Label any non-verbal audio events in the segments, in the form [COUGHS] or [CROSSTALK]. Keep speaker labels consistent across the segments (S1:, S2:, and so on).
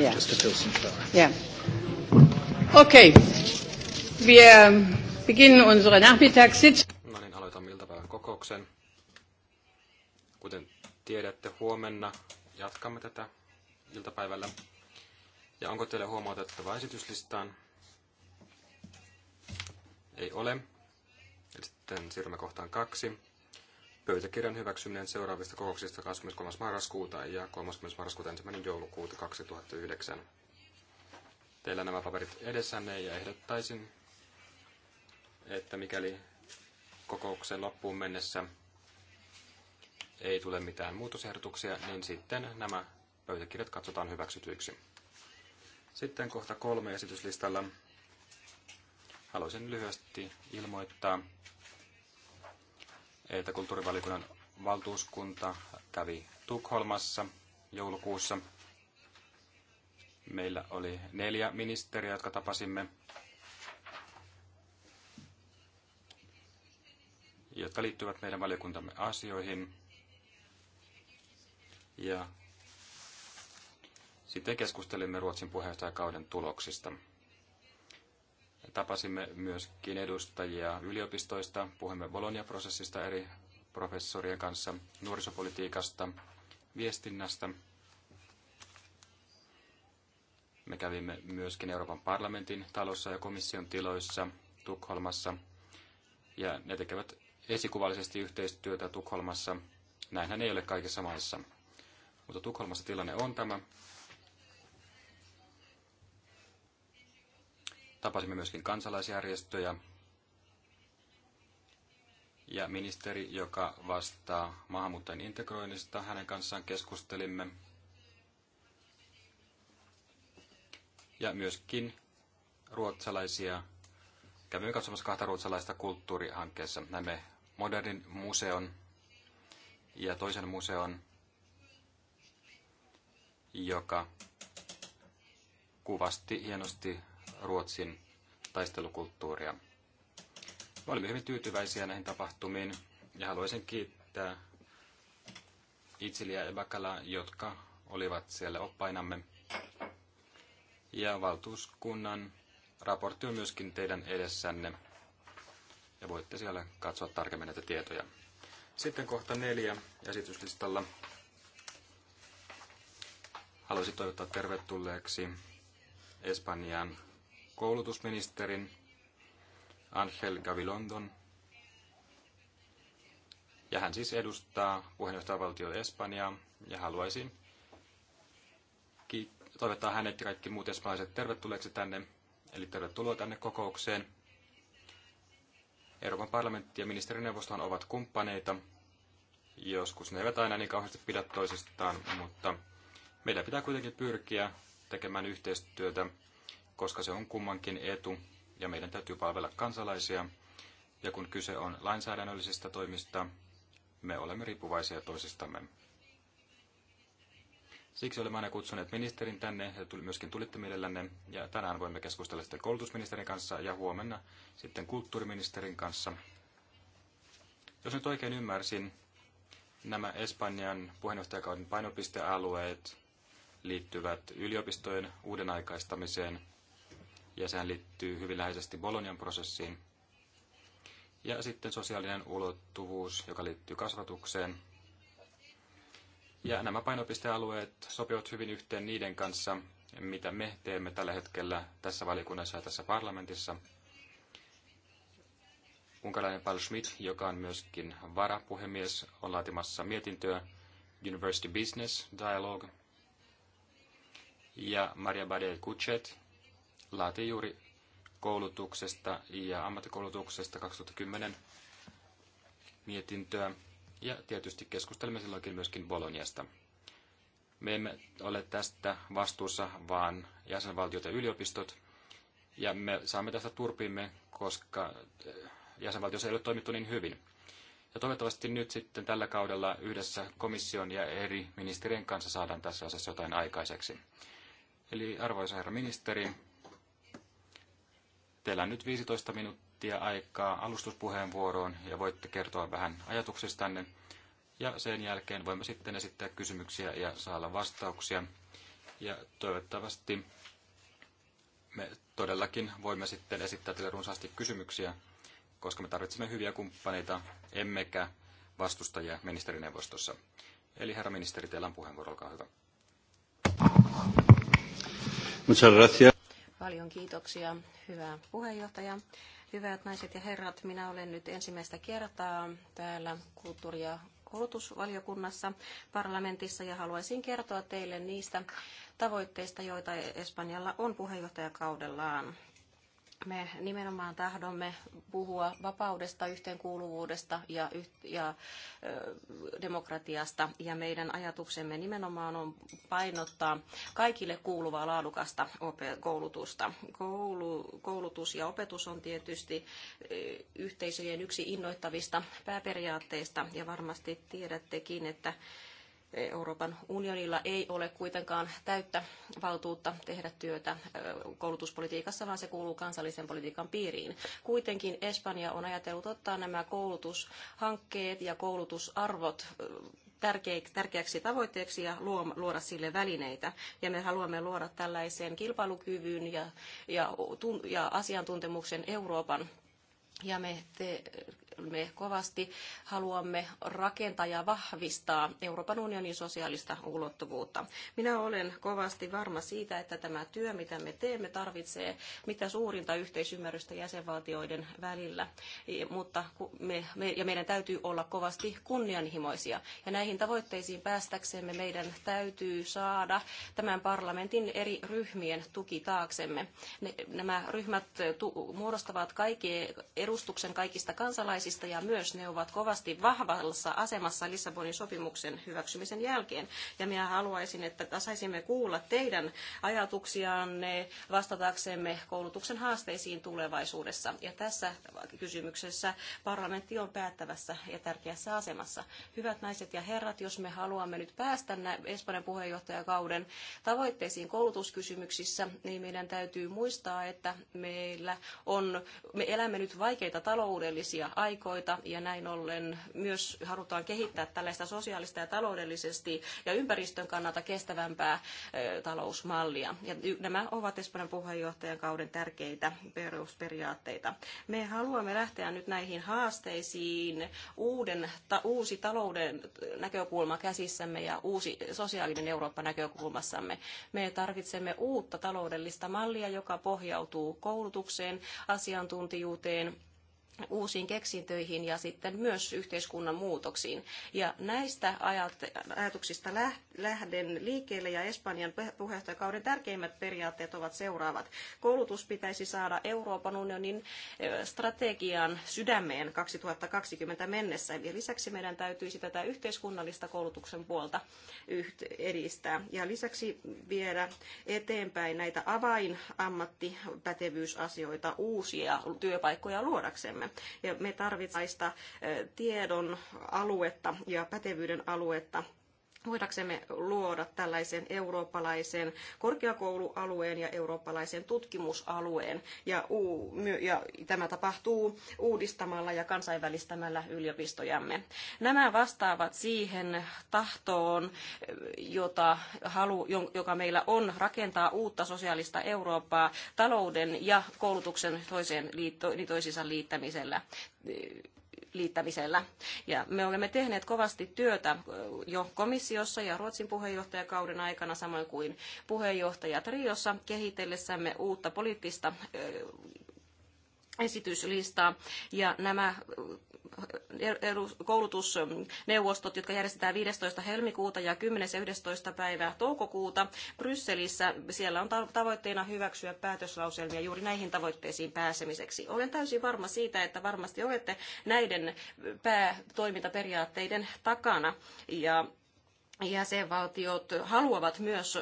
S1: yeah, yeah. Just to fill some time.
S2: Yeah. Okay. Wir ähm, beginnen unsere Nachmittagssitzung.
S1: No niin, aloitamme iltapäivän kokouksen. Kuten tiedätte, huomenna jatkamme tätä iltapäivällä. Ja onko teille huomautettava esityslistaan? Ei ole. Ja sitten siirrymme kohtaan kaksi pöytäkirjan hyväksyminen seuraavista kokouksista 23. marraskuuta ja 30. marraskuuta 1. joulukuuta 2009. Teillä nämä paperit edessänne ja ehdottaisin, että mikäli kokouksen loppuun mennessä ei tule mitään muutosehdotuksia, niin sitten nämä pöytäkirjat katsotaan hyväksytyiksi. Sitten kohta kolme esityslistalla haluaisin lyhyesti ilmoittaa, että kulttuurivaliokunnan valtuuskunta kävi Tukholmassa joulukuussa. Meillä oli neljä ministeriä, jotka tapasimme, jotka liittyvät meidän valiokuntamme asioihin. Ja sitten keskustelimme Ruotsin puheenjohtajakauden tuloksista. Tapasimme myöskin edustajia yliopistoista, puhumme Bologna-prosessista eri professorien kanssa, nuorisopolitiikasta, viestinnästä. Me kävimme myöskin Euroopan parlamentin talossa ja komission tiloissa Tukholmassa. Ja ne tekevät esikuvallisesti yhteistyötä Tukholmassa. Näinhän ei ole kaikissa maissa. Mutta Tukholmassa tilanne on tämä. Tapasimme myöskin kansalaisjärjestöjä ja ministeri, joka vastaa maahanmuuttajien integroinnista. Hänen kanssaan keskustelimme. Ja myöskin ruotsalaisia. Kävimme katsomassa kahta ruotsalaista kulttuurihankkeessa. Näimme modernin museon ja toisen museon, joka kuvasti hienosti Ruotsin taistelukulttuuria. Me olimme hyvin tyytyväisiä näihin tapahtumiin ja haluaisin kiittää Itsiliä ja Bakala, jotka olivat siellä oppainamme. Ja valtuuskunnan raportti on myöskin teidän edessänne ja voitte siellä katsoa tarkemmin näitä tietoja. Sitten kohta neljä esityslistalla. Haluaisin toivottaa tervetulleeksi Espanjan koulutusministerin Angel Gavilondon. Ja hän siis edustaa puheenjohtajavaltio Espanjaa ja haluaisin toivottaa hänet ja kaikki muut espanjalaiset tervetulleeksi tänne. Eli tervetuloa tänne kokoukseen. Euroopan parlamentti ja ministerineuvostohan ovat kumppaneita. Joskus ne eivät aina niin kauheasti pidä toisistaan, mutta meidän pitää kuitenkin pyrkiä tekemään yhteistyötä koska se on kummankin etu ja meidän täytyy palvella kansalaisia. Ja kun kyse on lainsäädännöllisistä toimista, me olemme riippuvaisia toisistamme. Siksi olemme aina kutsuneet ministerin tänne ja myöskin tulitte mielellänne. Ja tänään voimme keskustella sitten koulutusministerin kanssa ja huomenna sitten kulttuuriministerin kanssa. Jos nyt oikein ymmärsin, nämä Espanjan puheenjohtajakauden painopistealueet liittyvät yliopistojen uuden aikaistamiseen – ja sehän liittyy hyvin läheisesti Bolonian prosessiin. Ja sitten sosiaalinen ulottuvuus, joka liittyy kasvatukseen. Ja nämä painopistealueet sopivat hyvin yhteen niiden kanssa, mitä me teemme tällä hetkellä tässä valikunnassa ja tässä parlamentissa. Unkalainen Paul Schmidt, joka on myöskin varapuhemies, on laatimassa mietintöä University Business Dialogue. Ja Maria Badel Kuchet, laatii juuri koulutuksesta ja ammattikoulutuksesta 2010 mietintöä. Ja tietysti keskustelemme silloinkin myöskin Boloniasta. Me emme ole tästä vastuussa, vaan jäsenvaltiot ja yliopistot. Ja me saamme tästä turpimme, koska eh, jäsenvaltiossa ei ole toimittu niin hyvin. Ja toivottavasti nyt sitten tällä kaudella yhdessä komission ja eri ministerien kanssa saadaan tässä asiassa jotain aikaiseksi. Eli arvoisa herra ministeri, Teillä on nyt 15 minuuttia aikaa alustuspuheenvuoroon ja voitte kertoa vähän ajatuksistanne. Ja sen jälkeen voimme sitten esittää kysymyksiä ja saada vastauksia. Ja toivottavasti me todellakin voimme sitten esittää teille runsaasti kysymyksiä, koska me tarvitsemme hyviä kumppaneita, emmekä vastustajia ministerineuvostossa. Eli herra ministeri, teillä on puheenvuoro, olkaa hyvä.
S3: Muchas gracias.
S4: Paljon kiitoksia, hyvä puheenjohtaja. Hyvät naiset ja herrat, minä olen nyt ensimmäistä kertaa täällä kulttuuri- ja koulutusvaliokunnassa parlamentissa ja haluaisin kertoa teille niistä tavoitteista, joita Espanjalla on puheenjohtajakaudellaan me nimenomaan tahdomme puhua vapaudesta, yhteenkuuluvuudesta ja, ja demokratiasta. Ja meidän ajatuksemme nimenomaan on painottaa kaikille kuuluvaa laadukasta koulutusta. Koulu, koulutus ja opetus on tietysti yhteisöjen yksi innoittavista pääperiaatteista. Ja varmasti tiedättekin, että Euroopan unionilla ei ole kuitenkaan täyttä valtuutta tehdä työtä koulutuspolitiikassa, vaan se kuuluu kansallisen politiikan piiriin. Kuitenkin Espanja on ajatellut ottaa nämä koulutushankkeet ja koulutusarvot tärkeäksi tavoitteeksi ja luoda sille välineitä. Ja me haluamme luoda tällaisen kilpailukyvyn ja, ja, ja asiantuntemuksen Euroopan ja me te, me kovasti haluamme rakentaa ja vahvistaa Euroopan unionin sosiaalista ulottuvuutta. Minä olen kovasti varma siitä, että tämä työ, mitä me teemme, tarvitsee mitä suurinta yhteisymmärrystä jäsenvaltioiden välillä, mutta me, me, ja meidän täytyy olla kovasti kunnianhimoisia. Ja näihin tavoitteisiin päästäksemme meidän täytyy saada tämän parlamentin eri ryhmien tuki taaksemme. Ne, nämä ryhmät tu, muodostavat kaikki edustuksen kaikista kansalaisista, naisista ja myös ne ovat kovasti vahvassa asemassa Lissabonin sopimuksen hyväksymisen jälkeen. Ja minä haluaisin, että saisimme kuulla teidän ajatuksianne vastataksemme koulutuksen haasteisiin tulevaisuudessa. Ja tässä kysymyksessä parlamentti on päättävässä ja tärkeässä asemassa. Hyvät naiset ja herrat, jos me haluamme nyt päästä Espanjan puheenjohtajakauden tavoitteisiin koulutuskysymyksissä, niin meidän täytyy muistaa, että meillä on, me elämme nyt vaikeita taloudellisia aikoja, paikoita ja näin ollen myös halutaan kehittää tällaista sosiaalista ja taloudellisesti ja ympäristön kannalta kestävämpää talousmallia. Ja nämä ovat Espanjan puheenjohtajan kauden tärkeitä perusperiaatteita. Me haluamme lähteä nyt näihin haasteisiin uuden, ta, uusi talouden näkökulma käsissämme ja uusi sosiaalinen Eurooppa näkökulmassamme. Me tarvitsemme uutta taloudellista mallia, joka pohjautuu koulutukseen, asiantuntijuuteen, uusiin keksintöihin ja sitten myös yhteiskunnan muutoksiin. Ja näistä ajatuksista lähden liikkeelle ja Espanjan puheenjohtajakauden tärkeimmät periaatteet ovat seuraavat. Koulutus pitäisi saada Euroopan unionin strategian sydämeen 2020 mennessä. Ja lisäksi meidän täytyisi tätä yhteiskunnallista koulutuksen puolta edistää. Ja lisäksi viedä eteenpäin näitä avainammattipätevyysasioita uusia työpaikkoja luodaksemme maassamme. Ja me tarvitsemme tiedon aluetta ja pätevyyden aluetta voidaksemme luoda tällaisen eurooppalaisen korkeakoulualueen ja eurooppalaisen tutkimusalueen. Ja, tämä tapahtuu uudistamalla ja kansainvälistämällä yliopistojamme. Nämä vastaavat siihen tahtoon, jota halu, joka meillä on rakentaa uutta sosiaalista Eurooppaa talouden ja koulutuksen toiseen liitto, toisiinsa liittämisellä liittämisellä. Ja me olemme tehneet kovasti työtä jo komissiossa ja Ruotsin puheenjohtajakauden aikana, samoin kuin puheenjohtajat Riossa kehitellessämme uutta poliittista esityslistaa. Ja nämä koulutusneuvostot, jotka järjestetään 15. helmikuuta ja 10. ja 11. päivää toukokuuta Brysselissä. Siellä on tavoitteena hyväksyä päätöslauselmia juuri näihin tavoitteisiin pääsemiseksi. Olen täysin varma siitä, että varmasti olette näiden päätoimintaperiaatteiden takana. Ja jäsenvaltiot haluavat myös,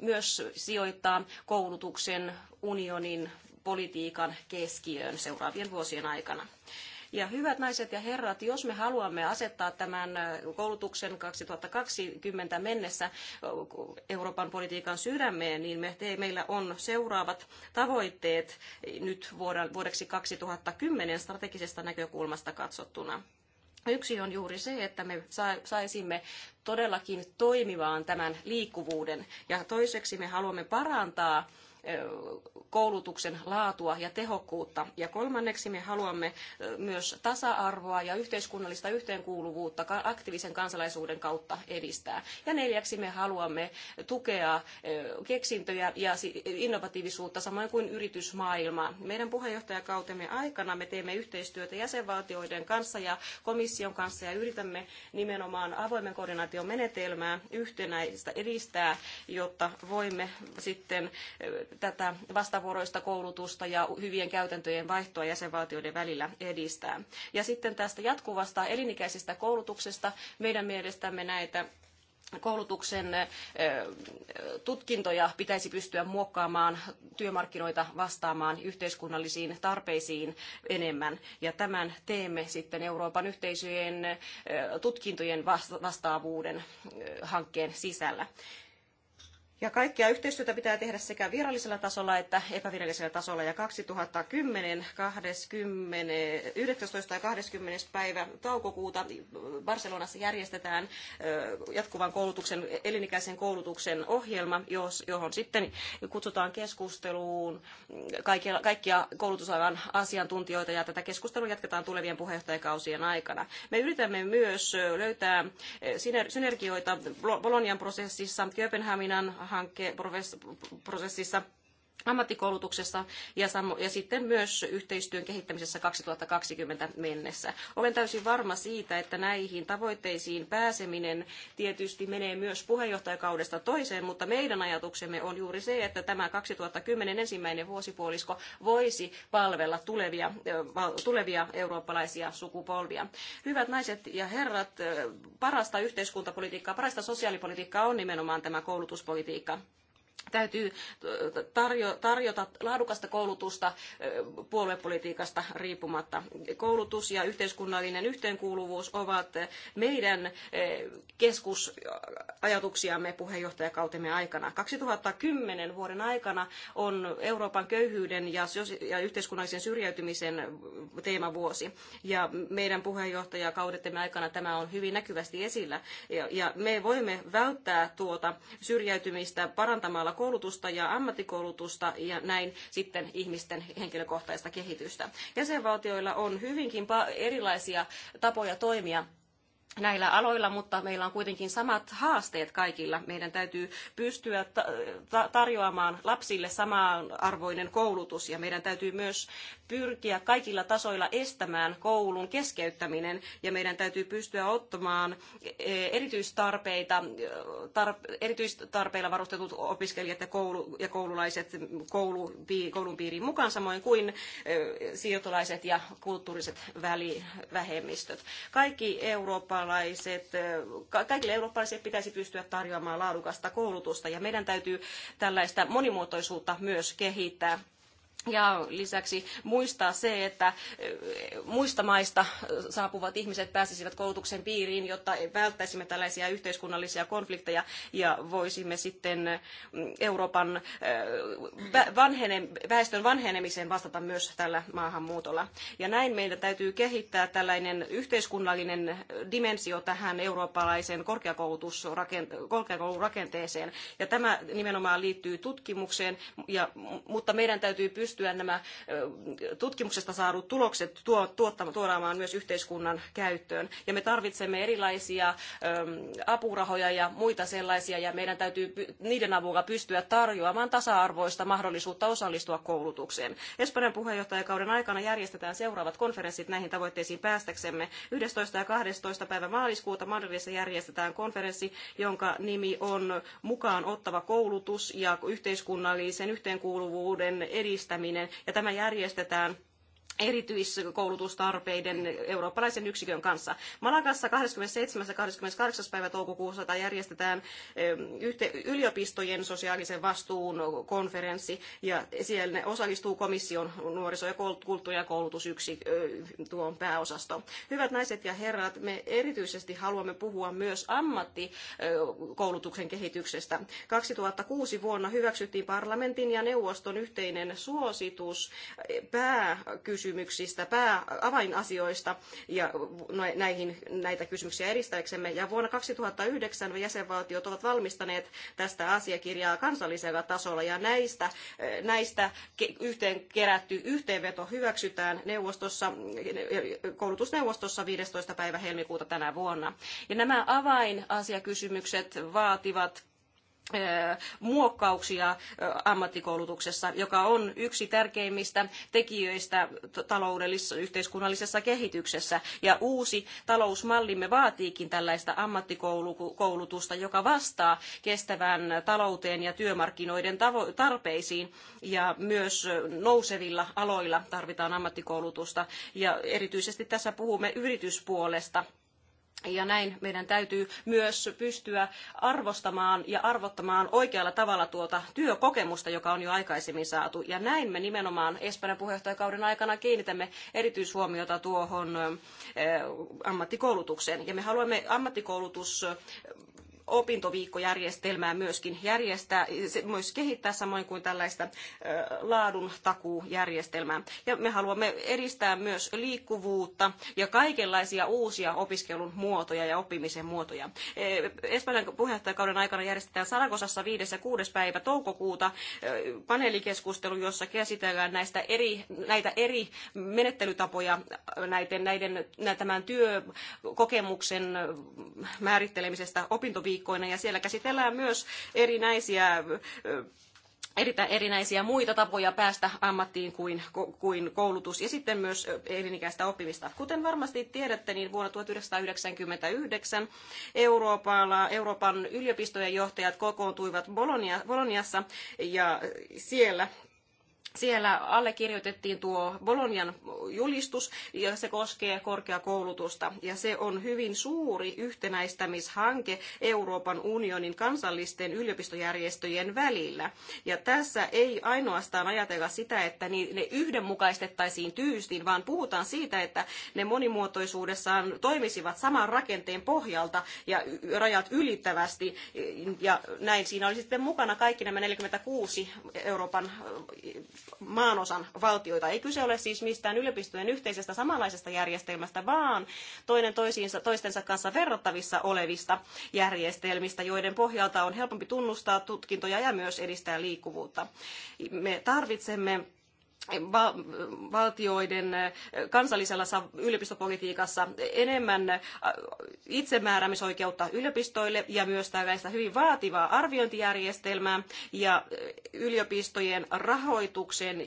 S4: myös sijoittaa koulutuksen unionin politiikan keskiöön seuraavien vuosien aikana. Ja hyvät naiset ja herrat, jos me haluamme asettaa tämän koulutuksen 2020 mennessä Euroopan politiikan sydämeen, niin me, te, meillä on seuraavat tavoitteet nyt vuodeksi 2010 strategisesta näkökulmasta katsottuna. Yksi on juuri se, että me saisimme todellakin toimivaan tämän liikkuvuuden. Ja toiseksi me haluamme parantaa koulutuksen laatua ja tehokkuutta. Ja kolmanneksi me haluamme myös tasa-arvoa ja yhteiskunnallista yhteenkuuluvuutta aktiivisen kansalaisuuden kautta edistää. Ja neljäksi me haluamme tukea keksintöjä ja innovatiivisuutta samoin kuin yritysmaailmaa. Meidän puheenjohtajakautemme aikana me teemme yhteistyötä jäsenvaltioiden kanssa ja komission kanssa ja yritämme nimenomaan avoimen koordinaation menetelmää yhtenäistä edistää, jotta voimme sitten tätä vastavuoroista koulutusta ja hyvien käytäntöjen vaihtoa jäsenvaltioiden välillä edistää. Ja sitten tästä jatkuvasta elinikäisestä koulutuksesta meidän mielestämme näitä koulutuksen tutkintoja pitäisi pystyä muokkaamaan työmarkkinoita vastaamaan yhteiskunnallisiin tarpeisiin enemmän. Ja tämän teemme sitten Euroopan yhteisöjen tutkintojen vastaavuuden hankkeen sisällä. Ja kaikkia yhteistyötä pitää tehdä sekä virallisella tasolla että epävirallisella tasolla. Ja 2010, 20, 19. ja 20. päivä toukokuuta Barcelonassa järjestetään jatkuvan koulutuksen, elinikäisen koulutuksen ohjelma, johon sitten kutsutaan keskusteluun kaikkia, kaikkia koulutusalan asiantuntijoita ja tätä keskustelua jatketaan tulevien puheenjohtajakausien aikana. Me yritämme myös löytää synergioita Bolonian prosessissa, Kööpenhaminan hankkeen prosessissa ammattikoulutuksessa ja, ja sitten myös yhteistyön kehittämisessä 2020 mennessä. Olen täysin varma siitä, että näihin tavoitteisiin pääseminen tietysti menee myös puheenjohtajakaudesta toiseen, mutta meidän ajatuksemme on juuri se, että tämä 2010 ensimmäinen vuosipuolisko voisi palvella tulevia, tulevia eurooppalaisia sukupolvia. Hyvät naiset ja herrat, parasta yhteiskuntapolitiikkaa, parasta sosiaalipolitiikkaa on nimenomaan tämä koulutuspolitiikka täytyy tarjota laadukasta koulutusta puoluepolitiikasta riippumatta. Koulutus ja yhteiskunnallinen yhteenkuuluvuus ovat meidän keskusajatuksiamme puheenjohtajakautemme aikana. 2010 vuoden aikana on Euroopan köyhyyden ja, ja yhteiskunnallisen syrjäytymisen teemavuosi. Ja meidän puheenjohtajakautemme aikana tämä on hyvin näkyvästi esillä. Ja, ja me voimme välttää tuota syrjäytymistä parantamalla alalla koulutusta ja ammattikoulutusta ja näin sitten ihmisten henkilökohtaista kehitystä. Jäsenvaltioilla on hyvinkin erilaisia tapoja toimia näillä aloilla, mutta meillä on kuitenkin samat haasteet kaikilla. Meidän täytyy pystyä tarjoamaan lapsille samanarvoinen koulutus ja meidän täytyy myös pyrkiä kaikilla tasoilla estämään koulun keskeyttäminen ja meidän täytyy pystyä ottamaan e, erityistarpeita, erityistarpeilla varustetut opiskelijat ja, koulu- ja koululaiset koulu- koulun piiriin mukaan, samoin kuin e, siirtolaiset ja kulttuuriset välivähemmistöt. Kaikki Euroopan eurooppalaiset, kaikille eurooppalaisille pitäisi pystyä tarjoamaan laadukasta koulutusta ja meidän täytyy tällaista monimuotoisuutta myös kehittää ja lisäksi muistaa se, että muista maista saapuvat ihmiset pääsisivät koulutuksen piiriin, jotta välttäisimme tällaisia yhteiskunnallisia konflikteja ja voisimme sitten Euroopan vanhene, väestön vanhenemiseen vastata myös tällä maahanmuutolla. Ja näin meidän täytyy kehittää tällainen yhteiskunnallinen dimensio tähän eurooppalaiseen korkeakoulurakenteeseen. Ja tämä nimenomaan liittyy tutkimukseen, ja, mutta meidän täytyy pystyä pystyä nämä tutkimuksesta saadut tulokset tuottamaan myös yhteiskunnan käyttöön. Ja me tarvitsemme erilaisia apurahoja ja muita sellaisia, ja meidän täytyy niiden avulla pystyä tarjoamaan tasa-arvoista mahdollisuutta osallistua koulutukseen. Espanjan puheenjohtajakauden aikana järjestetään seuraavat konferenssit näihin tavoitteisiin päästäksemme. 11. ja 12. päivä maaliskuuta Madridissa järjestetään konferenssi, jonka nimi on Mukaan ottava koulutus ja yhteiskunnallisen yhteenkuuluvuuden edistäminen kehittäminen. Ja tämä järjestetään erityiskoulutustarpeiden eurooppalaisen yksikön kanssa. Malakassa 27. ja 28. päivä toukokuuta järjestetään yliopistojen sosiaalisen vastuun konferenssi ja siellä osallistuu komission nuoriso- ja kulttuuri- ja tuon pääosasto. Hyvät naiset ja herrat, me erityisesti haluamme puhua myös ammattikoulutuksen kehityksestä. 2006 vuonna hyväksyttiin parlamentin ja neuvoston yhteinen suositus pääkysymys kysymyksistä, pää, avainasioista ja näihin, näitä kysymyksiä edistääksemme. Ja vuonna 2009 jäsenvaltiot ovat valmistaneet tästä asiakirjaa kansallisella tasolla ja näistä, näistä yhteen kerätty yhteenveto hyväksytään neuvostossa, koulutusneuvostossa 15. päivä helmikuuta tänä vuonna. Ja nämä avainasiakysymykset vaativat muokkauksia ammattikoulutuksessa, joka on yksi tärkeimmistä tekijöistä taloudellisessa yhteiskunnallisessa kehityksessä. Ja uusi talousmallimme vaatiikin tällaista ammattikoulutusta, joka vastaa kestävään talouteen ja työmarkkinoiden tarpeisiin. Ja myös nousevilla aloilla tarvitaan ammattikoulutusta. Ja erityisesti tässä puhumme yrityspuolesta ja näin meidän täytyy myös pystyä arvostamaan ja arvottamaan oikealla tavalla tuota työkokemusta, joka on jo aikaisemmin saatu. Ja näin me nimenomaan Espanjan puheenjohtajakauden aikana kiinnitämme erityishuomiota tuohon eh, ammattikoulutukseen. Ja me haluamme ammattikoulutus opintoviikkojärjestelmää myöskin järjestää, myös kehittää samoin kuin tällaista laadun takuujärjestelmää. Ja me haluamme edistää myös liikkuvuutta ja kaikenlaisia uusia opiskelun muotoja ja oppimisen muotoja. E, Espanjan puheenjohtajakauden aikana järjestetään Saragosassa 5. ja 6. päivä toukokuuta paneelikeskustelu, jossa käsitellään näistä eri, näitä eri menettelytapoja näiden, näiden, tämän työkokemuksen määrittelemisestä opintoviikkoja viikkoina ja siellä käsitellään myös erinäisiä erittäin erinäisiä muita tapoja päästä ammattiin kuin, kuin koulutus ja sitten myös elinikäistä oppimista. Kuten varmasti tiedätte, niin vuonna 1999 Euroopalla, Euroopan yliopistojen johtajat kokoontuivat Bolonia Boloniassa ja siellä siellä allekirjoitettiin tuo Bolonian julistus ja se koskee korkeakoulutusta ja se on hyvin suuri yhtenäistämishanke Euroopan unionin kansallisten yliopistojärjestöjen välillä. Ja tässä ei ainoastaan ajatella sitä, että ne yhdenmukaistettaisiin tyystin, vaan puhutaan siitä, että ne monimuotoisuudessaan toimisivat saman rakenteen pohjalta ja rajat ylittävästi ja näin siinä oli sitten mukana kaikki nämä 46 Euroopan maanosan valtioita. Ei kyse ole siis mistään yliopistojen yhteisestä samanlaisesta järjestelmästä, vaan toinen toisiinsa, toistensa kanssa verrattavissa olevista järjestelmistä, joiden pohjalta on helpompi tunnustaa tutkintoja ja myös edistää liikkuvuutta. Me tarvitsemme valtioiden kansallisessa yliopistopolitiikassa enemmän itsemääräämisoikeutta yliopistoille ja myös tällaista hyvin vaativaa arviointijärjestelmää ja yliopistojen rahoituksen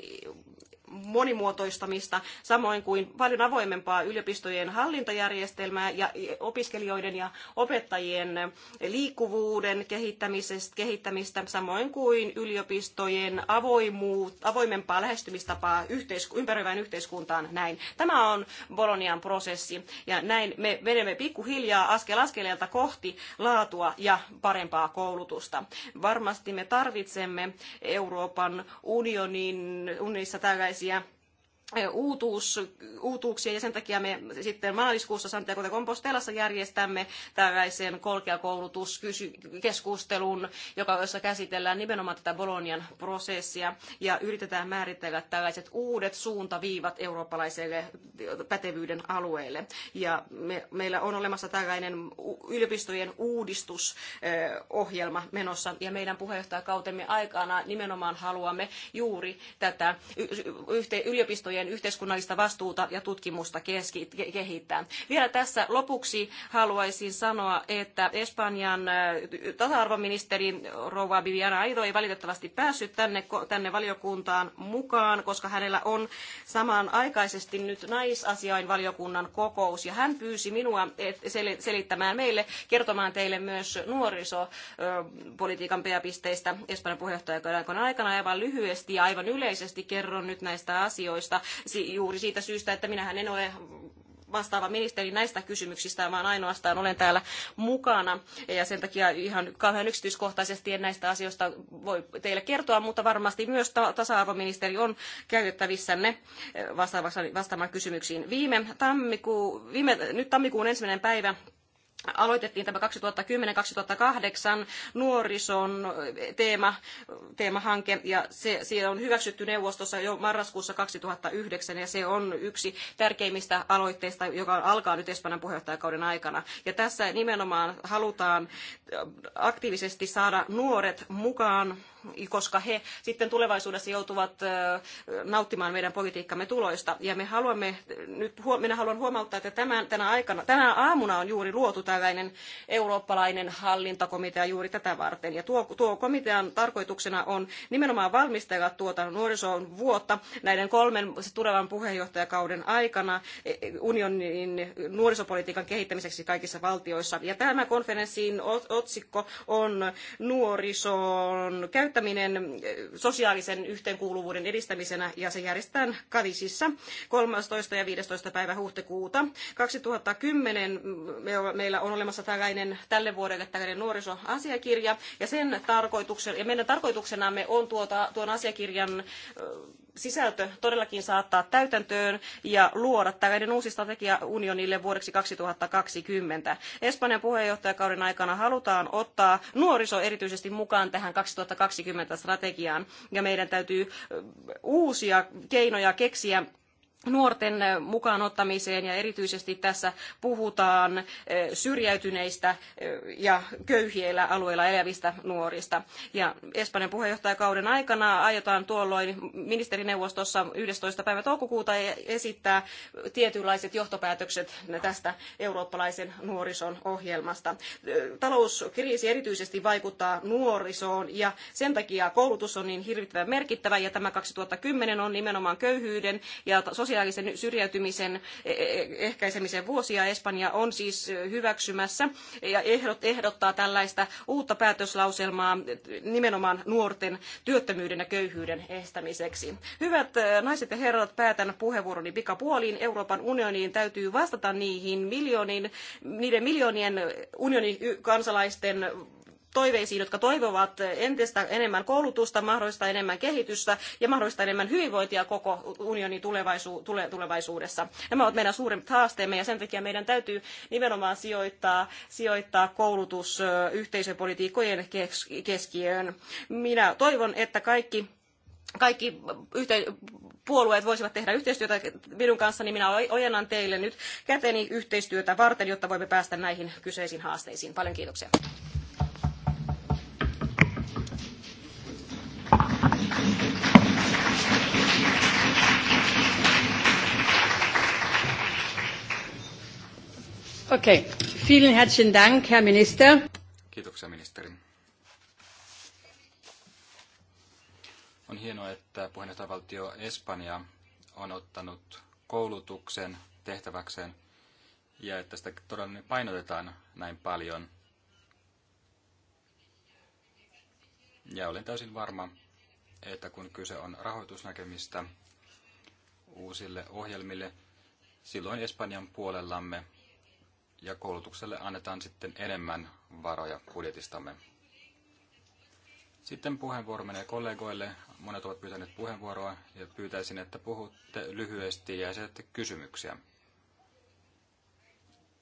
S4: monimuotoistamista, samoin kuin paljon avoimempaa yliopistojen hallintajärjestelmää ja opiskelijoiden ja opettajien liikkuvuuden kehittämistä, samoin kuin yliopistojen avoimuut, avoimempaa lähestymistapaa yhteisk- ympäröivään yhteiskuntaan näin. Tämä on Bolonian prosessi ja näin me menemme pikkuhiljaa askel askeleelta kohti laatua ja parempaa koulutusta. Varmasti me tarvitsemme Euroopan unionin, unissa tällaisia sellaisia uutuus, uutuuksia ja sen takia me sitten maaliskuussa Santiago de Compostelassa järjestämme tällaisen korkeakoulutuskeskustelun, joka, jossa käsitellään nimenomaan tätä Bolonian prosessia ja yritetään määritellä tällaiset uudet suuntaviivat eurooppalaiselle pätevyyden alueelle. Ja me, meillä on olemassa tällainen yliopistojen uudistusohjelma menossa ja meidän puheenjohtajakautemme aikana nimenomaan haluamme juuri tätä yhte, yliopistojen koskien yhteiskunnallista vastuuta ja tutkimusta kehittää. Vielä tässä lopuksi haluaisin sanoa, että Espanjan tasa-arvoministeri Rouva Viviana Aido ei valitettavasti päässyt tänne, tänne valiokuntaan mukaan, koska hänellä on samanaikaisesti nyt naisasiainvaliokunnan kokous ja hän pyysi minua selittämään meille, kertomaan teille myös nuorisopolitiikan pääpisteistä Espanjan puheenjohtajakauden aikana aivan lyhyesti ja aivan yleisesti kerron nyt näistä asioista, juuri siitä syystä, että minähän en ole vastaava ministeri näistä kysymyksistä, vaan ainoastaan olen täällä mukana. Ja sen takia ihan kauhean yksityiskohtaisesti en näistä asioista voi teille kertoa, mutta varmasti myös tasa-arvoministeri on käytettävissänne eh, vastaamaan kysymyksiin. Viime, tammikuu, viime nyt tammikuun ensimmäinen päivä aloitettiin tämä 2010-2008 nuorison teema, teemahanke, ja se, on hyväksytty neuvostossa jo marraskuussa 2009, ja se on yksi tärkeimmistä aloitteista, joka alkaa nyt Espanjan puheenjohtajakauden aikana. Ja tässä nimenomaan halutaan aktiivisesti saada nuoret mukaan koska he sitten tulevaisuudessa joutuvat nauttimaan meidän politiikkamme tuloista. Ja me haluamme, nyt minä haluan huomauttaa, että tämän, tänä, aikana, tänä aamuna on juuri luotu tällainen eurooppalainen hallintakomitea juuri tätä varten. Ja tuo, tuo komitean tarkoituksena on nimenomaan valmistella tuota nuorison vuotta näiden kolmen tulevan puheenjohtajakauden aikana e, e, unionin nuorisopolitiikan kehittämiseksi kaikissa valtioissa. Ja tämä konferenssin otsikko on nuorison käyttö käyttäminen eh, sosiaalisen yhteenkuuluvuuden edistämisenä ja se järjestetään Kadisissa 13. ja 15. päivä huhtikuuta. 2010 meillä on olemassa tällainen tälle vuodelle tällainen nuorisoasiakirja ja sen tarkoituksen, ja meidän tarkoituksenamme on tuota, tuon asiakirjan eh, sisältö todellakin saattaa täytäntöön ja luoda tällainen uusi strategia unionille vuodeksi 2020. Espanjan puheenjohtajakauden aikana halutaan ottaa nuoriso erityisesti mukaan tähän 2020 strategiaan ja meidän täytyy uusia keinoja keksiä nuorten eh, mukaan ottamiseen ja erityisesti tässä puhutaan eh, syrjäytyneistä eh, ja köyhillä alueilla elävistä nuorista. Ja Espanjan puheenjohtajakauden aikana aiotaan tuolloin ministerineuvostossa 11. päivä toukokuuta esittää tietynlaiset johtopäätökset tästä eurooppalaisen nuorison ohjelmasta. Talouskriisi erityisesti vaikuttaa nuorisoon ja sen takia koulutus on niin hirvittävän merkittävä ja tämä 2010 on nimenomaan köyhyyden ja sosiaalisen sosiaalisen syrjäytymisen e, e, ehkäisemisen vuosia Espanja on siis hyväksymässä ja ehdottaa tällaista uutta päätöslauselmaa nimenomaan nuorten työttömyyden ja köyhyyden estämiseksi. Hyvät e, naiset ja herrat, päätän puheenvuoroni pikapuoliin. Euroopan unioniin täytyy vastata niihin miljoonin, niiden miljoonien unionin kansalaisten toiveisiin, jotka toivovat entistä enemmän koulutusta, mahdollista enemmän kehitystä ja mahdollista enemmän hyvinvointia koko unionin tulevaisuudessa. Nämä ovat meidän suurimmat haasteemme ja sen takia meidän täytyy nimenomaan sijoittaa, sijoittaa koulutus yhteisöpolitiikkojen keskiöön. Minä toivon, että kaikki kaikki yhte- puolueet voisivat tehdä yhteistyötä minun kanssani. Minä ojennan teille nyt käteni yhteistyötä varten, jotta voimme päästä näihin kyseisiin haasteisiin. Paljon kiitoksia.
S2: Okei. Okay. Vielen herzlichen Dank, Herr Minister.
S1: Kiitoksia, ministeri. On hienoa, että puheenjohtajavaltio Espanja on ottanut koulutuksen tehtäväkseen ja että sitä todella painotetaan näin paljon. Ja olen täysin varma, että kun kyse on rahoitusnäkemistä uusille ohjelmille, silloin Espanjan puolellamme ja koulutukselle annetaan sitten enemmän varoja budjetistamme. Sitten puheenvuoro menee kollegoille. Monet ovat pyytäneet puheenvuoroa ja pyytäisin, että puhutte lyhyesti ja esitätte kysymyksiä.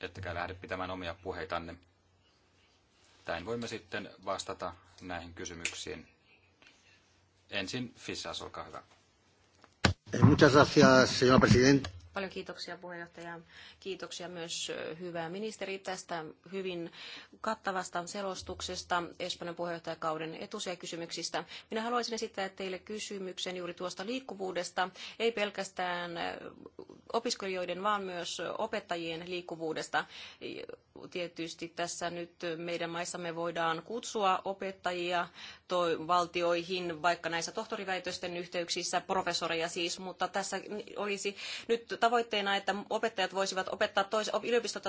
S1: Ettekä lähde pitämään omia puheitanne. Täin voimme sitten vastata näihin kysymyksiin. Ensin Fissas, olkaa hyvä.
S3: Muchas gracias, señor presidente.
S4: Paljon kiitoksia puheenjohtaja. Kiitoksia myös hyvää ministeri tästä hyvin kattavasta selostuksesta Espanjan puheenjohtajakauden etusia kysymyksistä. Minä haluaisin esittää teille kysymyksen juuri tuosta liikkuvuudesta, ei pelkästään opiskelijoiden, vaan myös opettajien liikkuvuudesta. Tietysti tässä nyt meidän maissamme voidaan kutsua opettajia valtioihin, vaikka näissä tohtoriväitösten yhteyksissä professoreja siis, mutta tässä olisi nyt tavoitteena, että opettajat voisivat opettaa tois,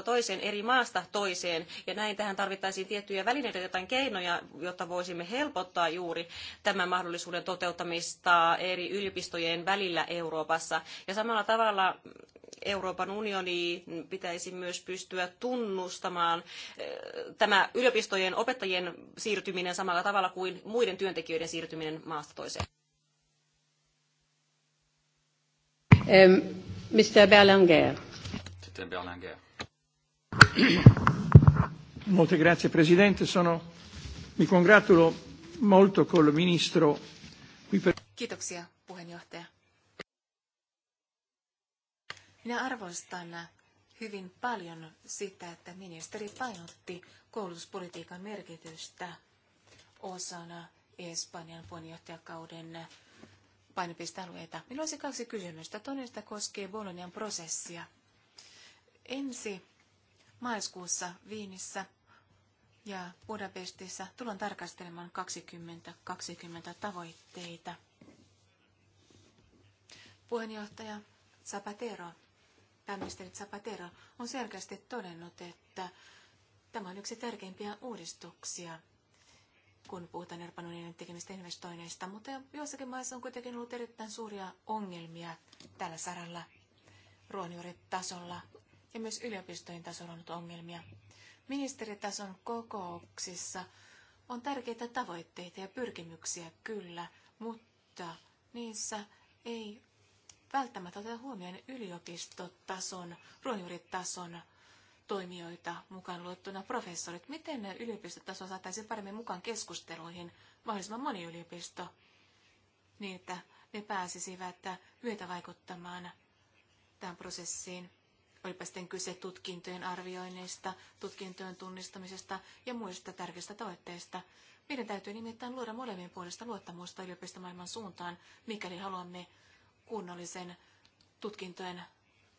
S4: toiseen eri maasta toiseen, ja näin tähän tarvittaisiin tiettyjä välineitä, jotain keinoja, jotta voisimme helpottaa juuri tämän mahdollisuuden toteuttamista eri yliopistojen välillä Euroopassa. Ja samalla tavalla Euroopan unioni pitäisi myös pystyä tunnustamaan eh, tämä yliopistojen opettajien siirtyminen samalla tavalla kuin muiden työntekijöiden siirtyminen
S1: maasta toiseen.
S2: Um, ähm, Mr. Berlanger.
S1: Sitten Berlanger. [CLEARS THROAT]
S2: Molte grazie Presidente, sono, mi congratulo molto col Ministro.
S5: Kiitoksia puheenjohtaja. Minä arvostan hyvin paljon sitä, että ministeri painotti koulutuspolitiikan merkitystä osana Espanjan puheenjohtajakauden painopistealueita. Minulla olisi kaksi kysymystä. Toinen koskee Bolonian prosessia. Ensi maaliskuussa Viinissä ja Budapestissa tullaan tarkastelemaan 2020 tavoitteita. Puheenjohtaja Zapatero, pääministeri Zapatero, on selkeästi todennut, että tämä on yksi tärkeimpiä uudistuksia – kun puhutaan Euroopan unionin tekemistä investoinneista, mutta joissakin maissa on kuitenkin ollut erittäin suuria ongelmia tällä saralla, ruohonjuuritasolla ja myös yliopistojen tasolla on ollut ongelmia. Ministeritason kokouksissa on tärkeitä tavoitteita ja pyrkimyksiä kyllä, mutta niissä ei välttämättä oteta huomioon yliopistotason, tason toimijoita mukaan luettuna professorit. Miten ne yliopistotaso saataisiin paremmin mukaan keskusteluihin, mahdollisimman moni yliopisto, niin että ne pääsisivät vaikuttamaan tämän prosessiin. Olipa sitten kyse tutkintojen arvioinneista, tutkintojen tunnistamisesta ja muista tärkeistä tavoitteista. Meidän täytyy nimittäin luoda molemmin puolesta luottamusta yliopistomaailman suuntaan, mikäli haluamme kunnollisen tutkintojen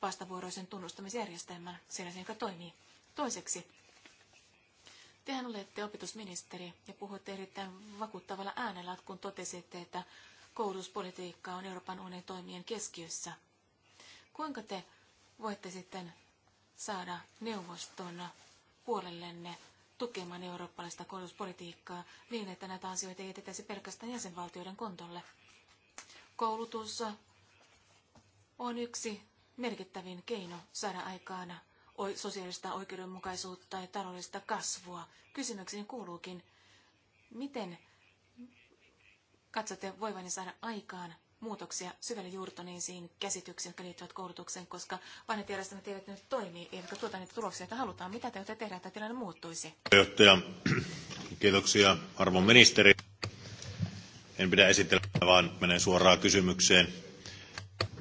S5: vastavuoroisen tunnustamisjärjestelmän se, joka toimii. Toiseksi, tehän olette opetusministeri ja puhutte erittäin vakuuttavalla äänellä, kun totesitte, että koulutuspolitiikka on Euroopan unionin toimien keskiössä. Kuinka te voitte sitten saada neuvoston puolellenne tukemaan eurooppalaista koulutuspolitiikkaa niin, että näitä asioita ei jätetäisi pelkästään jäsenvaltioiden kontolle. Koulutus on yksi merkittävin keino saada aikaan sosiaalista oikeudenmukaisuutta ja taloudellista kasvua. Kysymykseni kuuluukin, miten katsotte voivani saada aikaan muutoksia syvälle juurtuneisiin käsityksiin, jotka liittyvät koulutukseen, koska vanhat järjestelmät eivät nyt toimi, eivätkä tuota niitä tuloksia, joita halutaan. Mitä te olette tehdä, että tilanne muuttuisi?
S3: Johtaja, kiitoksia arvon ministeri. En pidä esitellä, vaan menen suoraan kysymykseen.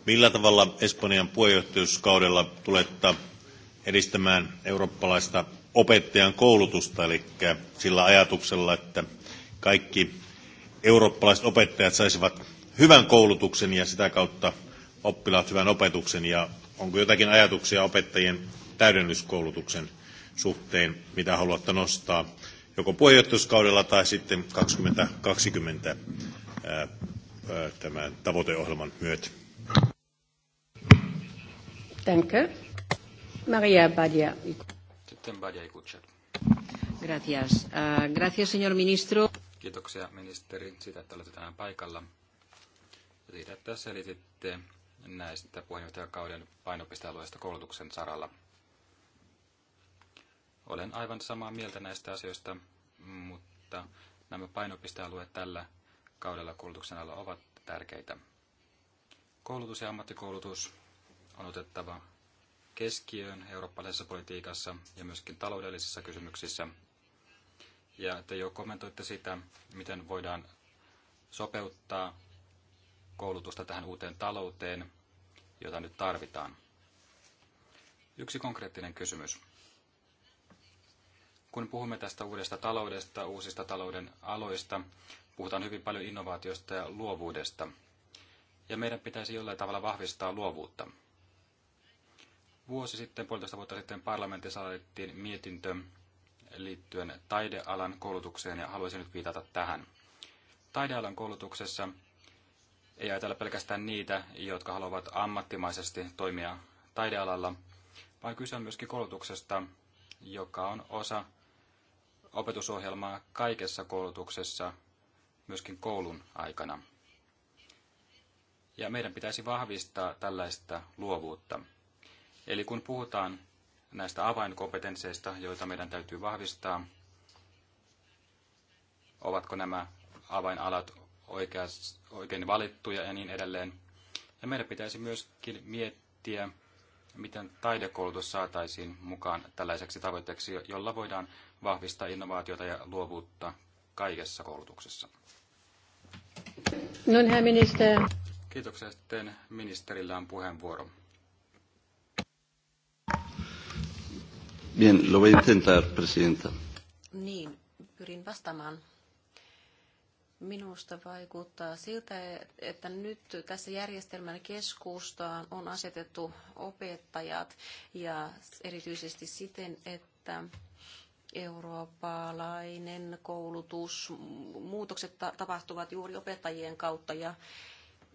S3: Millä tavalla Espanjan puheenjohtajuuskaudella tulette edistämään eurooppalaista opettajan koulutusta, eli sillä ajatuksella, että kaikki eurooppalaiset opettajat saisivat hyvän koulutuksen ja sitä kautta oppilaat hyvän opetuksen, ja onko jotakin ajatuksia opettajien täydennyskoulutuksen suhteen, mitä haluatte nostaa joko puheenjohtajuuskaudella tai sitten 2020 tämän tavoiteohjelman myötä?
S2: Danke. Maria Badia.
S3: Badia
S1: Gracias. Uh, gracias, señor ministro. Kiitoksia ministeri siitä, että olette tänään paikalla. siitä, että selititte näistä puheenjohtajakauden painopistealueista koulutuksen saralla. Olen aivan samaa mieltä näistä asioista, mutta nämä painopistealueet tällä kaudella koulutuksen alla ovat tärkeitä. Koulutus ja ammattikoulutus on otettava keskiöön eurooppalaisessa politiikassa ja myöskin taloudellisissa kysymyksissä. Ja te jo kommentoitte sitä, miten voidaan sopeuttaa koulutusta tähän uuteen talouteen, jota nyt tarvitaan. Yksi konkreettinen kysymys. Kun puhumme tästä uudesta taloudesta, uusista talouden aloista, puhutaan hyvin paljon innovaatiosta ja luovuudesta. Ja meidän pitäisi jollain tavalla vahvistaa luovuutta. Vuosi sitten, puolitoista vuotta sitten parlamentissa laitettiin mietintö liittyen taidealan koulutukseen ja haluaisin nyt viitata tähän. Taidealan koulutuksessa ei ajatella pelkästään niitä, jotka haluavat ammattimaisesti toimia taidealalla, vaan kyse on myöskin koulutuksesta, joka on osa opetusohjelmaa kaikessa koulutuksessa, myöskin koulun aikana. Ja meidän pitäisi vahvistaa tällaista luovuutta. Eli kun puhutaan näistä avainkompetensseista, joita meidän täytyy vahvistaa, ovatko nämä avainalat oikeas, oikein valittuja ja niin edelleen. Ja meidän pitäisi myöskin miettiä, miten taidekoulutus saataisiin mukaan tällaiseksi tavoitteeksi, jolla voidaan vahvistaa innovaatiota ja luovuutta kaikessa koulutuksessa. Nun, herr minister. Kiitoksia. Sitten ministerillä on puheenvuoro.
S3: Bien, lo voy a intentar, presidenta.
S4: Niin, pyrin vastaamaan. Minusta vaikuttaa siltä, että nyt tässä järjestelmän keskustaan on asetettu opettajat ja erityisesti siten, että eurooppalainen koulutus, muutokset tapahtuvat juuri opettajien kautta ja,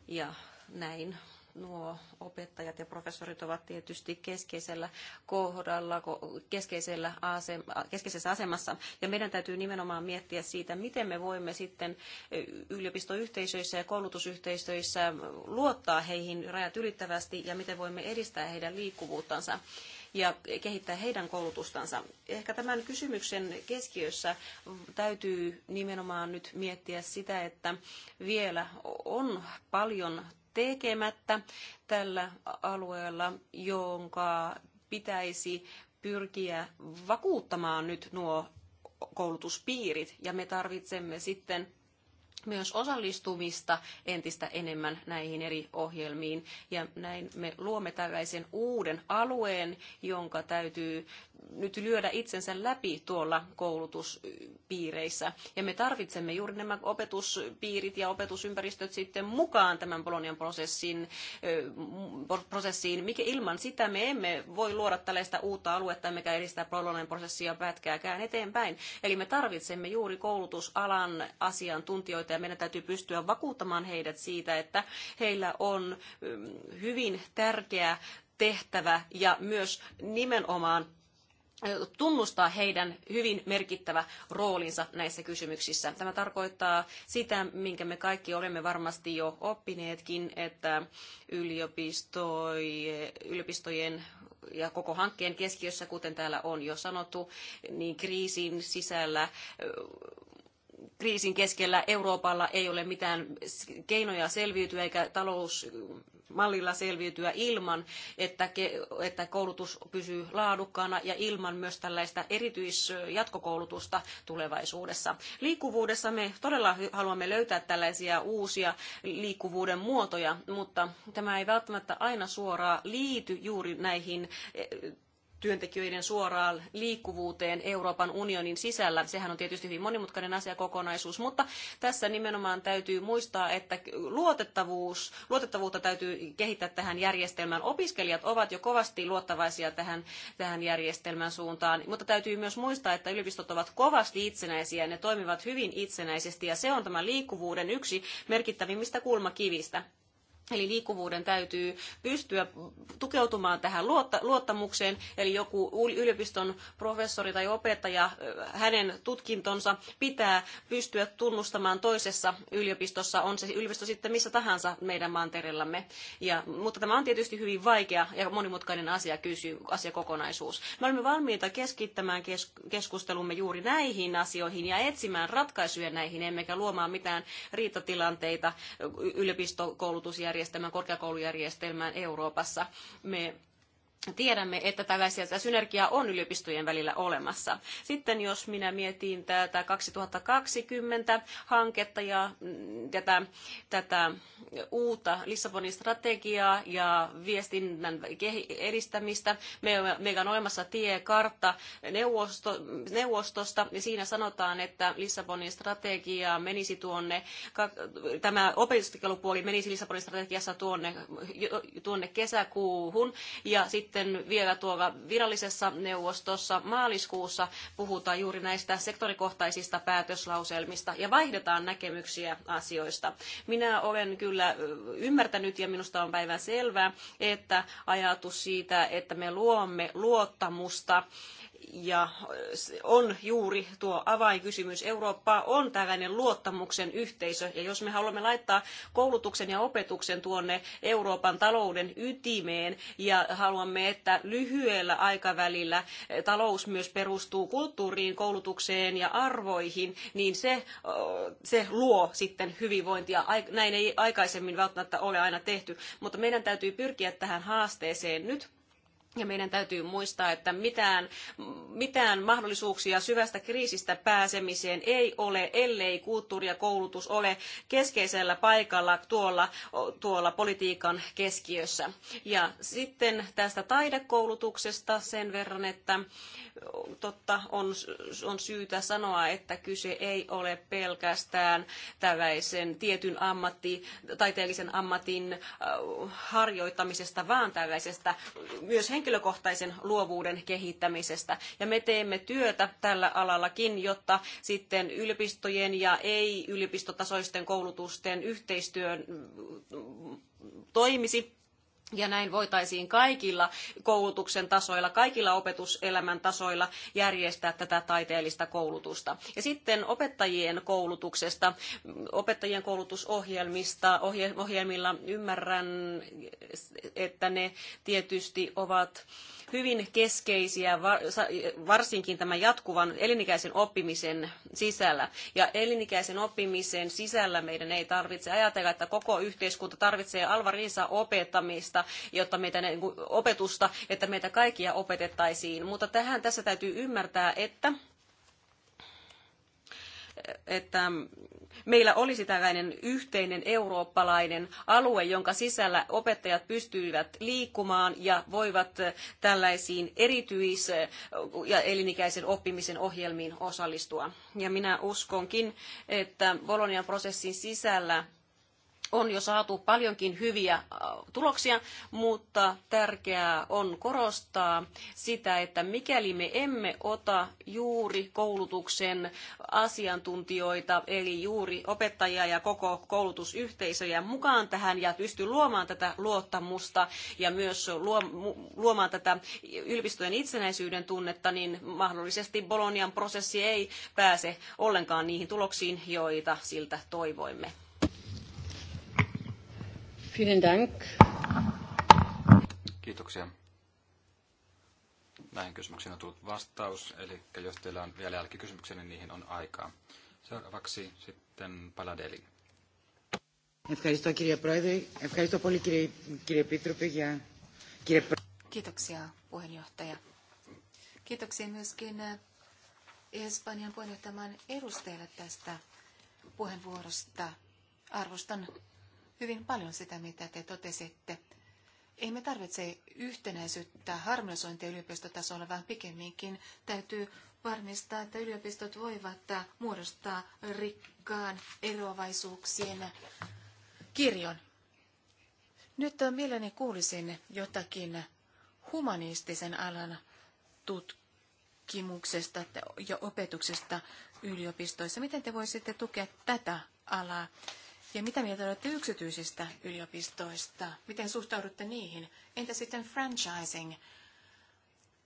S4: ja näin nuo opettajat ja professorit ovat tietysti keskeisellä kohdalla, keskeisellä asema, keskeisessä asemassa. Ja meidän täytyy nimenomaan miettiä siitä, miten me voimme sitten yliopistoyhteisöissä ja koulutusyhteisöissä luottaa heihin rajat ylittävästi ja miten voimme edistää heidän liikkuvuuttansa ja kehittää heidän koulutustansa. Ehkä tämän kysymyksen keskiössä täytyy nimenomaan nyt miettiä sitä, että vielä on paljon tekemättä tällä alueella, jonka pitäisi pyrkiä vakuuttamaan nyt nuo koulutuspiirit ja me tarvitsemme sitten myös osallistumista entistä enemmän näihin eri ohjelmiin. Ja näin me luomme tällaisen uuden alueen, jonka täytyy nyt lyödä itsensä läpi tuolla koulutuspiireissä. Ja me tarvitsemme juuri nämä opetuspiirit ja opetusympäristöt sitten mukaan tämän Bolonian prosessin, prosessiin. Mikä ilman sitä me emme voi luoda tällaista uutta aluetta, mikä edistää Bolonian prosessia pätkääkään eteenpäin. Eli me tarvitsemme juuri koulutusalan asiantuntijoita ja meidän täytyy pystyä vakuuttamaan heidät siitä, että heillä on mm, hyvin tärkeä tehtävä ja myös nimenomaan tunnustaa heidän hyvin merkittävä roolinsa näissä kysymyksissä. Tämä tarkoittaa sitä, minkä me kaikki olemme varmasti jo oppineetkin, että yliopistojen ja koko hankkeen keskiössä, kuten täällä on jo sanottu, niin kriisin sisällä kriisin keskellä Euroopalla ei ole mitään keinoja selviytyä eikä talousmallilla selviytyä ilman, että, että koulutus pysyy laadukkaana ja ilman myös tällaista erityisjatkokoulutusta tulevaisuudessa. Liikkuvuudessa me todella haluamme löytää tällaisia uusia liikkuvuuden muotoja, mutta tämä ei välttämättä aina suoraan liity juuri näihin e, työntekijöiden suoraan liikkuvuuteen Euroopan unionin sisällä. Sehän on tietysti hyvin monimutkainen asiakokonaisuus, mutta tässä nimenomaan täytyy muistaa, että luotettavuus, luotettavuutta täytyy kehittää tähän järjestelmään. Opiskelijat ovat jo kovasti luottavaisia tähän, tähän järjestelmän suuntaan, mutta täytyy myös muistaa, että yliopistot ovat kovasti itsenäisiä ja ne toimivat hyvin itsenäisesti ja se on tämän liikkuvuuden yksi merkittävimmistä kulmakivistä. Eli liikkuvuuden täytyy pystyä tukeutumaan tähän luottamukseen, eli joku yliopiston professori tai opettaja, hänen tutkintonsa pitää pystyä tunnustamaan toisessa yliopistossa, on se yliopisto sitten missä tahansa meidän mantereellamme. Ja, mutta tämä on tietysti hyvin vaikea ja monimutkainen asia, kysy, asiakokonaisuus. Me olemme valmiita keskittämään kes, keskustelumme juuri näihin asioihin ja etsimään ratkaisuja näihin, emmekä luomaan mitään riitatilanteita yliopistokoulutusjärjestelmään koulutusjärjestelmään, korkeakoulujärjestelmään Euroopassa. Me tiedämme, että tällaisia synergiaa on yliopistojen välillä olemassa. Sitten jos minä mietin tätä 2020 hanketta ja mm, tätä, tätä uutta Lissabonin strategiaa ja viestinnän edistämistä, meillä on olemassa tiekartta neuvosto, neuvostosta ja siinä sanotaan, että Lissabonin strategia menisi tuonne, tämä opiskelupuoli menisi Lissabonin strategiassa tuonne, tuonne kesäkuuhun ja sitten sitten vielä tuolla virallisessa neuvostossa maaliskuussa puhutaan juuri näistä sektorikohtaisista päätöslauselmista ja vaihdetaan näkemyksiä asioista. Minä olen kyllä ymmärtänyt ja minusta on päivän selvää, että ajatus siitä, että me luomme luottamusta ja on juuri tuo avainkysymys. Eurooppa on tällainen luottamuksen yhteisö ja jos me haluamme laittaa koulutuksen ja opetuksen tuonne Euroopan talouden ytimeen ja haluamme, että lyhyellä aikavälillä talous myös perustuu kulttuuriin, koulutukseen ja arvoihin, niin se, se luo sitten hyvinvointia. Näin ei aikaisemmin välttämättä ole aina tehty, mutta meidän täytyy pyrkiä tähän haasteeseen nyt ja meidän täytyy muistaa, että mitään, mitään mahdollisuuksia syvästä kriisistä pääsemiseen ei ole, ellei kulttuuri ja koulutus ole keskeisellä paikalla tuolla, tuolla politiikan keskiössä. Ja sitten tästä taidekoulutuksesta sen verran, että totta on, on syytä sanoa, että kyse ei ole pelkästään tällaisen tietyn ammatti, taiteellisen ammatin äh, harjoittamisesta, vaan tällaisesta myös henkilökohtaisesta henkilökohtaisen luovuuden kehittämisestä. Ja me teemme työtä tällä alallakin, jotta sitten yliopistojen ja ei-yliopistotasoisten koulutusten yhteistyön mm, toimisi ja näin voitaisiin kaikilla koulutuksen tasoilla, kaikilla opetuselämän tasoilla järjestää tätä taiteellista koulutusta. Ja sitten opettajien koulutuksesta, opettajien koulutusohjelmista, ohjelmilla ymmärrän, että ne tietysti ovat hyvin keskeisiä, varsinkin tämän jatkuvan elinikäisen oppimisen sisällä. Ja elinikäisen oppimisen sisällä meidän ei tarvitse ajatella, että koko yhteiskunta tarvitsee alvarinsa opettamista, jotta meitä opetusta, että meitä kaikkia opetettaisiin. Mutta tähän tässä täytyy ymmärtää, että että meillä olisi tällainen yhteinen eurooppalainen alue, jonka sisällä opettajat pystyivät liikkumaan ja voivat tällaisiin erityis- ja elinikäisen oppimisen ohjelmiin osallistua. Ja minä uskonkin, että Bolonian prosessin sisällä on jo saatu paljonkin hyviä äh, tuloksia, mutta tärkeää on korostaa sitä, että mikäli me emme ota juuri koulutuksen asiantuntijoita, eli juuri opettajia ja koko koulutusyhteisöjä mukaan tähän ja pysty luomaan tätä luottamusta ja myös luomaan tätä yliopistojen itsenäisyyden tunnetta, niin mahdollisesti Bolonian prosessi ei pääse ollenkaan niihin tuloksiin, joita siltä toivoimme.
S2: Vielen Dank.
S1: Kiitoksia. Näihin kysymyksiin on tullut vastaus, eli jos teillä on vielä jälkikysymyksiä, niin niihin on aikaa. Seuraavaksi sitten Paladeli.
S5: Kiitoksia puheenjohtaja. Kiitoksia myöskin äh, Espanjan puheenjohtajan edustajalle tästä puheenvuorosta. Arvostan hyvin paljon sitä, mitä te totesitte. Ei me tarvitse yhtenäisyyttä harmonisointia yliopistotasolla, vaan pikemminkin täytyy varmistaa, että yliopistot voivat muodostaa rikkaan eroavaisuuksien kirjon. Nyt mielelläni kuulisin jotakin humanistisen alan tutkimuksesta ja opetuksesta yliopistoissa. Miten te voisitte tukea tätä alaa? Ja mitä mieltä olette yksityisistä yliopistoista? Miten suhtaudutte niihin? Entä sitten franchising,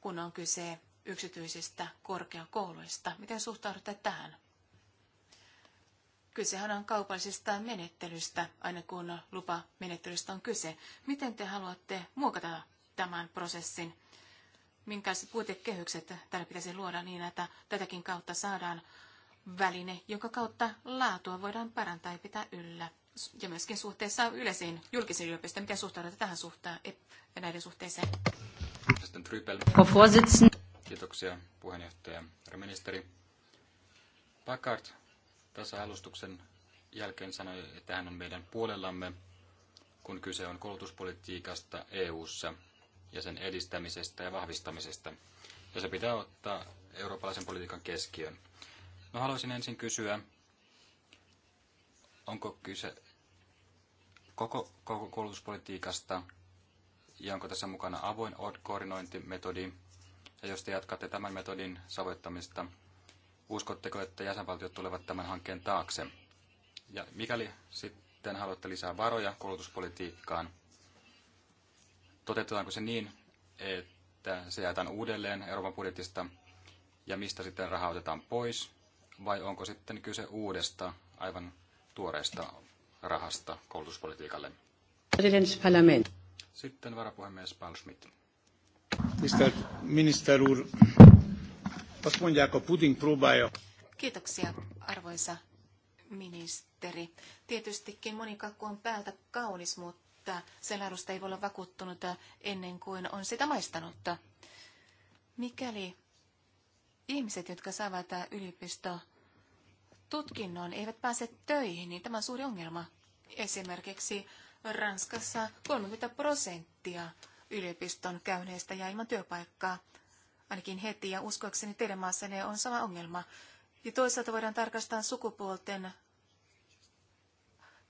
S5: kun on kyse yksityisistä korkeakouluista? Miten suhtaudutte tähän? Kysehän on kaupallisista menettelystä, aina kun lupa menettelystä on kyse. Miten te haluatte muokata tämän prosessin? Minkälaiset puitekehykset täällä pitäisi luoda niin, että tätäkin kautta saadaan väline, jonka kautta laatua voidaan parantaa ja pitää yllä. Ja myöskin suhteessa yleisiin julkisiin yliopistoihin, mitä suhtaudutte tähän suhtaan, e- näiden suhteeseen.
S1: Kiitoksia puheenjohtaja ja ministeri. Packard tässä alustuksen jälkeen sanoi, että hän on meidän puolellamme, kun kyse on koulutuspolitiikasta EU:ssa ja sen edistämisestä ja vahvistamisesta. Ja se pitää ottaa eurooppalaisen politiikan keskiön. No haluaisin ensin kysyä, onko kyse koko, koko koulutuspolitiikasta ja onko tässä mukana avoin koordinointimetodi. Ja jos te jatkatte tämän metodin savoittamista, uskotteko, että jäsenvaltiot tulevat tämän hankkeen taakse? Ja mikäli sitten haluatte lisää varoja koulutuspolitiikkaan, toteutetaanko se niin, että se jaetaan uudelleen Euroopan budjetista ja mistä sitten rahaa otetaan pois vai onko sitten kyse uudesta, aivan tuoreesta rahasta koulutuspolitiikalle? Sitten varapuhemies Paul Schmidt.
S3: Tisztelt miniszter úr, azt puding
S5: Kiitoksia, arvoisa ministeri. Tietystikin moni on päältä kaunis, mutta sen ei voi olla vakuuttunut ennen kuin on sitä maistanut. Mikäli ihmiset, jotka saavat yliopisto tutkinnon, eivät pääse töihin, niin tämä on suuri ongelma. Esimerkiksi Ranskassa 30 prosenttia yliopiston käyneistä ja ilman työpaikkaa, ainakin heti, ja uskoakseni teidän maassanne on sama ongelma. Ja toisaalta voidaan tarkastaa sukupuolten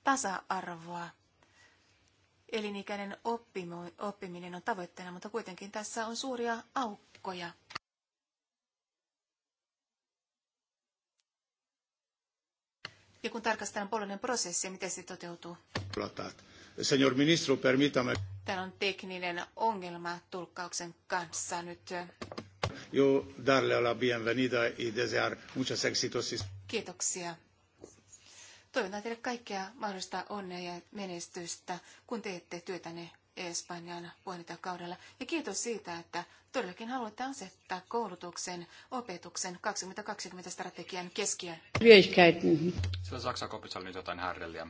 S5: tasa-arvoa. Elinikäinen oppiminen on tavoitteena, mutta kuitenkin tässä on suuria aukkoja. Ja kun tarkastellaan Bolognan prosessia, miten se toteutuu?
S3: Señor ministro, permítame.
S5: Täällä on tekninen ongelma tulkkauksen kanssa nyt.
S3: Yo darle la bienvenida y desear muchas éxitos.
S5: Kiitoksia. Toivotan teille kaikkea mahdollista onnea ja menestystä, kun teette työtänne Espanjan puheenjohtajakaudella. Ja kiitos siitä, että todellakin haluatte asettaa koulutuksen, opetuksen 2020-strategian keskiöön.
S1: Sillä Saksan kopissa oli nyt jotain härdelliä,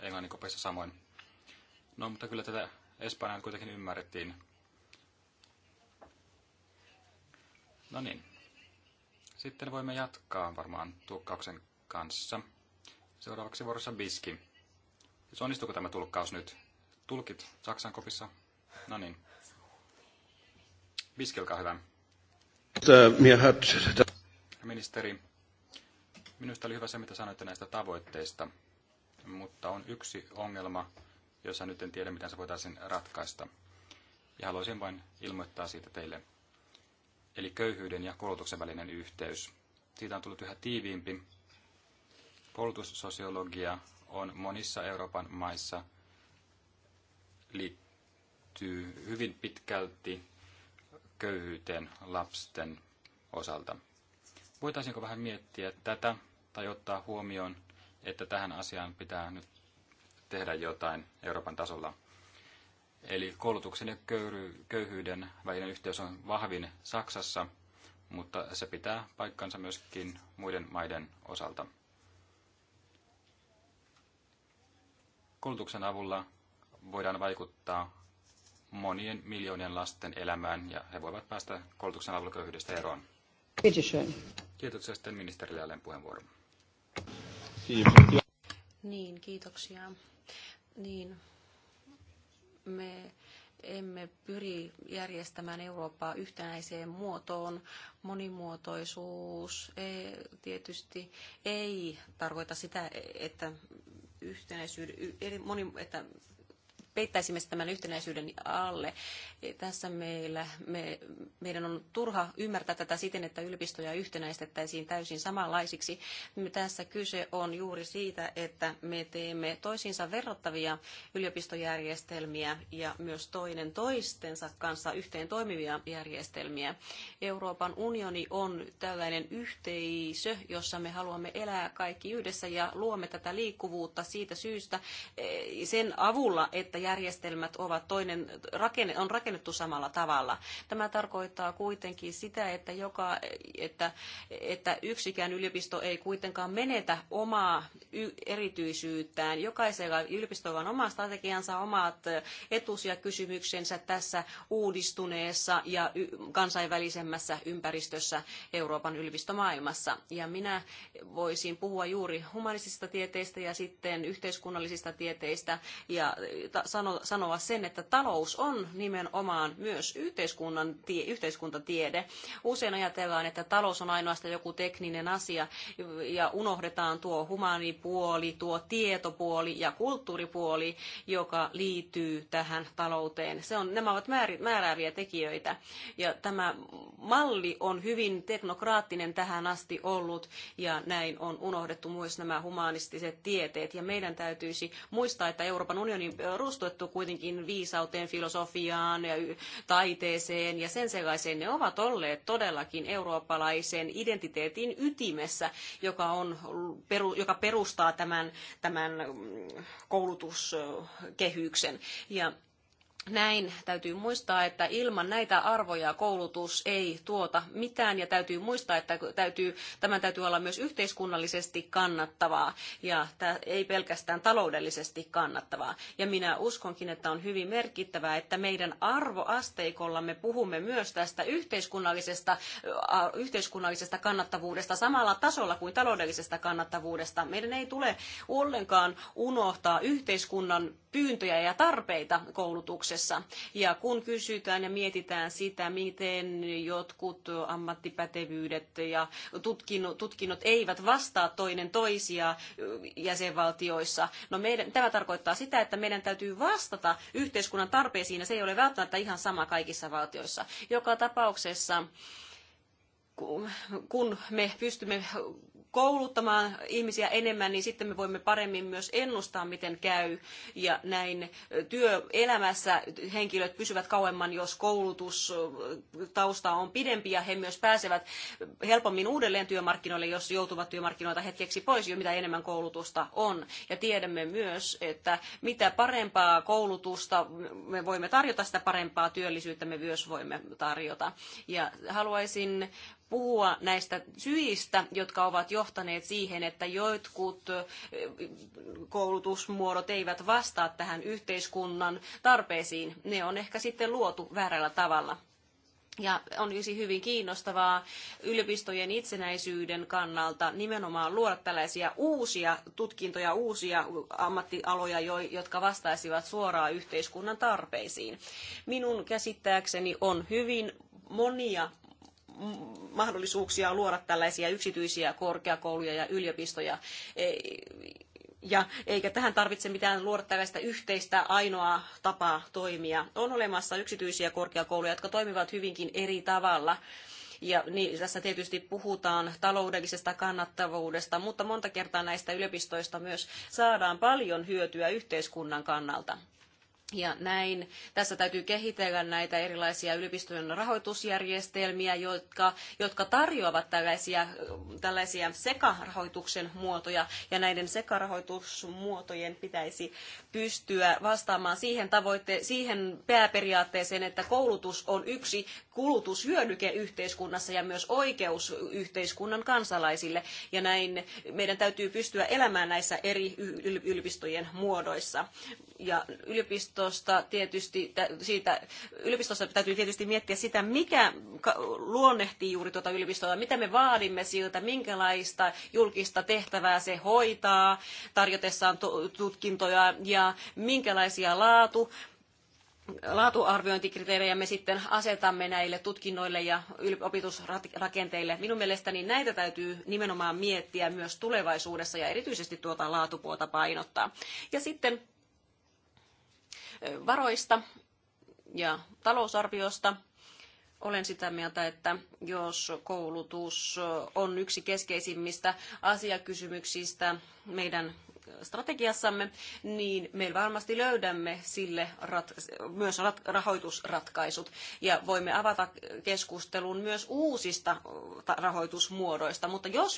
S1: Englannin kopissa samoin. No, mutta kyllä tätä Espanjaa kuitenkin ymmärrettiin. No niin. Sitten voimme jatkaa varmaan tulkkauksen kanssa. Seuraavaksi vuorossa Biski. Siis onnistuuko tämä tulkkaus nyt? tulkit Saksan kopissa. No niin. Viskelkaa hyvä. Ministeri, minusta oli hyvä se, mitä sanoitte näistä tavoitteista, mutta on yksi ongelma, jossa nyt en tiedä, miten se voitaisiin ratkaista. Ja haluaisin vain ilmoittaa siitä teille. Eli köyhyyden ja koulutuksen välinen yhteys. Siitä on tullut yhä tiiviimpi. Koulutussosiologia on monissa Euroopan maissa – liittyy hyvin pitkälti köyhyyteen lapsen osalta. Voitaisiinko vähän miettiä tätä tai ottaa huomioon, että tähän asiaan pitää nyt tehdä jotain Euroopan tasolla? Eli koulutuksen ja köyhyyden välinen yhteys on vahvin Saksassa, mutta se pitää paikkansa myöskin muiden maiden osalta. Koulutuksen avulla voidaan vaikuttaa monien miljoonien lasten elämään ja he voivat päästä koulutuksen avulla köyhyydestä eroon. Kiitos. Kiitoksia sitten ministerille jälleen puheenvuoron.
S4: Niin, kiitoksia. Niin, me emme pyri järjestämään Eurooppaa yhtenäiseen muotoon. Monimuotoisuus ei tietysti ei tarkoita sitä, että yhtenäisyyd, eri, moni, että peittäisimme tämän yhtenäisyyden alle. E, tässä meillä, me, meidän on turha ymmärtää tätä siten, että yliopistoja yhtenäistettäisiin täysin samanlaisiksi. Tässä kyse on juuri siitä, että me teemme toisiinsa verrattavia yliopistojärjestelmiä ja myös toinen toistensa kanssa yhteen toimivia järjestelmiä. Euroopan unioni on tällainen yhteisö, jossa me haluamme elää kaikki yhdessä ja luomme tätä liikkuvuutta siitä syystä e, sen avulla, että järjestelmät ovat toinen, rakenne, on rakennettu samalla tavalla. Tämä tarkoittaa kuitenkin sitä, että, joka, että, että yksikään yliopisto ei kuitenkaan menetä omaa erityisyyttään. Jokaisella yliopistolla on oma strategiansa, omat etusijakysymyksensä tässä uudistuneessa ja kansainvälisemmässä ympäristössä Euroopan yliopistomaailmassa. Ja minä voisin puhua juuri humanistisista tieteistä ja sitten yhteiskunnallisista tieteistä ja sanoa sen, että talous on nimenomaan myös yhteiskunnan tie, yhteiskuntatiede. Usein ajatellaan, että talous on ainoastaan joku tekninen asia ja unohdetaan tuo humanipuoli, tuo tietopuoli ja kulttuuripuoli, joka liittyy tähän talouteen. Se on, nämä ovat määrääviä tekijöitä ja tämä malli on hyvin teknokraattinen tähän asti ollut ja näin on unohdettu myös nämä humanistiset tieteet ja meidän täytyisi muistaa, että Euroopan unionin perustettu kuitenkin viisauteen, filosofiaan ja taiteeseen ja sen sellaiseen. Ne ovat olleet todellakin eurooppalaisen identiteetin ytimessä, joka, on, joka perustaa tämän, tämän mm, koulutuskehyksen. Ja näin täytyy muistaa, että ilman näitä arvoja koulutus ei tuota mitään ja täytyy muistaa, että täytyy, tämän täytyy olla myös yhteiskunnallisesti kannattavaa ja ei pelkästään taloudellisesti kannattavaa. Ja minä uskonkin, että on hyvin merkittävää, että meidän arvoasteikolla me puhumme myös tästä yhteiskunnallisesta, yhteiskunnallisesta kannattavuudesta samalla tasolla kuin taloudellisesta kannattavuudesta. Meidän ei tule ollenkaan unohtaa yhteiskunnan pyyntöjä ja tarpeita koulutuksessa. Ja kun kysytään ja mietitään sitä, miten jotkut ammattipätevyydet ja tutkinnot, tutkinnot eivät vastaa toinen toisia jäsenvaltioissa, no meidän, tämä tarkoittaa sitä, että meidän täytyy vastata yhteiskunnan tarpeisiin ja se ei ole välttämättä ihan sama kaikissa valtioissa. Joka tapauksessa kun me pystymme kouluttamaan ihmisiä enemmän, niin sitten me voimme paremmin myös ennustaa, miten käy. Ja näin työelämässä henkilöt pysyvät kauemman, jos koulutustausta on pidempi ja he myös pääsevät helpommin uudelleen työmarkkinoille, jos joutuvat työmarkkinoilta hetkeksi pois, jo mitä enemmän koulutusta on. Ja tiedämme myös, että mitä parempaa koulutusta me voimme tarjota, sitä parempaa työllisyyttä me myös voimme tarjota. Ja haluaisin puhua näistä syistä, jotka ovat johtaneet siihen, että jotkut koulutusmuodot eivät vastaa tähän yhteiskunnan tarpeisiin. Ne on ehkä sitten luotu väärällä tavalla. Ja on olisi hyvin kiinnostavaa yliopistojen itsenäisyyden kannalta nimenomaan luoda tällaisia uusia tutkintoja, uusia ammattialoja, jotka vastaisivat suoraan yhteiskunnan tarpeisiin. Minun käsittääkseni on hyvin monia mahdollisuuksia luoda tällaisia yksityisiä korkeakouluja ja yliopistoja. E, ja eikä tähän tarvitse mitään luoda tällaista yhteistä ainoaa tapaa toimia. On olemassa yksityisiä korkeakouluja, jotka toimivat hyvinkin eri tavalla. Ja niin, tässä tietysti puhutaan taloudellisesta kannattavuudesta, mutta monta kertaa näistä yliopistoista myös saadaan paljon hyötyä yhteiskunnan kannalta. Ja näin tässä täytyy kehitellä näitä erilaisia yliopistojen rahoitusjärjestelmiä, jotka, jotka tarjoavat tällaisia, tällaisia sekarahoituksen muotoja. Ja näiden sekarahoitusmuotojen pitäisi pystyä vastaamaan siihen, tavoitte- siihen pääperiaatteeseen, että koulutus on yksi kulutushyödyke yhteiskunnassa ja myös oikeus yhteiskunnan kansalaisille. Ja näin meidän täytyy pystyä elämään näissä eri yliopistojen muodoissa. Ja yliopisto yliopistosta tietysti, siitä, yliopistossa täytyy tietysti miettiä sitä, mikä luonnehtii juuri tuota yliopistoa, mitä me vaadimme siltä, minkälaista julkista tehtävää se hoitaa tarjotessaan tutkintoja ja minkälaisia laatu laatuarviointikriteerejä me sitten asetamme näille tutkinnoille ja opetusrakenteille. Minun mielestäni näitä täytyy nimenomaan miettiä myös tulevaisuudessa ja erityisesti tuota laatupuolta painottaa. Ja sitten varoista ja talousarviosta. Olen sitä mieltä, että jos koulutus on yksi keskeisimmistä asiakysymyksistä meidän strategiassamme, niin me varmasti löydämme sille rat- myös rat- rahoitusratkaisut ja voimme avata keskustelun myös uusista rahoitusmuodoista. Mutta jos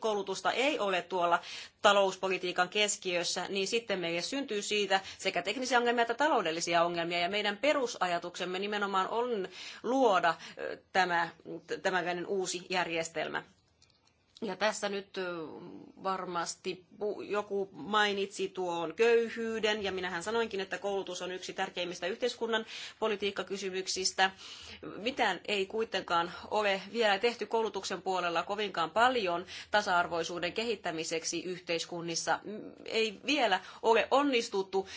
S4: koulutusta ei ole tuolla talouspolitiikan keskiössä, niin sitten meille syntyy siitä sekä teknisiä ongelmia että taloudellisia ongelmia. Ja meidän perusajatuksemme nimenomaan on luoda tämä, tämänkäinen uusi järjestelmä. Ja tässä nyt varmasti joku mainitsi tuon köyhyyden, ja minähän sanoinkin, että koulutus on yksi tärkeimmistä yhteiskunnan politiikkakysymyksistä. Mitään ei kuitenkaan ole vielä tehty koulutuksen puolella kovinkaan paljon tasa-arvoisuuden kehittämiseksi yhteiskunnissa. Ei vielä ole onnistuttu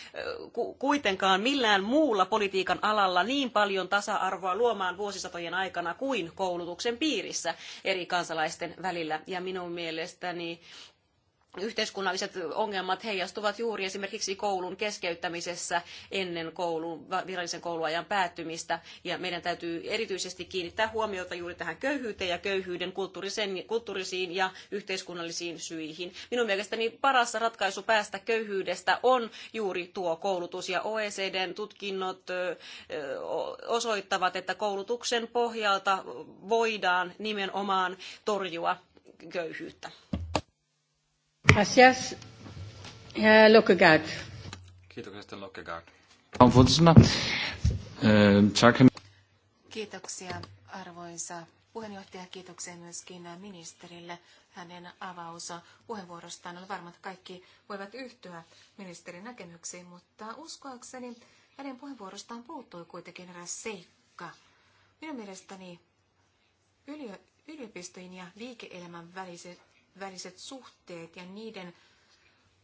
S4: kuitenkaan millään muulla politiikan alalla niin paljon tasa-arvoa luomaan vuosisatojen aikana kuin koulutuksen piirissä eri kansalaisten välillä ja minun mielestäni yhteiskunnalliset ongelmat heijastuvat juuri esimerkiksi koulun keskeyttämisessä ennen koulun, virallisen kouluajan päättymistä. Ja meidän täytyy erityisesti kiinnittää huomiota juuri tähän köyhyyteen ja köyhyyden kulttuurisiin ja yhteiskunnallisiin syihin. Minun mielestäni paras ratkaisu päästä köyhyydestä on juuri tuo koulutus. Ja OECDn tutkinnot osoittavat, että koulutuksen pohjalta voidaan nimenomaan torjua köyhyyttä.
S2: Gracias. Eh,
S1: Kiitoksia, Lokkegaard. Äh,
S5: Kiitoksia, arvoisa puheenjohtaja. Kiitoksia myöskin ministerille hänen avausa puheenvuorostaan. On varma, että kaikki voivat yhtyä ministerin näkemyksiin, mutta uskoakseni hänen puheenvuorostaan puuttui kuitenkin eräs seikka. Minun mielestäni yliopistojen ja liike-elämän väliset, väliset suhteet ja niiden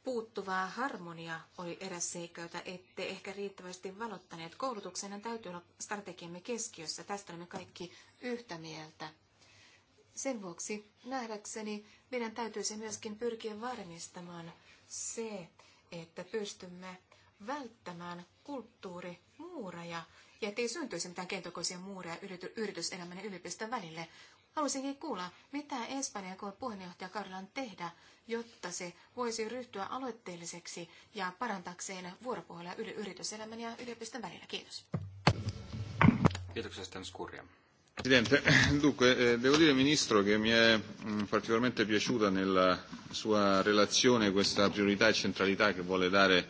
S5: puuttuvaa harmonia oli eräs seikka, jota ette ehkä riittävästi valottaneet. Koulutuksena täytyy olla strategiamme keskiössä. Tästä olemme kaikki yhtä mieltä. Sen vuoksi nähdäkseni meidän täytyisi myöskin pyrkiä varmistamaan se, että pystymme välttämään kulttuurimuureja ja ettei syntyisi mitään kentokoisia muureja yrityselämän ja yliopiston välille. Haluaisinkin kuulla, mitä Espanja puheenjohtaja Karlan tehdä, jotta se voisi ryhtyä aloitteelliseksi ja parantakseen vuoropuhelua yrityselämän ja yliopiston välillä. Kiitos.
S1: Kiitoksia, Stan Skurja.
S3: Presidente, [CLEARS THROAT] dunque eh, devo dire Ministro che mi è mm, particolarmente piaciuta nella sua relazione questa priorità e centralità che vuole dare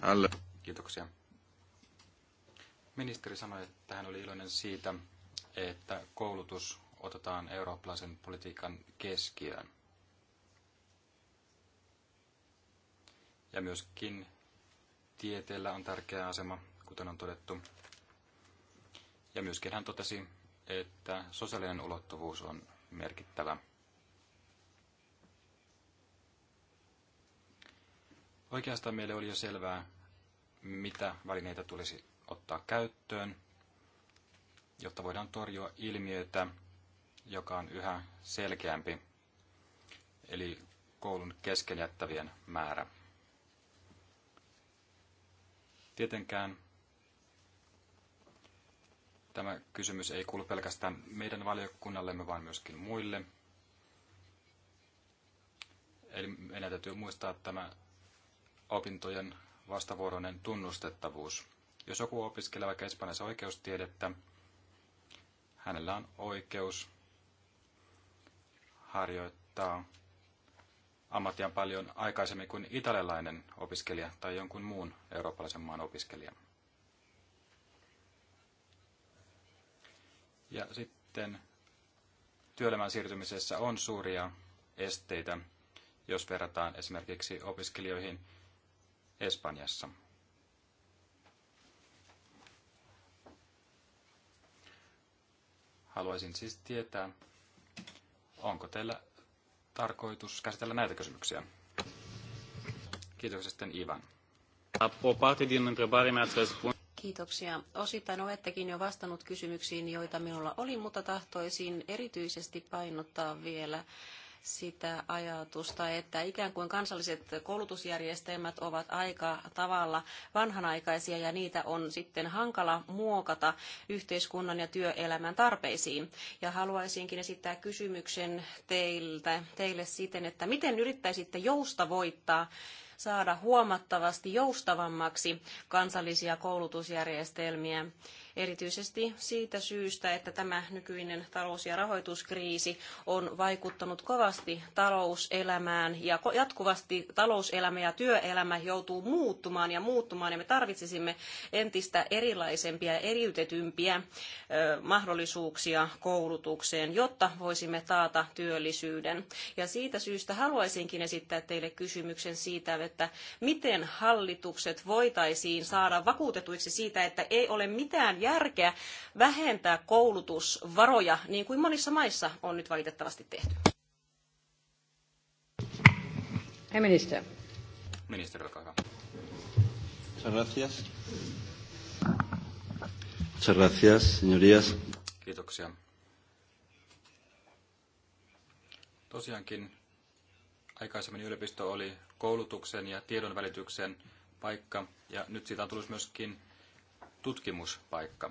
S1: al... Kiitoksia. Ministeri sanoi, että hän oli iloinen siitä, että koulutus otetaan eurooppalaisen politiikan keskiöön. Ja myöskin tieteellä on tärkeä asema, kuten on todettu. Ja myöskin hän totesi, että sosiaalinen ulottuvuus on merkittävä. Oikeastaan meille oli jo selvää, mitä välineitä tulisi ottaa käyttöön, jotta voidaan torjua ilmiöitä, joka on yhä selkeämpi, eli koulun keskenjättävien määrä. Tietenkään tämä kysymys ei kuulu pelkästään meidän valiokunnallemme, vaan myöskin muille. Eli meidän täytyy muistaa tämä opintojen vastavuoroinen tunnustettavuus. Jos joku opiskelee vaikka Espanjassa oikeustiedettä, hänellä on oikeus harjoittaa ammattiaan paljon aikaisemmin kuin italialainen opiskelija tai jonkun muun eurooppalaisen maan opiskelija. Ja sitten työelämän siirtymisessä on suuria esteitä, jos verrataan esimerkiksi opiskelijoihin Espanjassa. Haluaisin siis tietää, Onko teillä tarkoitus käsitellä näitä kysymyksiä? Kiitoksia sitten Ivan.
S4: Kiitoksia. Osittain olettekin jo vastannut kysymyksiin, joita minulla oli, mutta tahtoisin erityisesti painottaa vielä sitä ajatusta, että ikään kuin kansalliset koulutusjärjestelmät ovat aika tavalla vanhanaikaisia ja niitä on sitten hankala muokata yhteiskunnan ja työelämän tarpeisiin. Ja haluaisinkin esittää kysymyksen teiltä, teille siten, että miten yrittäisitte joustavoittaa saada huomattavasti joustavammaksi kansallisia koulutusjärjestelmiä erityisesti siitä syystä, että tämä nykyinen talous- ja rahoituskriisi on vaikuttanut kovasti talouselämään ja jatkuvasti talouselämä ja työelämä joutuu muuttumaan ja muuttumaan ja me tarvitsisimme entistä erilaisempia ja eriytetympiä mahdollisuuksia koulutukseen, jotta voisimme taata työllisyyden. Ja siitä syystä haluaisinkin esittää teille kysymyksen siitä, että miten hallitukset voitaisiin saada vakuutetuiksi siitä, että ei ole mitään järkeä vähentää koulutusvaroja, niin kuin monissa maissa on nyt valitettavasti tehty.
S2: Herr Minister.
S1: Ministeri, olkaa hyvä. Kiitoksia. Tosiaankin aikaisemmin yliopisto oli koulutuksen ja tiedonvälityksen paikka, ja nyt siitä on tullut myöskin tutkimuspaikka.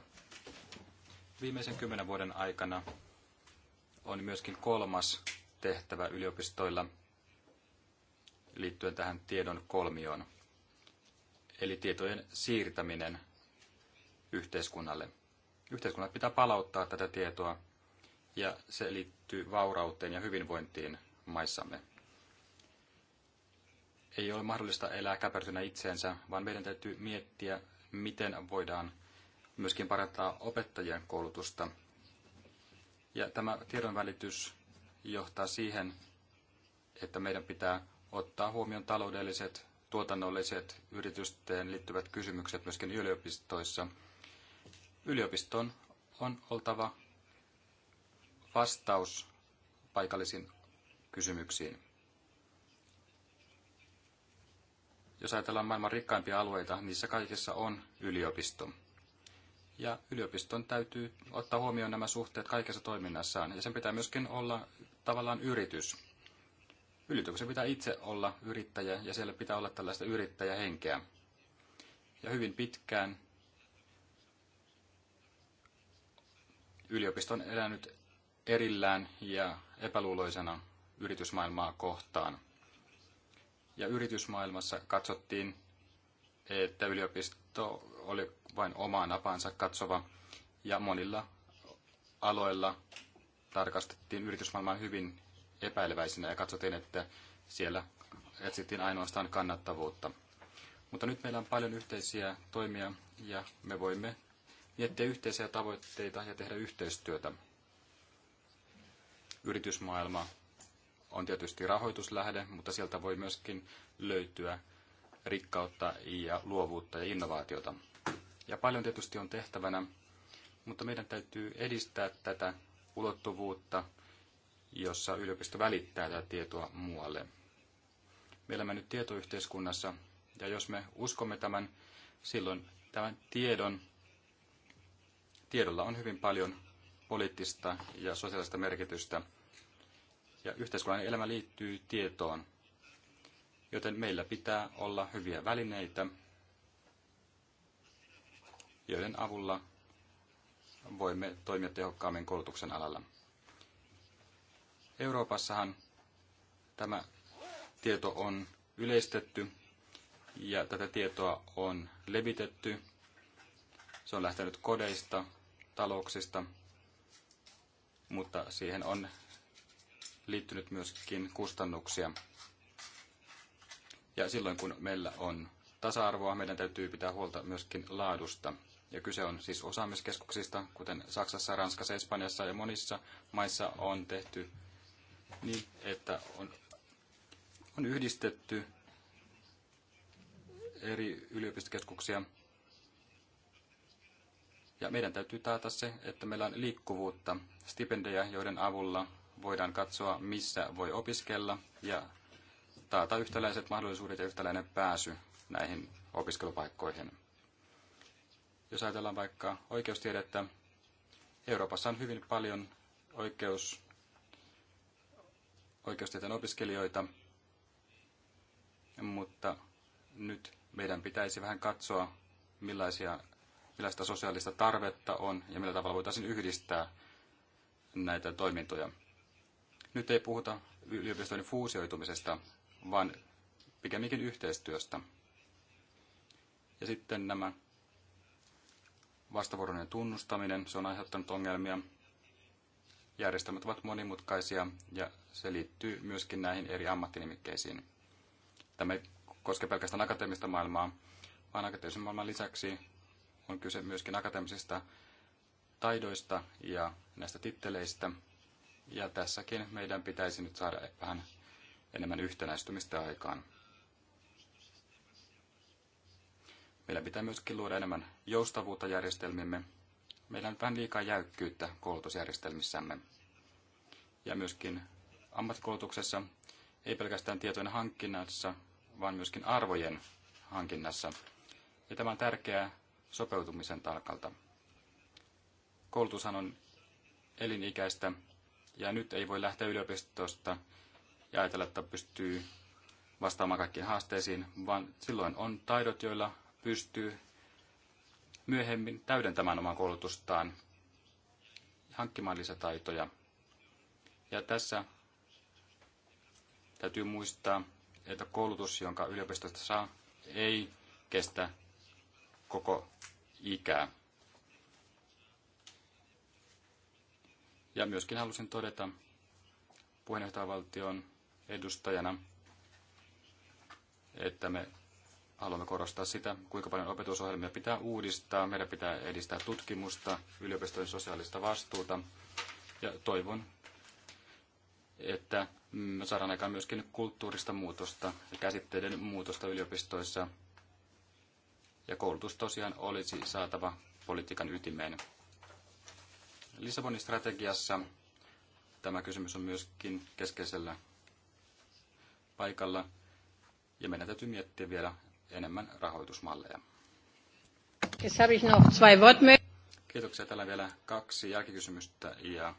S1: Viimeisen kymmenen vuoden aikana on myöskin kolmas tehtävä yliopistoilla liittyen tähän tiedon kolmioon, eli tietojen siirtäminen yhteiskunnalle. Yhteiskunnalle pitää palauttaa tätä tietoa, ja se liittyy vaurauteen ja hyvinvointiin maissamme. Ei ole mahdollista elää käpertynä itseensä, vaan meidän täytyy miettiä miten voidaan myöskin parantaa opettajien koulutusta. Ja tämä tiedonvälitys johtaa siihen, että meidän pitää ottaa huomioon taloudelliset, tuotannolliset, yritysten liittyvät kysymykset myöskin yliopistoissa. Yliopiston on oltava vastaus paikallisiin kysymyksiin. Jos ajatellaan maailman rikkaimpia alueita, niissä kaikissa on yliopisto. Ja yliopiston täytyy ottaa huomioon nämä suhteet kaikessa toiminnassaan, ja sen pitää myöskin olla tavallaan yritys. Yrityksen pitää itse olla yrittäjä, ja siellä pitää olla tällaista yrittäjähenkeä. Ja hyvin pitkään yliopisto on elänyt erillään ja epäluuloisena yritysmaailmaa kohtaan. Ja yritysmaailmassa katsottiin, että yliopisto oli vain omaa napansa katsova, ja monilla aloilla tarkastettiin yritysmaailmaa hyvin epäileväisinä ja katsottiin, että siellä etsittiin ainoastaan kannattavuutta. Mutta nyt meillä on paljon yhteisiä toimia ja me voimme miettiä yhteisiä tavoitteita ja tehdä yhteistyötä. Yritysmaailma on tietysti rahoituslähde, mutta sieltä voi myöskin löytyä rikkautta ja luovuutta ja innovaatiota. Ja paljon tietysti on tehtävänä, mutta meidän täytyy edistää tätä ulottuvuutta, jossa yliopisto välittää tätä tietoa muualle. Me elämme nyt tietoyhteiskunnassa, ja jos me uskomme tämän, silloin tämän tiedon, tiedolla on hyvin paljon poliittista ja sosiaalista merkitystä – ja yhteiskunnallinen elämä liittyy tietoon, joten meillä pitää olla hyviä välineitä, joiden avulla voimme toimia tehokkaammin koulutuksen alalla. Euroopassahan tämä tieto on yleistetty ja tätä tietoa on levitetty. Se on lähtenyt kodeista, talouksista, mutta siihen on liittynyt myöskin kustannuksia. Ja silloin kun meillä on tasa-arvoa, meidän täytyy pitää huolta myöskin laadusta. Ja kyse on siis osaamiskeskuksista, kuten Saksassa, Ranskassa, Espanjassa ja monissa maissa on tehty niin, että on, on yhdistetty eri yliopistokeskuksia. Ja meidän täytyy taata se, että meillä on liikkuvuutta, stipendejä, joiden avulla voidaan katsoa, missä voi opiskella ja taata yhtäläiset mahdollisuudet ja yhtäläinen pääsy näihin opiskelupaikkoihin. Jos ajatellaan vaikka oikeustiedettä, Euroopassa on hyvin paljon oikeus, oikeustieteen opiskelijoita, mutta nyt meidän pitäisi vähän katsoa, millaisia, millaista sosiaalista tarvetta on ja millä tavalla voitaisiin yhdistää näitä toimintoja. Nyt ei puhuta yliopistojen fuusioitumisesta, vaan pikemminkin yhteistyöstä. Ja sitten nämä vastavuoroinen tunnustaminen, se on aiheuttanut ongelmia. Järjestelmät ovat monimutkaisia ja se liittyy myöskin näihin eri ammattinimikkeisiin. Tämä ei koske pelkästään akateemista maailmaa, vaan akateemisen maailman lisäksi on kyse myöskin akateemisista taidoista ja näistä titteleistä – ja tässäkin meidän pitäisi nyt saada vähän enemmän yhtenäistymistä aikaan. Meillä pitää myöskin luoda enemmän joustavuutta järjestelmimme. Meillä on vähän liikaa jäykkyyttä koulutusjärjestelmissämme. Ja myöskin ammattikoulutuksessa, ei pelkästään tietojen hankinnassa, vaan myöskin arvojen hankinnassa. Ja tämä on tärkeää sopeutumisen tarkalta. Koulutushan on elinikäistä ja nyt ei voi lähteä yliopistosta ja ajatella, että pystyy vastaamaan kaikkiin haasteisiin, vaan silloin on taidot, joilla pystyy myöhemmin täydentämään omaa koulutustaan, hankkimaan lisätaitoja. Ja tässä täytyy muistaa, että koulutus, jonka yliopistosta saa, ei kestä koko ikää. Ja myöskin halusin todeta puheenjohtajavaltion edustajana, että me haluamme korostaa sitä, kuinka paljon opetusohjelmia pitää uudistaa. Meidän pitää edistää tutkimusta, yliopistojen sosiaalista vastuuta. Ja toivon, että me saadaan aikaan myöskin kulttuurista muutosta ja käsitteiden muutosta yliopistoissa. Ja koulutus tosiaan olisi saatava politiikan ytimeen. Lissabonin strategiassa tämä kysymys on myöskin keskeisellä paikalla ja meidän täytyy miettiä vielä enemmän rahoitusmalleja. Kiitoksia. Täällä on vielä kaksi jälkikysymystä ja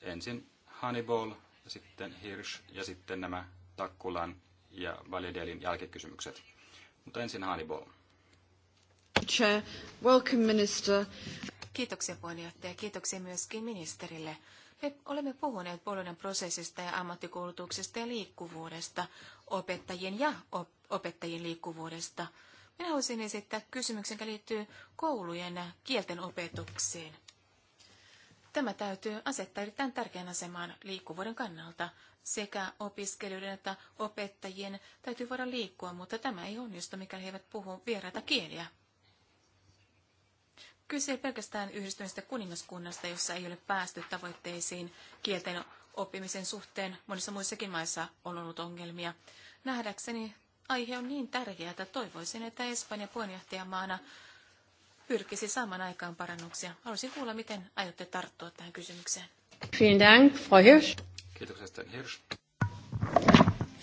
S1: ensin Hannibal ja sitten Hirsch ja sitten nämä Takkulan ja Validelin jälkikysymykset. Mutta ensin Hannibal.
S5: Chair, welcome minister. Kiitoksia puheenjohtaja. Kiitoksia myöskin ministerille. Me olemme puhuneet Polonian prosessista ja ammattikoulutuksesta ja liikkuvuudesta, opettajien ja op- opettajien liikkuvuudesta. Minä haluaisin esittää kysymyksen, joka liittyy koulujen kielten opetukseen. Tämä täytyy asettaa erittäin tärkeän asemaan liikkuvuuden kannalta. Sekä opiskelijoiden että opettajien täytyy voida liikkua, mutta tämä ei onnistu, mikäli he eivät puhu vieraita kieliä. Kyse ei pelkästään yhdistyneestä kuningaskunnasta, jossa ei ole päästy tavoitteisiin kielten oppimisen suhteen. Monissa muissakin maissa on ollut ongelmia. Nähdäkseni aihe on niin tärkeä, että toivoisin, että Espanja puheenjohtajamaana pyrkisi saamaan aikaan parannuksia. Haluaisin kuulla, miten aiotte tarttua tähän kysymykseen.
S2: Vielen Dank, Frau Hirsch.
S1: Kiitoksia, Hirsch.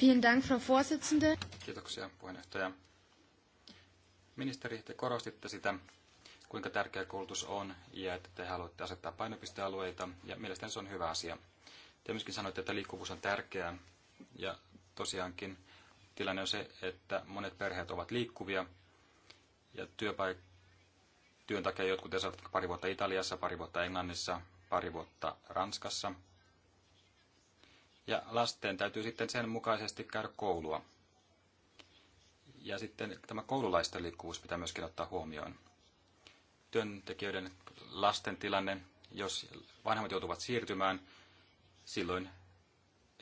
S2: Vielen Dank, Frau Vorsitzende.
S1: Kiitoksia, puheenjohtaja. Ministeri, te korostitte sitä, kuinka tärkeä koulutus on ja että te haluatte asettaa painopistealueita, ja mielestäni se on hyvä asia. Te myöskin sanoitte, että liikkuvuus on tärkeää, ja tosiaankin tilanne on se, että monet perheet ovat liikkuvia, ja työpaik- työn takia jotkut esävät pari vuotta Italiassa, pari vuotta Englannissa, pari vuotta Ranskassa. Ja lasten täytyy sitten sen mukaisesti käydä koulua. Ja sitten tämä koululaisten liikkuvuus pitää myöskin ottaa huomioon työntekijöiden lasten tilanne. Jos vanhemmat joutuvat siirtymään, silloin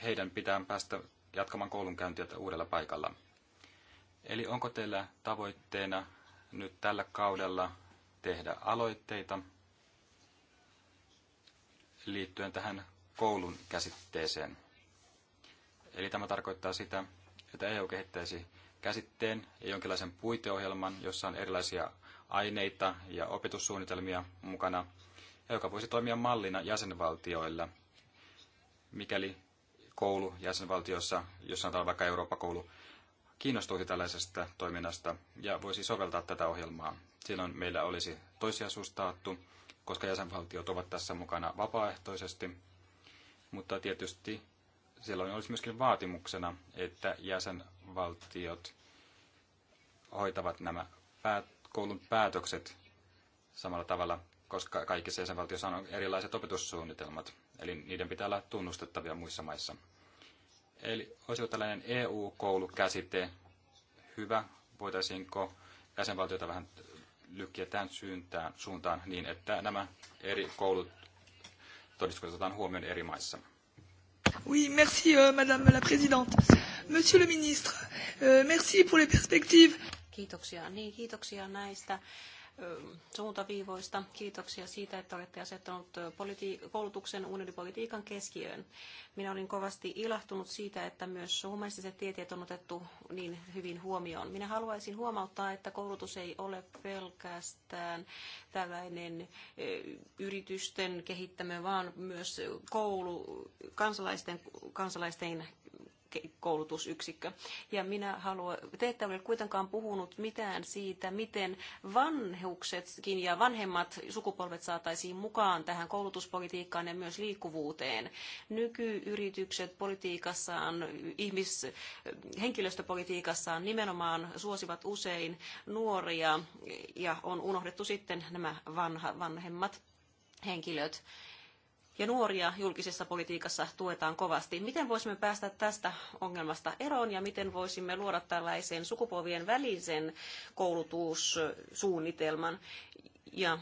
S1: heidän pitää päästä jatkamaan koulunkäyntiä uudella paikalla. Eli onko teillä tavoitteena nyt tällä kaudella tehdä aloitteita liittyen tähän koulun käsitteeseen? Eli tämä tarkoittaa sitä, että EU kehittäisi käsitteen ja jonkinlaisen puiteohjelman, jossa on erilaisia aineita ja opetussuunnitelmia mukana, joka voisi toimia mallina jäsenvaltioilla, mikäli koulu jäsenvaltiossa, jos sanotaan vaikka Eurooppa-koulu, kiinnostuisi tällaisesta toiminnasta ja voisi soveltaa tätä ohjelmaa. Silloin meillä olisi toissijaisuustaattu, koska jäsenvaltiot ovat tässä mukana vapaaehtoisesti, mutta tietysti silloin olisi myöskin vaatimuksena, että jäsenvaltiot hoitavat nämä päät- koulun päätökset samalla tavalla, koska kaikissa jäsenvaltioissa on erilaiset opetussuunnitelmat, eli niiden pitää olla tunnustettavia muissa maissa. Eli olisiko tällainen EU-koulukäsite hyvä? Voitaisiinko jäsenvaltioita vähän lykkiä tämän syyntään, suuntaan niin, että nämä eri koulut todistetaan huomioon eri maissa? Oui, merci euh,
S5: Madame la Présidente. Monsieur le Ministre, euh, merci pour les perspectives.
S4: Kiitoksia. Niin, kiitoksia näistä suuntaviivoista. Kiitoksia siitä, että olette asettanut politi- koulutuksen unionipolitiikan keskiöön. Minä olin kovasti ilahtunut siitä, että myös humanistiset tieteet on otettu niin hyvin huomioon. Minä haluaisin huomauttaa, että koulutus ei ole pelkästään tällainen yritysten kehittämä, vaan myös koulu, kansalaisten, kansalaisten koulutusyksikkö. Ja minä haluan, te ette ole kuitenkaan puhunut mitään siitä, miten vanhuksetkin ja vanhemmat sukupolvet saataisiin mukaan tähän koulutuspolitiikkaan ja myös liikkuvuuteen. Nykyyritykset politiikassaan, ihmis, henkilöstöpolitiikassaan nimenomaan suosivat usein nuoria ja on unohdettu sitten nämä vanha, vanhemmat henkilöt ja nuoria julkisessa politiikassa tuetaan kovasti. Miten voisimme päästä tästä ongelmasta eroon ja miten voisimme luoda tällaisen sukupolvien välisen koulutussuunnitelman ja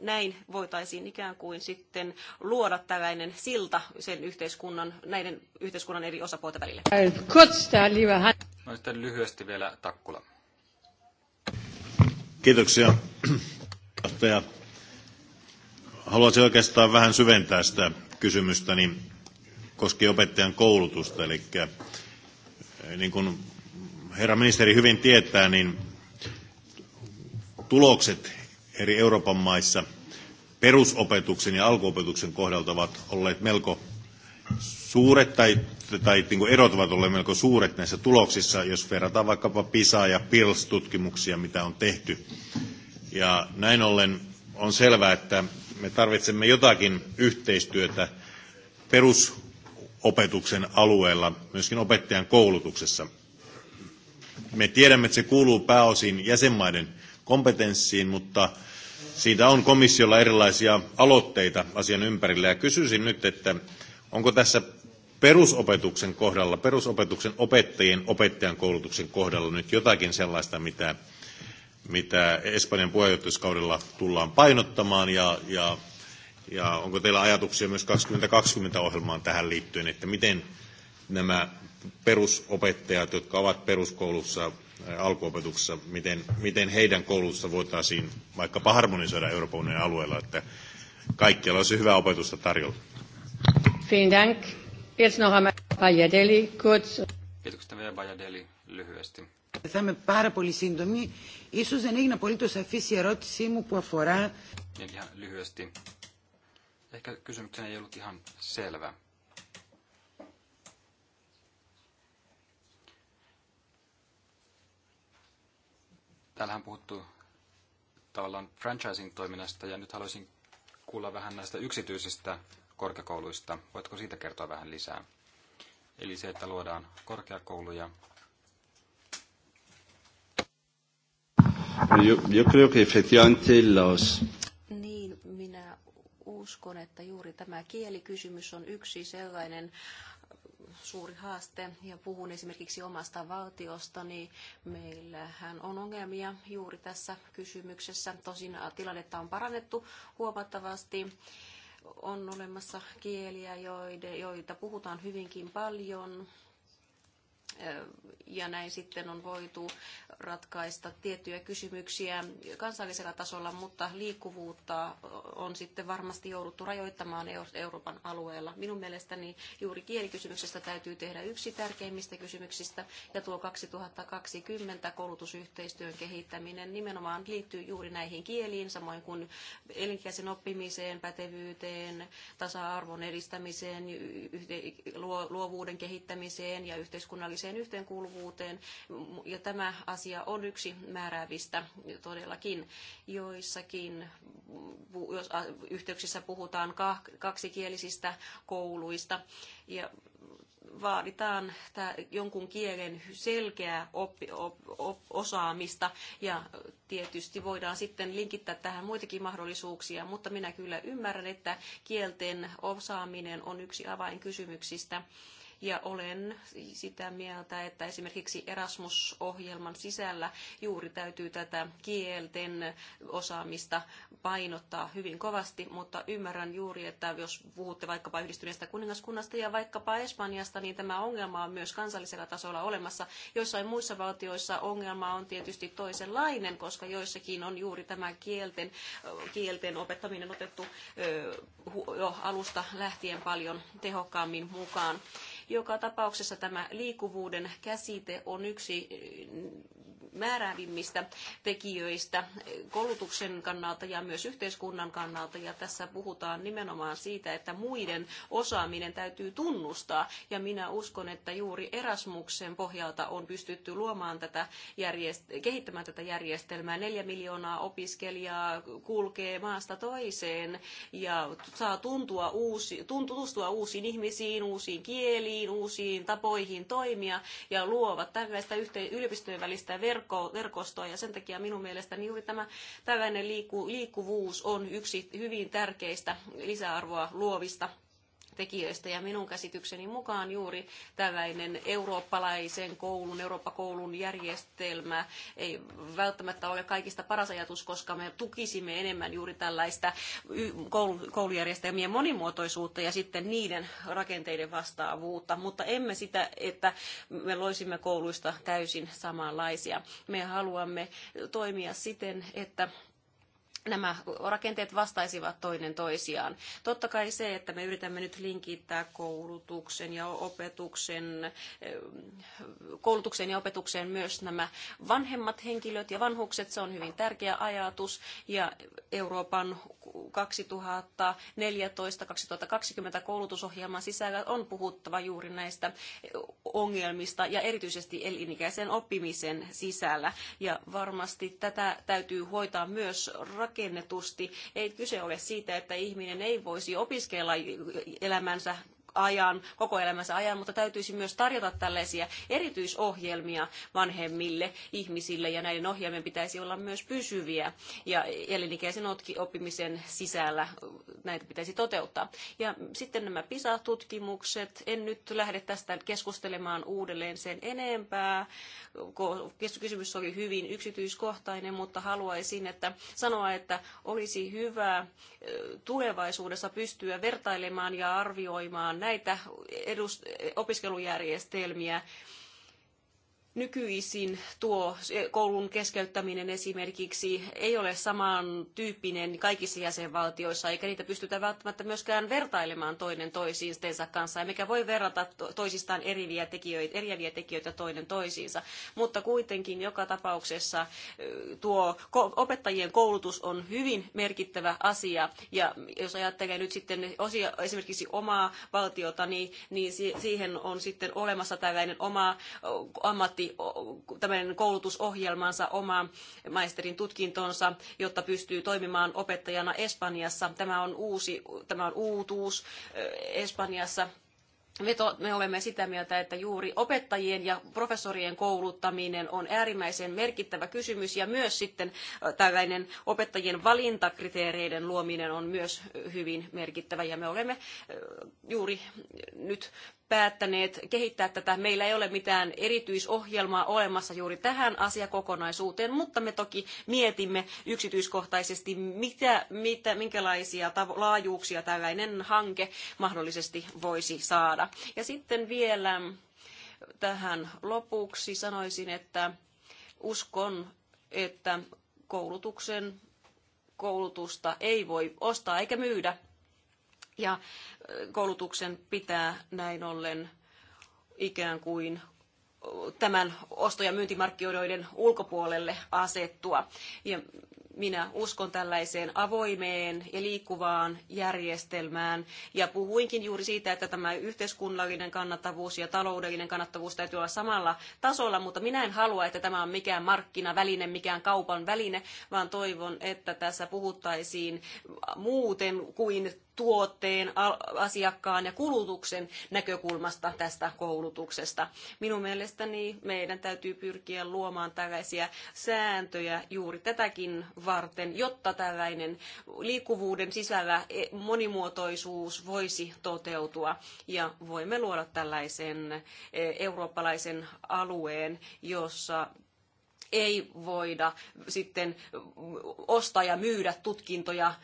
S4: näin voitaisiin ikään kuin sitten luoda tällainen silta sen yhteiskunnan, näiden yhteiskunnan eri osapuolten välille.
S1: No sitten lyhyesti vielä Takkula.
S3: Kiitoksia, [CLEARS THROAT] haluaisin oikeastaan vähän syventää sitä kysymystä, niin koskee opettajan koulutusta. Eli eh, niin kuin herra ministeri hyvin tietää, niin tulokset eri Euroopan maissa perusopetuksen ja alkuopetuksen kohdalta ovat olleet melko suuret tai, tai niin kuin erot ovat olleet melko suuret näissä tuloksissa, jos verrataan vaikkapa PISA- ja pils tutkimuksia mitä on tehty. Ja näin ollen on selvää, että me tarvitsemme jotakin yhteistyötä perusopetuksen alueella, myöskin opettajan koulutuksessa. Me tiedämme, että se kuuluu pääosin jäsenmaiden kompetenssiin, mutta siitä on komissiolla erilaisia aloitteita asian ympärillä. Ja kysyisin nyt, että onko tässä perusopetuksen kohdalla, perusopetuksen opettajien opettajan koulutuksen kohdalla nyt jotakin sellaista, mitä mitä Espanjan puheenjohtajuuskaudella tullaan painottamaan ja, ja, ja onko teillä ajatuksia myös 2020-ohjelmaan tähän liittyen, että miten nämä perusopettajat, jotka ovat peruskoulussa äh, alkuopetuksessa, miten, miten heidän koulussa voitaisiin vaikkapa harmonisoida Euroopan unionin alueella, että kaikkialla olisi hyvää opetusta tarjolla.
S2: Kiitos. Kiitos. Kiitos. Kiitos.
S5: Kiitos. Kiitos. Kiitos.
S3: Kiitos.
S1: Kiitos. Kiitos. lyhyesti.
S5: Kiitos. είμαι Ίσως δεν έγινε απολύτως σαφής η ερώτησή μου που αφορά...
S1: Eli ihan lyhyesti. Ehkä kysymyksenä ei ollut ihan selvä. Täällähän puhuttu tavallaan franchising-toiminnasta ja nyt haluaisin kuulla vähän näistä yksityisistä korkeakouluista. Voitko siitä kertoa vähän lisää? Eli se, että luodaan korkeakouluja
S3: Yo, yo creo que efectivamente los...
S4: Niin, minä uskon, että juuri tämä kielikysymys on yksi sellainen äh, suuri haaste ja puhun esimerkiksi omasta valtiostani. Meillähän on ongelmia juuri tässä kysymyksessä. Tosin äh, tilannetta on parannettu huomattavasti. On olemassa kieliä, joita puhutaan hyvinkin paljon ja näin sitten on voitu ratkaista tiettyjä kysymyksiä kansallisella tasolla, mutta liikkuvuutta on sitten varmasti jouduttu rajoittamaan Euroopan alueella. Minun mielestäni juuri kielikysymyksestä täytyy tehdä yksi tärkeimmistä kysymyksistä, ja tuo 2020 koulutusyhteistyön kehittäminen nimenomaan liittyy juuri näihin kieliin, samoin kuin elinkäisen oppimiseen, pätevyyteen, tasa-arvon edistämiseen, luovuuden kehittämiseen ja yhteiskunnalliseen sosiaaliseen yhteenkuuluvuuteen, ja tämä asia on yksi määräävistä todellakin. Joissakin jos yhteyksissä puhutaan kaksikielisistä kouluista, ja vaaditaan jonkun kielen selkeää oppi, op, op, osaamista ja tietysti voidaan sitten linkittää tähän muitakin mahdollisuuksia, mutta minä kyllä ymmärrän, että kielten osaaminen on yksi avainkysymyksistä. kysymyksistä ja olen sitä mieltä, että esimerkiksi Erasmus-ohjelman sisällä juuri täytyy tätä kielten osaamista painottaa hyvin kovasti, mutta ymmärrän juuri, että jos puhutte vaikkapa yhdistyneestä kuningaskunnasta ja vaikkapa Espanjasta, niin tämä ongelma on myös kansallisella tasolla olemassa. Joissain muissa valtioissa ongelma on tietysti toisenlainen, koska joissakin on juuri tämä kielten, kielten opettaminen otettu jo alusta lähtien paljon tehokkaammin mukaan. Joka tapauksessa tämä liikkuvuuden käsite on yksi määräävimmistä tekijöistä koulutuksen kannalta ja myös yhteiskunnan kannalta. Ja tässä puhutaan nimenomaan siitä, että muiden osaaminen täytyy tunnustaa. Ja minä uskon, että juuri Erasmuksen pohjalta on pystytty luomaan tätä järjest- kehittämään tätä järjestelmää. Neljä miljoonaa opiskelijaa kulkee maasta toiseen ja saa tuntua uusi, tutustua uusiin ihmisiin, uusiin kieliin, uusiin tapoihin toimia ja luovat tällaista yhte- yliopistojen välistä verkkoa verkko, verkostoa ja sen takia minun mielestäni juuri tämä tällainen liikku, liikkuvuus on yksi hyvin tärkeistä lisäarvoa luovista tekijöistä. Ja minun käsitykseni mukaan juuri tällainen eurooppalaisen koulun, Eurooppa-koulun järjestelmä ei välttämättä ole kaikista paras ajatus, koska me tukisimme enemmän juuri tällaista koulujärjestelmien monimuotoisuutta ja sitten niiden rakenteiden vastaavuutta, mutta emme sitä, että me loisimme kouluista täysin samanlaisia. Me haluamme toimia siten, että nämä rakenteet vastaisivat toinen toisiaan. Totta kai se, että me yritämme nyt linkittää koulutuksen ja opetuksen, eh, koulutuksen ja opetukseen myös nämä vanhemmat henkilöt ja vanhukset, se on hyvin tärkeä ajatus. Ja Euroopan 2014-2020 koulutusohjelman sisällä on puhuttava juuri näistä ongelmista ja erityisesti elinikäisen oppimisen sisällä. Ja varmasti tätä täytyy hoitaa myös rak rakennetusti. Ei kyse ole siitä, että ihminen ei voisi opiskella elämänsä ajan, koko elämänsä ajan, mutta täytyisi myös tarjota tällaisia erityisohjelmia vanhemmille ihmisille ja näiden ohjelmien pitäisi olla myös pysyviä ja elinikäisen oppimisen sisällä näitä pitäisi toteuttaa. Ja sitten nämä PISA-tutkimukset, en nyt lähde tästä keskustelemaan uudelleen sen enempää, kysymys oli hyvin yksityiskohtainen, mutta haluaisin että sanoa, että olisi hyvä tulevaisuudessa pystyä vertailemaan ja arvioimaan näitä edust- opiskelujärjestelmiä nykyisin tuo koulun keskeyttäminen esimerkiksi ei ole samantyyppinen kaikissa jäsenvaltioissa, eikä niitä pystytä välttämättä myöskään vertailemaan toinen toisiinsa kanssa, emmekä voi verrata toisistaan eriviä tekijöitä, eriäviä tekijöitä toinen toisiinsa. Mutta kuitenkin joka tapauksessa tuo opettajien koulutus on hyvin merkittävä asia, ja jos ajattelee nyt sitten osia, esimerkiksi omaa valtiota, niin, niin siihen on sitten olemassa tällainen oma ammatti läpi tämmöinen koulutusohjelmansa, oma maisterin tutkintonsa, jotta pystyy toimimaan opettajana Espanjassa. Tämä on uusi, tämä on uutuus Espanjassa. Me, olemme sitä mieltä, että juuri opettajien ja professorien kouluttaminen on äärimmäisen merkittävä kysymys ja myös sitten tällainen opettajien valintakriteereiden luominen on myös hyvin merkittävä ja me olemme juuri nyt päättäneet kehittää tätä. Meillä ei ole mitään erityisohjelmaa olemassa juuri tähän asiakokonaisuuteen, mutta me toki mietimme yksityiskohtaisesti, mitä, mitä, minkälaisia laajuuksia tällainen hanke mahdollisesti voisi saada. Ja sitten vielä tähän lopuksi sanoisin, että uskon, että koulutuksen koulutusta ei voi ostaa eikä myydä ja koulutuksen pitää näin ollen ikään kuin tämän osto- ja myyntimarkkinoiden ulkopuolelle asettua. Ja minä uskon tällaiseen avoimeen ja liikkuvaan järjestelmään. Ja puhuinkin juuri siitä, että tämä yhteiskunnallinen kannattavuus ja taloudellinen kannattavuus täytyy olla samalla tasolla, mutta minä en halua, että tämä on mikään markkinaväline, mikään kaupan väline, vaan toivon, että tässä puhuttaisiin muuten kuin tuotteen, asiakkaan ja kulutuksen näkökulmasta tästä koulutuksesta. Minun mielestäni meidän täytyy pyrkiä luomaan tällaisia sääntöjä juuri tätäkin varten, jotta tällainen liikkuvuuden sisällä e, monimuotoisuus voisi toteutua ja voimme luoda tällaisen e, eurooppalaisen alueen, jossa ei voida sitten ostaa ja myydä tutkintoja.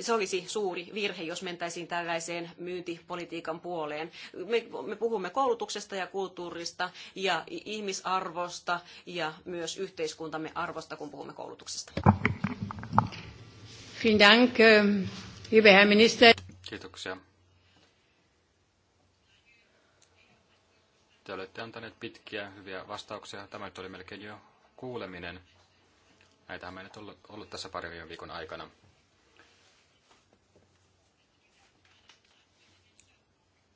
S4: Se olisi suuri virhe, jos mentäisiin tällaiseen myyntipolitiikan puoleen. Me, me puhumme koulutuksesta ja kulttuurista ja ihmisarvosta ja myös yhteiskuntamme arvosta, kun puhumme koulutuksesta.
S2: Vielen Dank,
S1: Kiitoksia, Te olette antaneet pitkiä hyviä vastauksia. Tämä nyt oli melkein jo kuuleminen. Näitähän meillä nyt ollut, ollut tässä parin viikon aikana.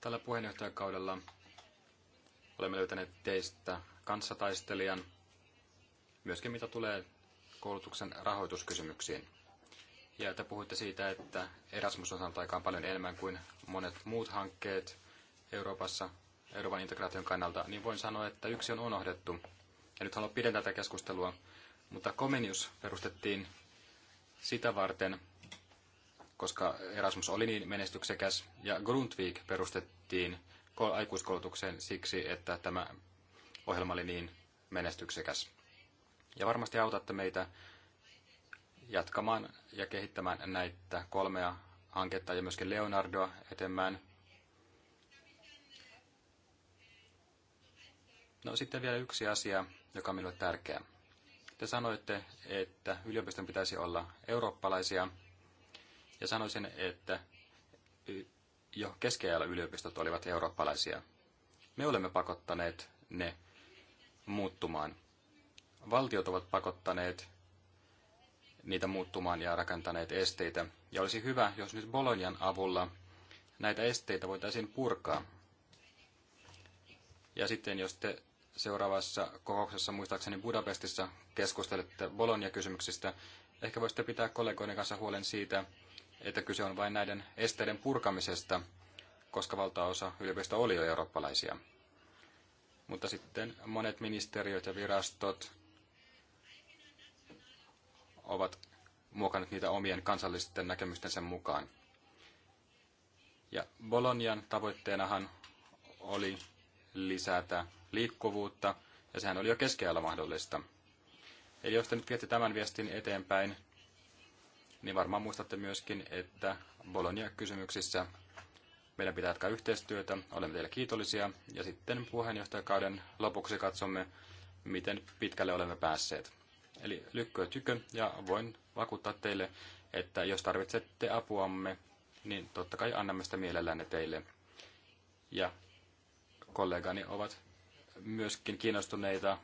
S1: Tällä puheenjohtajakaudella olemme löytäneet teistä kanssataistelijan, myöskin mitä tulee koulutuksen rahoituskysymyksiin. Ja te puhuitte siitä, että Erasmus on saanut aikaan paljon enemmän kuin monet muut hankkeet Euroopassa, Euroopan integraation kannalta, niin voin sanoa, että yksi on unohdettu. Ja nyt haluan pidentää tätä keskustelua, mutta Comenius perustettiin sitä varten, koska Erasmus oli niin menestyksekäs, ja Grundtvig perustettiin aikuiskoulutukseen siksi, että tämä ohjelma oli niin menestyksekäs. Ja varmasti autatte meitä jatkamaan ja kehittämään näitä kolmea hanketta ja myöskin Leonardoa etemään – No sitten vielä yksi asia, joka on minulle tärkeä. Te sanoitte, että yliopiston pitäisi olla eurooppalaisia, ja sanoisin, että jo keskiajalla yliopistot olivat eurooppalaisia. Me olemme pakottaneet ne muuttumaan. Valtiot ovat pakottaneet niitä muuttumaan ja rakentaneet esteitä. Ja olisi hyvä, jos nyt Bolonian avulla näitä esteitä voitaisiin purkaa. Ja sitten jos te seuraavassa kokouksessa muistaakseni Budapestissa keskustelette Bologna-kysymyksistä. Ehkä voisitte pitää kollegoiden kanssa huolen siitä, että kyse on vain näiden esteiden purkamisesta, koska valtaosa yliopisto oli jo eurooppalaisia. Mutta sitten monet ministeriöt ja virastot ovat muokannut niitä omien kansallisten näkemystensä mukaan. Ja Bolonian tavoitteenahan oli lisätä liikkuvuutta, ja sehän oli jo keskiajalla mahdollista. Eli jos te nyt viette tämän viestin eteenpäin, niin varmaan muistatte myöskin, että Bologna-kysymyksissä meidän pitää jatkaa yhteistyötä, olemme teille kiitollisia, ja sitten puheenjohtajakauden lopuksi katsomme, miten pitkälle olemme päässeet. Eli lykkö tykö, ja voin vakuuttaa teille, että jos tarvitsette apuamme, niin totta kai annamme sitä mielellänne teille. Ja kollegani ovat myöskin kiinnostuneita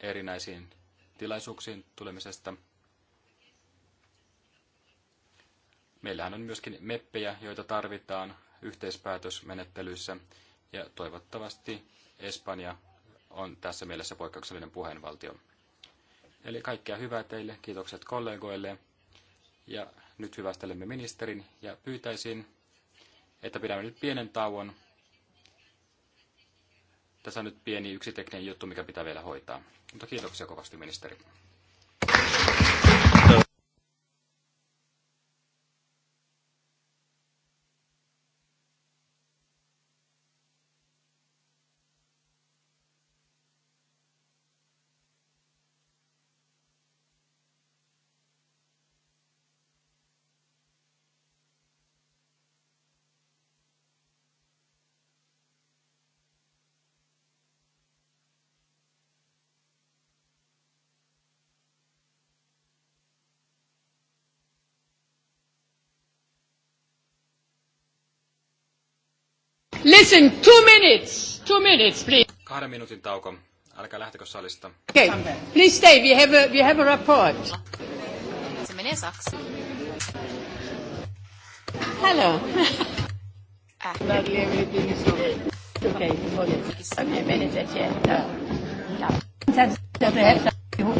S1: erinäisiin tilaisuuksiin tulemisesta. Meillähän on myöskin meppejä, joita tarvitaan yhteispäätösmenettelyissä, ja toivottavasti Espanja on tässä mielessä poikkeuksellinen puheenvaltio. Eli kaikkea hyvää teille, kiitokset kollegoille, ja nyt hyvästelemme ministerin, ja pyytäisin, että pidämme nyt pienen tauon, tässä on nyt pieni yksi tekninen juttu, mikä pitää vielä hoitaa. Mutta kiitoksia kovasti, ministeri.
S2: Listen, two minutes.
S1: Two minutes, please. Kahden minuutin tauko. Älkää lähtekö salista. Okay.
S2: Please stay. We have a, we have a report.
S5: Se menee saksi. Hello. ah. Äh. Badly everything is
S2: Okay, forget it. Okay, manage that, yeah. No. No.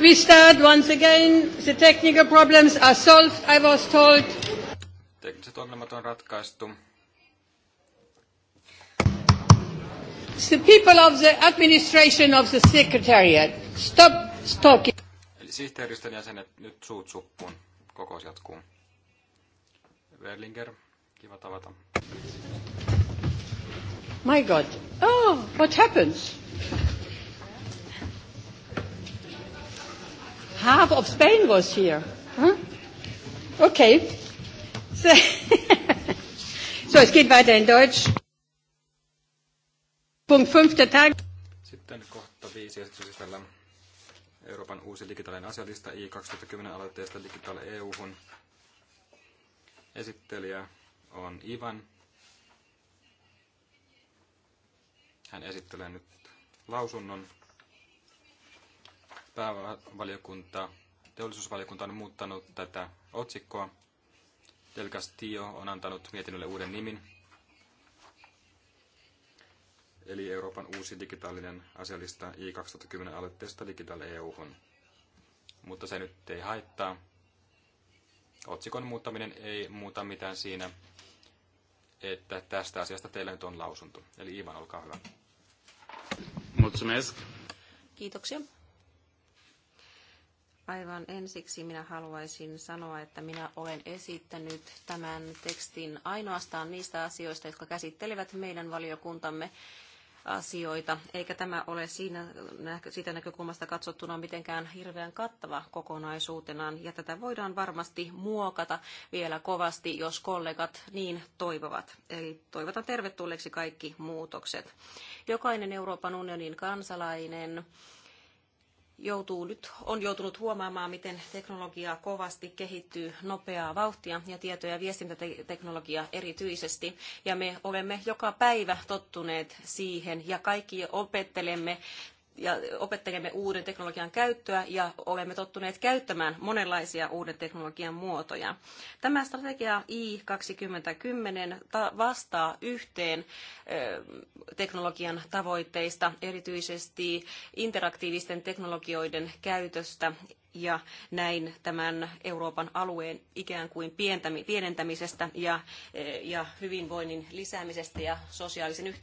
S2: We start once again. The technical problems are solved, I was told.
S1: Tekniset ongelmat on ratkaistu.
S2: The people of the administration of the secretariat, stop talking.
S1: Eli sihteeristön jäsenet, nyt suut suppuun. Kokous jatkuu. Verlinger, kiva tavata.
S2: My God. Oh, what happens? half of Spain was here. Huh? Okay. So, [LAUGHS] so, es geht weiter in Deutsch. Punkt 5 der Tag.
S1: Sitten kohta 5 esityksellä Euroopan uusi digitaalinen asialista I 2010 aloitteesta Digital EU-hun. Esittelijä on Ivan. Hän esittelee nyt lausunnon päävaliokunta, teollisuusvaliokunta on muuttanut tätä otsikkoa. Del Castillo on antanut mietinnölle uuden nimin, eli Euroopan uusi digitaalinen asialista I-2010 aloitteesta Digital EU-hun. Mutta se nyt ei haittaa. Otsikon muuttaminen ei muuta mitään siinä, että tästä asiasta teillä nyt on lausunto. Eli Ivan, olkaa hyvä. Mulțumesc.
S4: Kiitoksia. Aivan ensiksi minä haluaisin sanoa, että minä olen esittänyt tämän tekstin ainoastaan niistä asioista, jotka käsittelevät meidän valiokuntamme asioita, eikä tämä ole siinä, sitä näkökulmasta katsottuna mitenkään hirveän kattava kokonaisuutenaan, ja tätä voidaan varmasti muokata vielä kovasti, jos kollegat niin toivovat. Eli toivotan tervetulleeksi kaikki muutokset. Jokainen Euroopan unionin kansalainen joutuu nyt, on joutunut huomaamaan, miten teknologia kovasti kehittyy nopeaa vauhtia ja tieto- ja viestintäteknologia erityisesti. Ja me olemme joka päivä tottuneet siihen ja kaikki opettelemme ja opettelemme uuden teknologian käyttöä ja olemme tottuneet käyttämään monenlaisia uuden teknologian muotoja. Tämä strategia I2010 vastaa yhteen teknologian tavoitteista, erityisesti interaktiivisten teknologioiden käytöstä ja näin tämän Euroopan alueen ikään kuin pienentämisestä ja, eh, ja hyvinvoinnin lisäämisestä ja sosiaalisen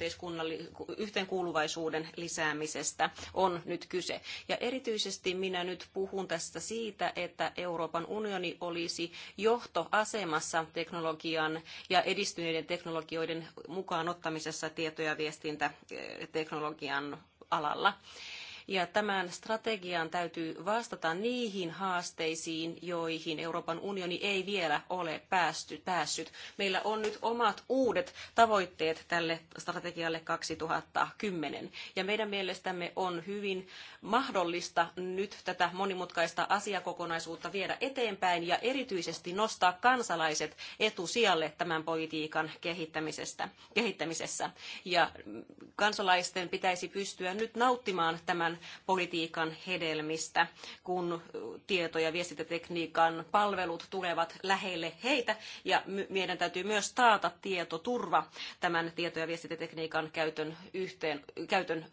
S4: yhteenkuuluvaisuuden lisäämisestä on nyt kyse. Ja erityisesti minä nyt puhun tästä siitä, että Euroopan unioni olisi johtoasemassa teknologian ja edistyneiden teknologioiden mukaan ottamisessa tieto- ja viestintäteknologian alalla. Ja tämän strategian täytyy vastata niihin haasteisiin, joihin Euroopan unioni ei vielä ole päästy, päässyt. Meillä on nyt omat uudet tavoitteet tälle strategialle 2010. Ja meidän mielestämme on hyvin mahdollista nyt tätä monimutkaista asiakokonaisuutta viedä eteenpäin ja erityisesti nostaa kansalaiset etusijalle tämän politiikan kehittämisestä, kehittämisessä. Ja kansalaisten pitäisi pystyä nyt nauttimaan tämän politiikan hedelmistä, kun tieto- ja viestintätekniikan palvelut tulevat lähelle heitä ja meidän täytyy myös taata tietoturva tämän tieto- ja viestintätekniikan käytön, yhteen, käytön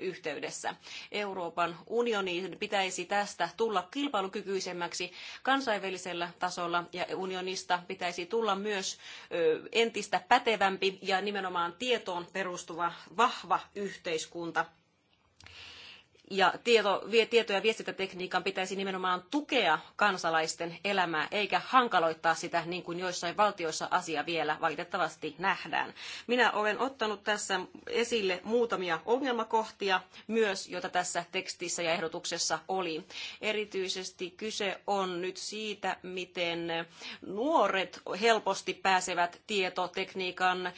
S4: yhteydessä. Euroopan Euroopan unionin pitäisi tästä tulla kilpailukykyisemmäksi kansainvälisellä tasolla ja unionista pitäisi tulla myös entistä pätevämpi ja nimenomaan tietoon perustuva vahva yhteiskunta ja tieto, tieto- ja viestintätekniikan pitäisi nimenomaan tukea kansalaisten elämää, eikä hankaloittaa sitä, niin kuin joissain valtioissa asia vielä valitettavasti nähdään. Minä olen ottanut tässä esille muutamia ongelmakohtia myös, joita tässä tekstissä ja ehdotuksessa oli. Erityisesti kyse on nyt siitä, miten nuoret helposti pääsevät tietotekniikan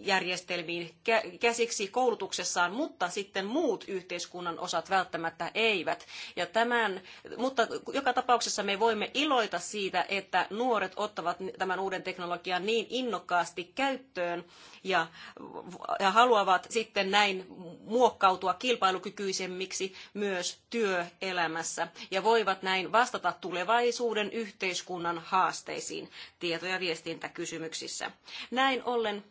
S4: järjestelmiin käsiksi koulutuksessaan, mutta sitten muut yhteiskunnan osat välttämättä eivät. Ja tämän, mutta joka tapauksessa me voimme iloita siitä, että nuoret ottavat tämän uuden teknologian niin innokkaasti käyttöön ja, ja haluavat sitten näin muokkautua kilpailukykyisemmiksi myös työelämässä ja voivat näin vastata tulevaisuuden yhteiskunnan haasteisiin tieto- ja viestintäkysymyksissä. Näin ollen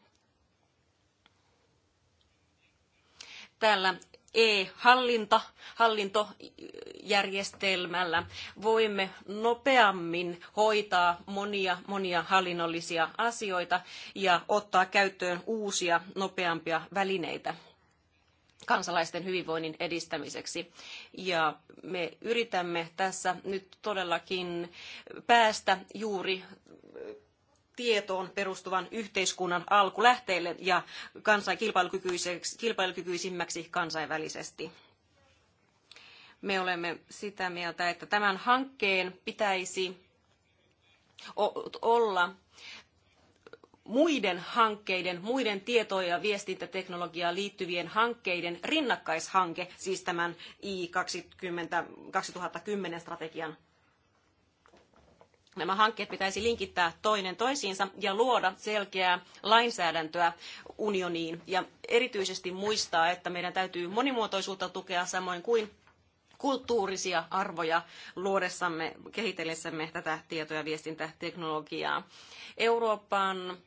S4: tällä e-hallinta, hallintojärjestelmällä voimme nopeammin hoitaa monia, monia hallinnollisia asioita ja ottaa käyttöön uusia, nopeampia välineitä kansalaisten hyvinvoinnin edistämiseksi. Ja me yritämme tässä nyt todellakin päästä juuri tietoon perustuvan yhteiskunnan alkulähteille ja kansain kilpailukykyisimmäksi kansainvälisesti. Me olemme sitä mieltä, että tämän hankkeen pitäisi olla muiden hankkeiden, muiden tietoja ja viestintäteknologiaan liittyvien hankkeiden rinnakkaishanke, siis tämän I2010 strategian Nämä hankkeet pitäisi linkittää toinen toisiinsa ja luoda selkeää lainsäädäntöä unioniin. Ja erityisesti muistaa, että meidän täytyy monimuotoisuutta tukea samoin kuin kulttuurisia arvoja luodessamme, kehitellessämme tätä tieto- ja viestintäteknologiaa. Euroopan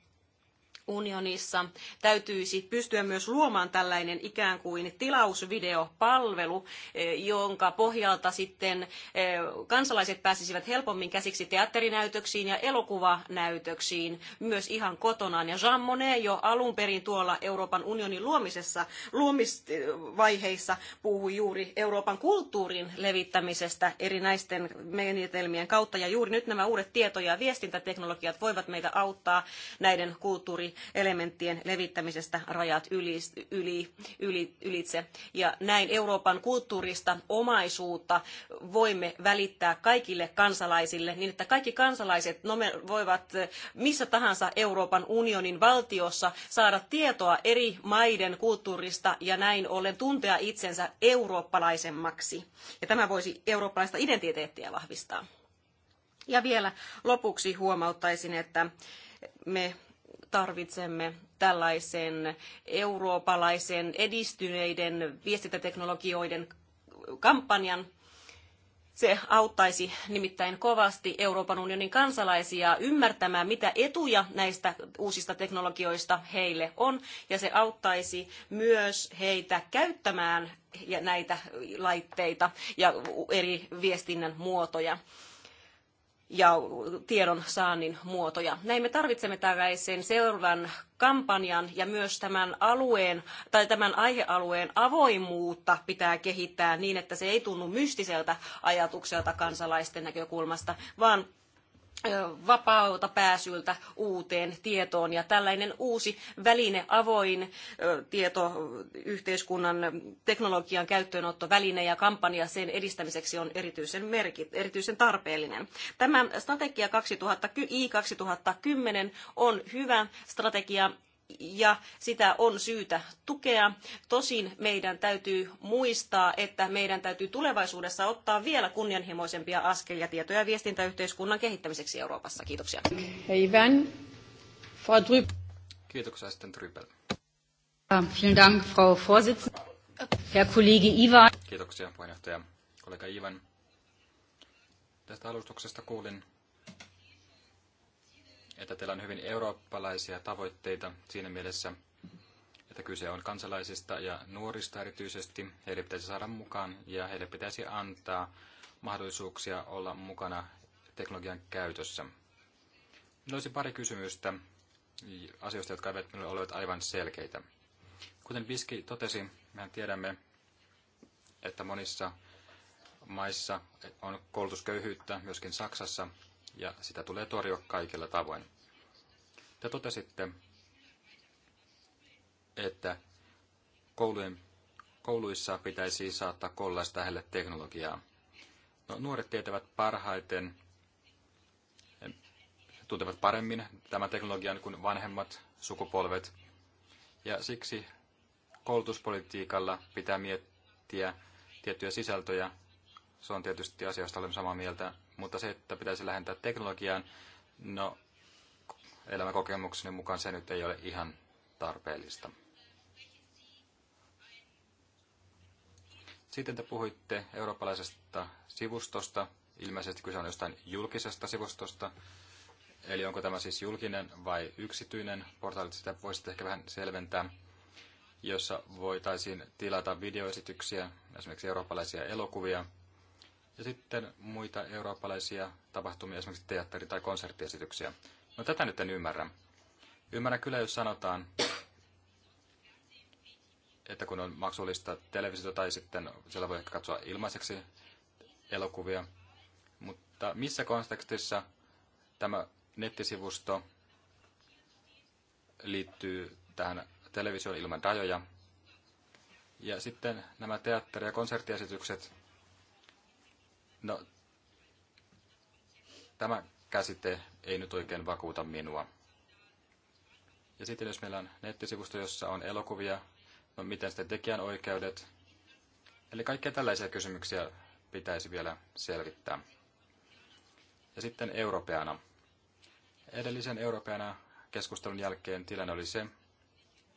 S4: unionissa täytyisi pystyä myös luomaan tällainen ikään kuin tilausvideopalvelu, eh, jonka pohjalta sitten eh, kansalaiset pääsisivät helpommin käsiksi teatterinäytöksiin ja elokuvanäytöksiin myös ihan kotonaan. Ja Jean Monnet jo alun perin tuolla Euroopan unionin luomisessa, luomisvaiheissa puhui juuri Euroopan kulttuurin levittämisestä erinäisten menetelmien kautta. Ja juuri nyt nämä uudet tieto- ja viestintäteknologiat voivat meitä auttaa näiden kulttuuri elementtien levittämisestä rajat yli, yli, yli, ylitse. Ja näin Euroopan kulttuurista omaisuutta voimme välittää kaikille kansalaisille, niin että kaikki kansalaiset voivat eh, missä tahansa Euroopan unionin valtiossa saada tietoa eri maiden kulttuurista ja näin ollen tuntea itsensä eurooppalaisemmaksi. Ja tämä voisi eurooppalaista identiteettiä vahvistaa. Ja vielä lopuksi huomauttaisin, että me tarvitsemme tällaisen eurooppalaisen edistyneiden viestintäteknologioiden kampanjan. Se auttaisi nimittäin kovasti Euroopan unionin kansalaisia ymmärtämään, mitä etuja näistä uusista teknologioista heille on, ja se auttaisi myös heitä käyttämään näitä laitteita ja eri viestinnän muotoja ja tiedon saannin muotoja. Näin me tarvitsemme tällaisen seuraavan kampanjan ja myös tämän alueen tai tämän aihealueen avoimuutta pitää kehittää niin, että se ei tunnu mystiseltä ajatukselta kansalaisten näkökulmasta, vaan vapauta pääsyltä uuteen tietoon. Ja tällainen uusi väline, avoin tietoyhteiskunnan teknologian käyttöönottoväline ja kampanja sen edistämiseksi on erityisen, merkit, erityisen tarpeellinen. Tämä strategia 2000, I 2010 on hyvä strategia ja sitä on syytä tukea. Tosin meidän täytyy muistaa, että meidän täytyy tulevaisuudessa ottaa vielä kunnianhimoisempia askelia tietoja ja viestintäyhteiskunnan kehittämiseksi Euroopassa. Kiitoksia.
S2: Hei Van.
S1: Kiitoksia sitten Trypel.
S2: Vielen Dank, Frau Vorsitzende. Herr Kollege Ivan.
S1: Kiitoksia puheenjohtaja, kollega Ivan. Tästä alustuksesta kuulin, että teillä on hyvin eurooppalaisia tavoitteita siinä mielessä, että kyse on kansalaisista ja nuorista erityisesti. Heille pitäisi saada mukaan ja heille pitäisi antaa mahdollisuuksia olla mukana teknologian käytössä. Minulla olisi pari kysymystä asioista, jotka eivät minulle olleet aivan selkeitä. Kuten Viski totesi, mehän tiedämme, että monissa maissa on koulutusköyhyyttä, myöskin Saksassa, ja sitä tulee torjua kaikilla tavoin. Te totesitte, että koulujen, kouluissa pitäisi saattaa kollaista heille teknologiaa. No, nuoret tietävät parhaiten, tuntevat paremmin tämän teknologian kuin vanhemmat sukupolvet. Ja siksi koulutuspolitiikalla pitää miettiä tiettyjä sisältöjä. Se on tietysti asiasta olen samaa mieltä mutta se, että pitäisi lähentää teknologiaan, no elämäkokemukseni mukaan se nyt ei ole ihan tarpeellista. Sitten te puhuitte eurooppalaisesta sivustosta. Ilmeisesti kyse on jostain julkisesta sivustosta. Eli onko tämä siis julkinen vai yksityinen portaali, sitä voisitte ehkä vähän selventää, jossa voitaisiin tilata videoesityksiä, esimerkiksi eurooppalaisia elokuvia, ja sitten muita eurooppalaisia tapahtumia, esimerkiksi teatteri- tai konserttiesityksiä. No tätä nyt en ymmärrä. Ymmärrän kyllä, jos sanotaan, että kun on maksullista televisiota tai sitten siellä voi ehkä katsoa ilmaiseksi elokuvia. Mutta missä kontekstissa tämä nettisivusto liittyy tähän televisioon ilman rajoja? Ja sitten nämä teatteri- ja konserttiesitykset, No, tämä käsite ei nyt oikein vakuuta minua. Ja sitten jos meillä on nettisivusto, jossa on elokuvia, no miten sitten tekijänoikeudet. Eli kaikkia tällaisia kysymyksiä pitäisi vielä selvittää. Ja sitten europeana. Edellisen europeana keskustelun jälkeen tilanne oli se,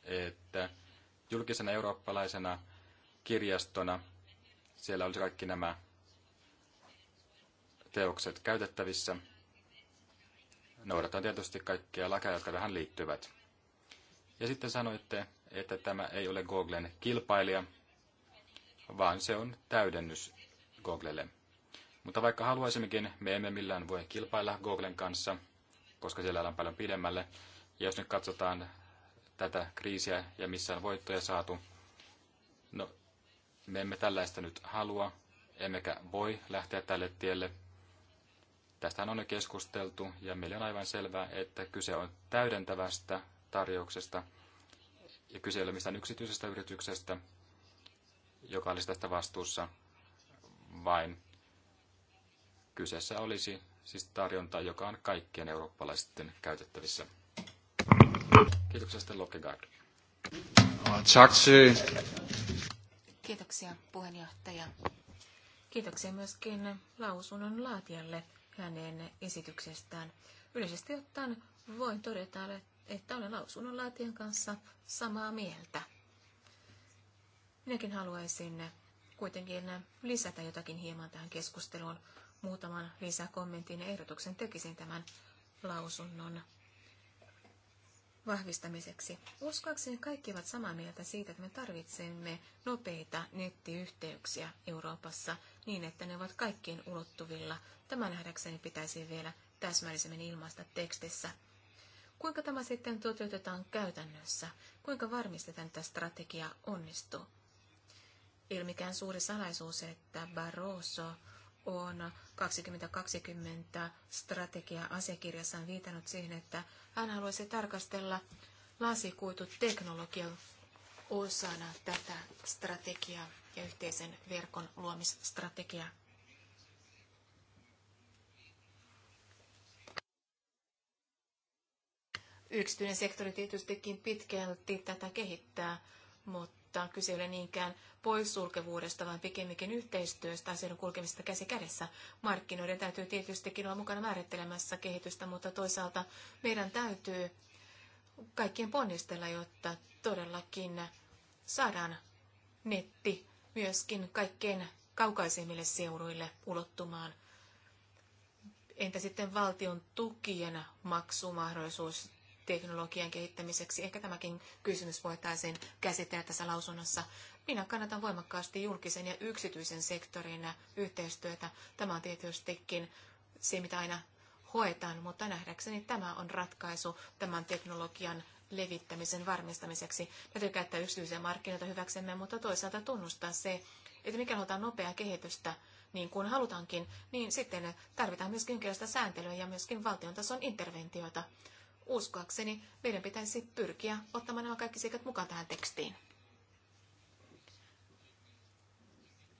S1: että julkisena eurooppalaisena kirjastona siellä olisi kaikki nämä teokset käytettävissä. Noudatan tietysti kaikkia lakeja, jotka tähän liittyvät. Ja sitten sanoitte, että tämä ei ole Googlen kilpailija, vaan se on täydennys Googlelle. Mutta vaikka haluaisimmekin, me emme millään voi kilpailla Googlen kanssa, koska siellä on paljon pidemmälle. Ja jos nyt katsotaan tätä kriisiä ja missä on voittoja saatu, no me emme tällaista nyt halua, emmekä voi lähteä tälle tielle, Tästähän on jo keskusteltu ja meillä on aivan selvää, että kyse on täydentävästä tarjouksesta ja kyse ei ole mistään yksityisestä yrityksestä, joka olisi tästä vastuussa, vain kyseessä olisi siis tarjonta, joka on kaikkien eurooppalaisten käytettävissä. Kiitoksia sitten Lokkegaard.
S5: Kiitoksia puheenjohtaja. Kiitoksia myöskin lausunnon laatijalle hänen esityksestään. Yleisesti ottaen voin todeta, että olen lausunnonlaatijan kanssa samaa mieltä. Minäkin haluaisin kuitenkin lisätä jotakin hieman tähän keskusteluun. Muutaman lisäkommentin ja ehdotuksen tekisin tämän lausunnon vahvistamiseksi. Uskoakseni kaikki ovat samaa mieltä siitä, että me tarvitsemme nopeita nettiyhteyksiä Euroopassa niin, että ne ovat kaikkien ulottuvilla. Tämä nähdäkseni pitäisi vielä täsmällisemmin ilmaista tekstissä. Kuinka tämä sitten toteutetaan käytännössä? Kuinka varmistetaan, että strategia onnistuu? Ilmikään suuri salaisuus, että Barroso on 2020 strategia-asiakirjassaan viitannut siihen, että hän haluaisi tarkastella lasikuituteknologian osana tätä strategiaa ja yhteisen verkon luomisstrategiaa. Yksityinen sektori tietystikin pitkälti tätä kehittää, mutta mutta kyse ei ole niinkään poissulkevuudesta, vaan pikemminkin yhteistyöstä asioiden kulkemisesta käsi kädessä. Markkinoiden täytyy tietystikin olla mukana määrittelemässä kehitystä, mutta toisaalta meidän täytyy kaikkien ponnistella, jotta todellakin saadaan netti myöskin kaikkein kaukaisimmille seuduille ulottumaan. Entä sitten valtion tukien maksumahdollisuus? teknologian kehittämiseksi. Ehkä tämäkin kysymys voitaisiin käsitellä tässä lausunnossa. Minä kannatan voimakkaasti julkisen ja yksityisen sektorin yhteistyötä. Tämä on tietystikin se, mitä aina hoetaan, mutta nähdäkseni tämä on ratkaisu tämän teknologian levittämisen varmistamiseksi. Täytyy käyttää yksityisiä markkinoita hyväksemme, mutta toisaalta tunnustaa se, että mikä halutaan nopeaa kehitystä, niin kuin halutaankin, niin sitten tarvitaan myöskin jonkinlaista sääntelyä ja myöskin valtion tason interventioita. Uskoakseni meidän pitäisi pyrkiä ottamaan nämä kaikki seikat mukaan tähän tekstiin.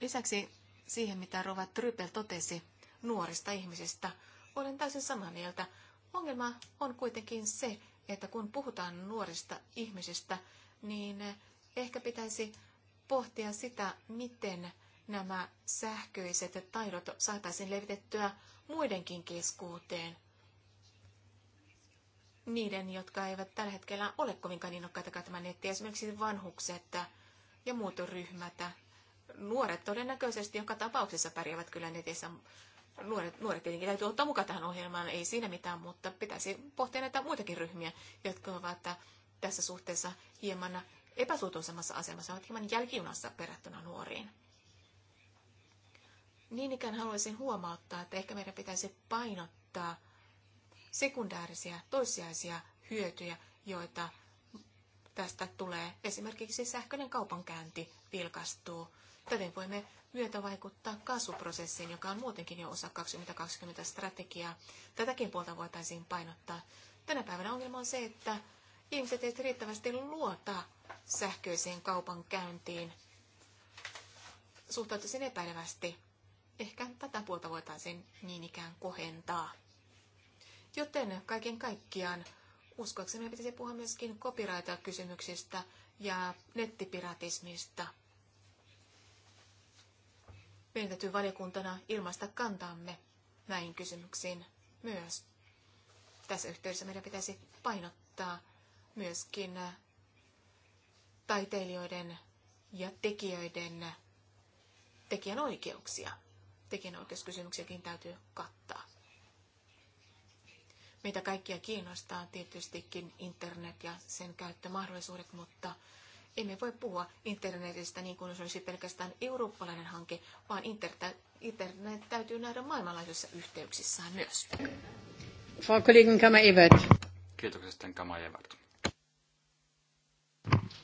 S5: Lisäksi siihen, mitä Rova Trypel totesi nuorista ihmisistä, olen täysin samaa mieltä. Ongelma on kuitenkin se, että kun puhutaan nuorista ihmisistä, niin ehkä pitäisi pohtia sitä, miten nämä sähköiset taidot saataisiin levitettyä muidenkin keskuuteen – niiden, jotka eivät tällä hetkellä ole kovinkaan innokkaita käyttämään nettiä, esimerkiksi vanhukset ja muut ryhmät. Nuoret todennäköisesti joka tapauksessa pärjäävät kyllä netissä. Nuoret, nuoret tietenkin täytyy ottaa mukaan tähän ohjelmaan, ei siinä mitään, mutta pitäisi pohtia näitä muitakin ryhmiä, jotka ovat tässä suhteessa hieman epäsuotuisemmassa asemassa, ovat hieman jälkijunassa verrattuna nuoriin. Niin ikään haluaisin huomauttaa, että ehkä meidän pitäisi painottaa – sekundäärisiä, toissijaisia hyötyjä, joita tästä tulee. Esimerkiksi sähköinen kaupankäynti vilkastuu. Täten voimme myötä vaikuttaa kasvuprosessiin, joka on muutenkin jo osa 2020-strategiaa. Tätäkin puolta voitaisiin painottaa. Tänä päivänä ongelma on se, että ihmiset eivät riittävästi luota sähköiseen kaupankäyntiin. Suhtautuisin epäilevästi. Ehkä tätä puolta voitaisiin niin ikään kohentaa. Joten kaiken kaikkiaan uskoakseni meidän pitäisi puhua myöskin copyright-kysymyksistä ja nettipiratismista. Meidän täytyy valiokuntana ilmaista kantaamme näihin kysymyksiin myös. Tässä yhteydessä meidän pitäisi painottaa myöskin taiteilijoiden ja tekijöiden tekijänoikeuksia. Tekijänoikeuskysymyksiäkin täytyy kattaa. Meitä kaikkia kiinnostaa tietystikin internet ja sen käyttömahdollisuudet, mutta emme voi puhua internetistä niin kuin se olisi pelkästään eurooppalainen hanke, vaan internet, internet täytyy nähdä maailmanlaajuisissa yhteyksissään myös.
S2: Frau Kollegin Kammer-Evert.
S1: Kiitoksia sitten Kammer-Evert.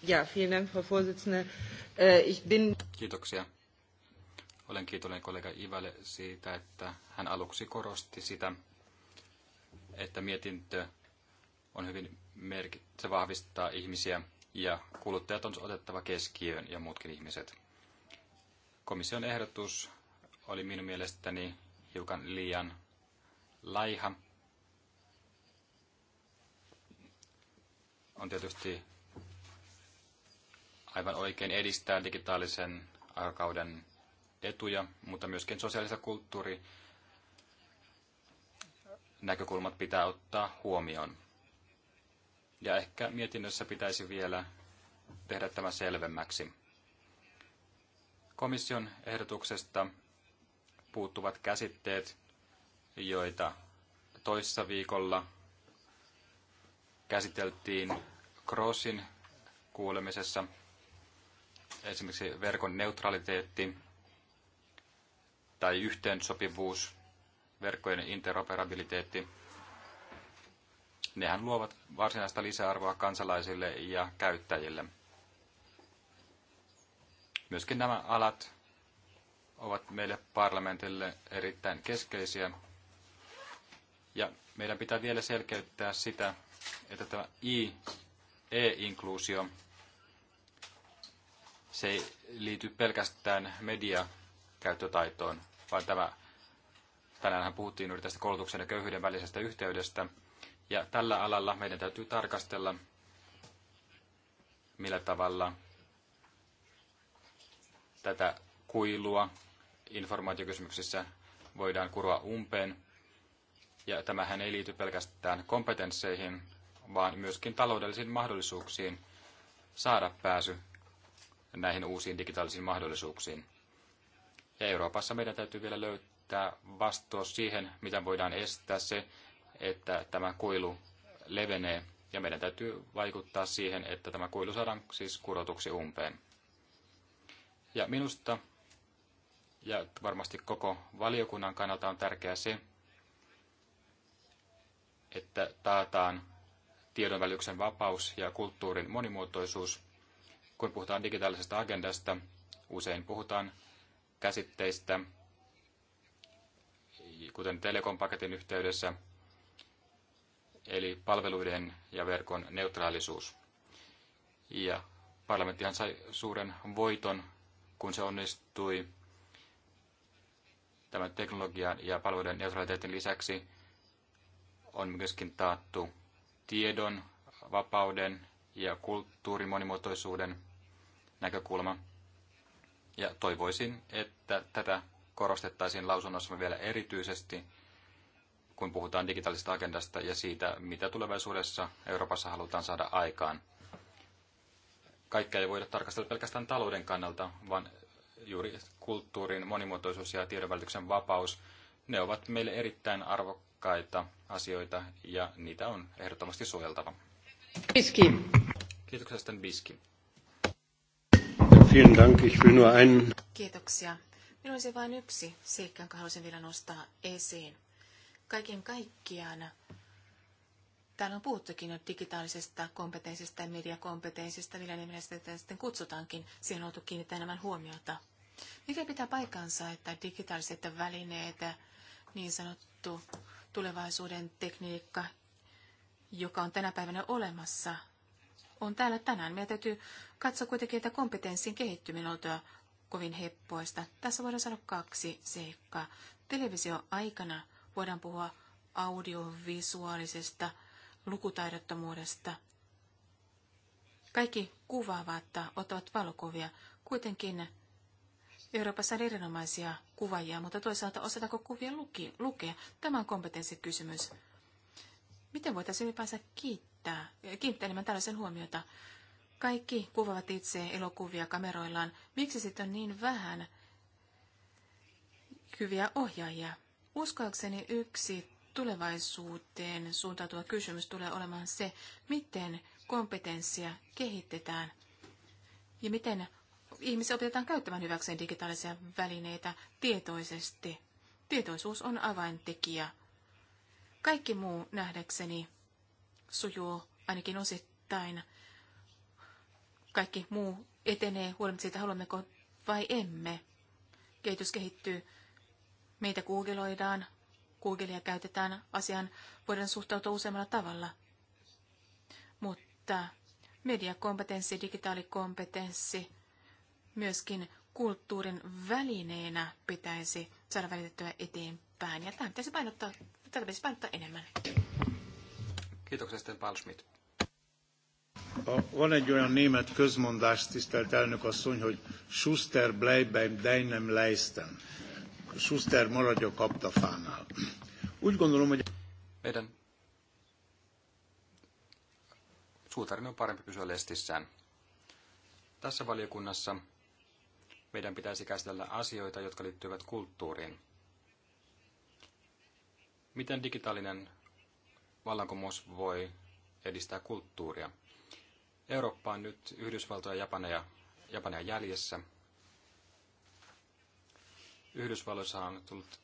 S3: Ja, vielen Dank, Frau Vorsitzende. Äh, ich bin...
S1: Kiitoksia. Olen kiitollinen kollega Ivalle siitä, että hän aluksi korosti sitä, että mietintö on hyvin merkittävä, se vahvistaa ihmisiä ja kuluttajat on otettava keskiöön ja muutkin ihmiset. Komission ehdotus oli minun mielestäni hiukan liian laiha. On tietysti aivan oikein edistää digitaalisen aikakauden etuja, mutta myöskin sosiaalista kulttuuri- näkökulmat pitää ottaa huomioon. Ja ehkä mietinnössä pitäisi vielä tehdä tämä selvemmäksi. Komission ehdotuksesta puuttuvat käsitteet, joita toissa viikolla käsiteltiin Crossin kuulemisessa, esimerkiksi verkon neutraliteetti tai yhteensopivuus verkkojen interoperabiliteetti. Nehän luovat varsinaista lisäarvoa kansalaisille ja käyttäjille. Myöskin nämä alat ovat meille parlamentille erittäin keskeisiä. Ja meidän pitää vielä selkeyttää sitä, että tämä I, E-inkluusio, se ei liity pelkästään mediakäyttötaitoon, vaan tämä tänään puhuttiin juuri tästä koulutuksen ja köyhyyden välisestä yhteydestä. Ja tällä alalla meidän täytyy tarkastella, millä tavalla tätä kuilua informaatiokysymyksissä voidaan kuroa umpeen. Ja tämähän ei liity pelkästään kompetensseihin, vaan myöskin taloudellisiin mahdollisuuksiin saada pääsy näihin uusiin digitaalisiin mahdollisuuksiin. Ja Euroopassa meidän täytyy vielä löytää jättää vastuu siihen, mitä voidaan estää se, että tämä kuilu levenee. Ja meidän täytyy vaikuttaa siihen, että tämä kuilu saadaan siis kurotuksi umpeen. Ja minusta, ja varmasti koko valiokunnan kannalta on tärkeää se, että taataan tiedonvälyksen vapaus ja kulttuurin monimuotoisuus. Kun puhutaan digitaalisesta agendasta, usein puhutaan käsitteistä, kuten telekompaketin yhteydessä, eli palveluiden ja verkon neutraalisuus. Ja parlamenttihan sai suuren voiton, kun se onnistui tämän teknologian ja palveluiden neutraliteetin lisäksi on myöskin taattu tiedon, vapauden ja kulttuurin monimuotoisuuden näkökulma. Ja toivoisin, että tätä korostettaisiin lausunnossamme vielä erityisesti, kun puhutaan digitaalisesta agendasta ja siitä, mitä tulevaisuudessa Euroopassa halutaan saada aikaan. Kaikkea ei voida tarkastella pelkästään talouden kannalta, vaan juuri kulttuurin monimuotoisuus ja tiedonvälityksen vapaus, ne ovat meille erittäin arvokkaita asioita ja niitä on ehdottomasti suojeltava. Biski. Kiitoksia sitten
S3: Biski. Vielen Dank. Ich will nur einen...
S5: Kiitoksia. Minulla olisi vain yksi seikka, jonka haluaisin vielä nostaa esiin. Kaiken kaikkiaan Täällä on puhuttukin jo digitaalisesta kompetenssista ja mediakompetenssista, millä nimellä sitä sitten kutsutaankin. Siihen on oltu kiinnittää enemmän huomiota. Mikä pitää paikansa, että digitaaliset välineet, niin sanottu tulevaisuuden tekniikka, joka on tänä päivänä olemassa, on täällä tänään. Meidän täytyy katsoa kuitenkin, että kompetenssin kehittyminen on kovin heppoista. Tässä voidaan sanoa kaksi seikkaa. Televisio-aikana voidaan puhua audiovisuaalisesta lukutaidottomuudesta. Kaikki kuvaavat, ottavat valokuvia. Kuitenkin Euroopassa on erinomaisia kuvaajia, mutta toisaalta osataanko kuvia luki, lukea? Tämä on kompetenssikysymys. Miten voitaisiin ylipäänsä kiittää, kiittää enemmän tällaisen huomiota? Kaikki kuvaavat itse elokuvia kameroillaan. Miksi sitten on niin vähän hyviä ohjaajia? Uskoakseni yksi tulevaisuuteen suuntautuva kysymys tulee olemaan se, miten kompetenssia kehitetään ja miten ihmisiä opetetaan käyttämään hyväkseen digitaalisia välineitä tietoisesti. Tietoisuus on avaintekijä. Kaikki muu nähdäkseni sujuu ainakin osittain kaikki muu etenee huolimatta siitä, haluammeko vai emme. Kehitys kehittyy. Meitä googeloidaan, Googlea käytetään asiaan, voidaan suhtautua useammalla tavalla. Mutta mediakompetenssi, digitaalikompetenssi, myöskin kulttuurin välineenä pitäisi saada välitettyä eteenpäin. Ja tämä pitäisi painottaa, tätä pitäisi painottaa enemmän.
S1: Kiitoksia sitten Paul
S3: Schmidt van egy olyan német közmondás, tisztelt elnök asszony, hogy Schuster bleib beim deinem leisten. Schuster maradj a kaptafánál. Úgy gondolom, hogy... Meidän
S1: suutarin on parempi pysyä lestissään. Tässä valiokunnassa meidän pitäisi käsitellä asioita, jotka liittyvät kulttuuriin. Miten digitaalinen vallankumous voi edistää kulttuuria? Eurooppa on nyt Yhdysvaltoja Japania, Japania jäljessä. Yhdysvalloissa on tullut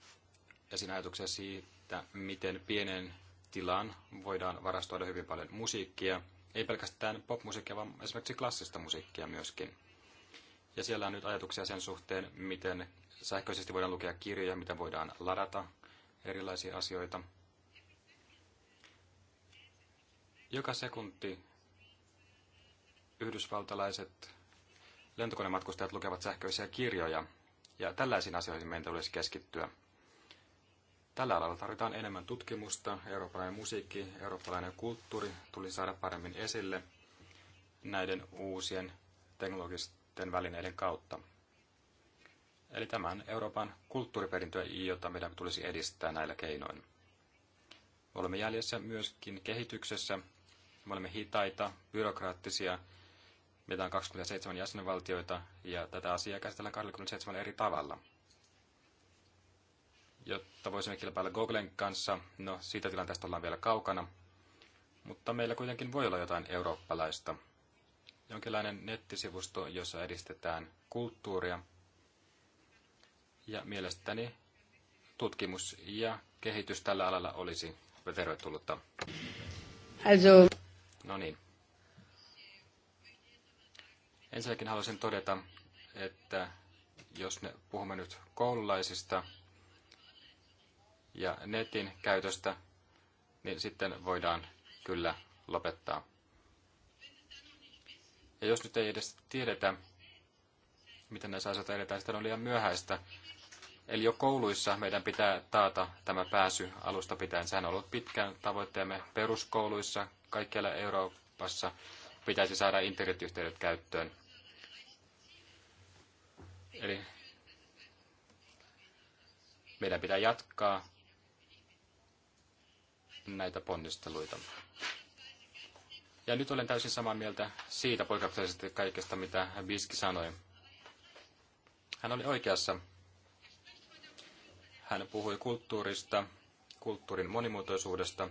S1: esiin ajatuksia siitä, miten pienen tilaan voidaan varastoida hyvin paljon musiikkia. Ei pelkästään popmusiikkia, vaan esimerkiksi klassista musiikkia myöskin. Ja siellä on nyt ajatuksia sen suhteen, miten sähköisesti voidaan lukea kirjoja, miten voidaan ladata erilaisia asioita. Joka sekunti yhdysvaltalaiset lentokonematkustajat lukevat sähköisiä kirjoja, ja tällaisiin asioihin meidän tulisi keskittyä. Tällä alalla tarvitaan enemmän tutkimusta, eurooppalainen musiikki, eurooppalainen kulttuuri tuli saada paremmin esille näiden uusien teknologisten välineiden kautta. Eli tämän Euroopan kulttuuriperintöä, jota meidän tulisi edistää näillä keinoin. Me olemme jäljessä myöskin kehityksessä. Me olemme hitaita, byrokraattisia Meitä on 27 jäsenvaltioita ja tätä asiaa käsitellään 27 eri tavalla. Jotta voisimme kilpailla Googlen kanssa, no siitä tilanteesta ollaan vielä kaukana, mutta meillä kuitenkin voi olla jotain eurooppalaista. Jonkinlainen nettisivusto, jossa edistetään kulttuuria. Ja mielestäni tutkimus ja kehitys tällä alalla olisi tervetullutta. Also. No niin. Ensinnäkin haluaisin todeta, että jos ne puhumme nyt koululaisista ja netin käytöstä, niin sitten voidaan kyllä lopettaa. Ja jos nyt ei edes tiedetä, miten näissä asioissa edetään, sitten on liian myöhäistä. Eli jo kouluissa meidän pitää taata tämä pääsy alusta pitäen. Sehän on ollut pitkään tavoitteemme peruskouluissa kaikkialla Euroopassa pitäisi saada internetyhteydet käyttöön. Eli meidän pitää jatkaa näitä ponnisteluita. Ja nyt olen täysin samaa mieltä siitä poikkeuksellisesti kaikesta, mitä Biski sanoi. Hän oli oikeassa. Hän puhui kulttuurista, kulttuurin monimuotoisuudesta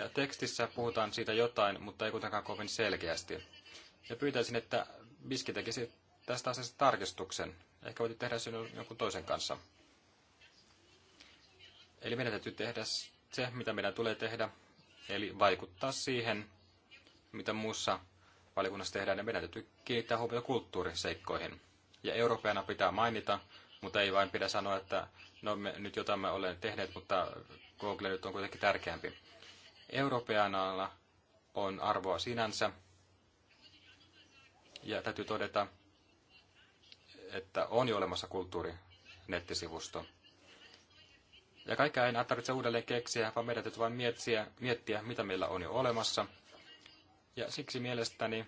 S1: ja tekstissä puhutaan siitä jotain, mutta ei kuitenkaan kovin selkeästi. Ja pyytäisin, että Biski tekisi tästä asiasta tarkistuksen. Ehkä voitte tehdä sen jonkun toisen kanssa. Eli meidän täytyy tehdä se, mitä meidän tulee tehdä, eli vaikuttaa siihen, mitä muussa valikunnassa tehdään, ja meidän täytyy kiinnittää huomiota kulttuuriseikkoihin. Ja europeana pitää mainita, mutta ei vain pidä sanoa, että no me nyt jotain me olemme tehneet, mutta Google nyt on kuitenkin tärkeämpi. Europeanalla on arvoa sinänsä. Ja täytyy todeta, että on jo olemassa kulttuuri nettisivusto. Ja kaikkea ei tarvitse uudelleen keksiä, vaan meidän täytyy vain miettiä, miettiä, mitä meillä on jo olemassa. Ja siksi mielestäni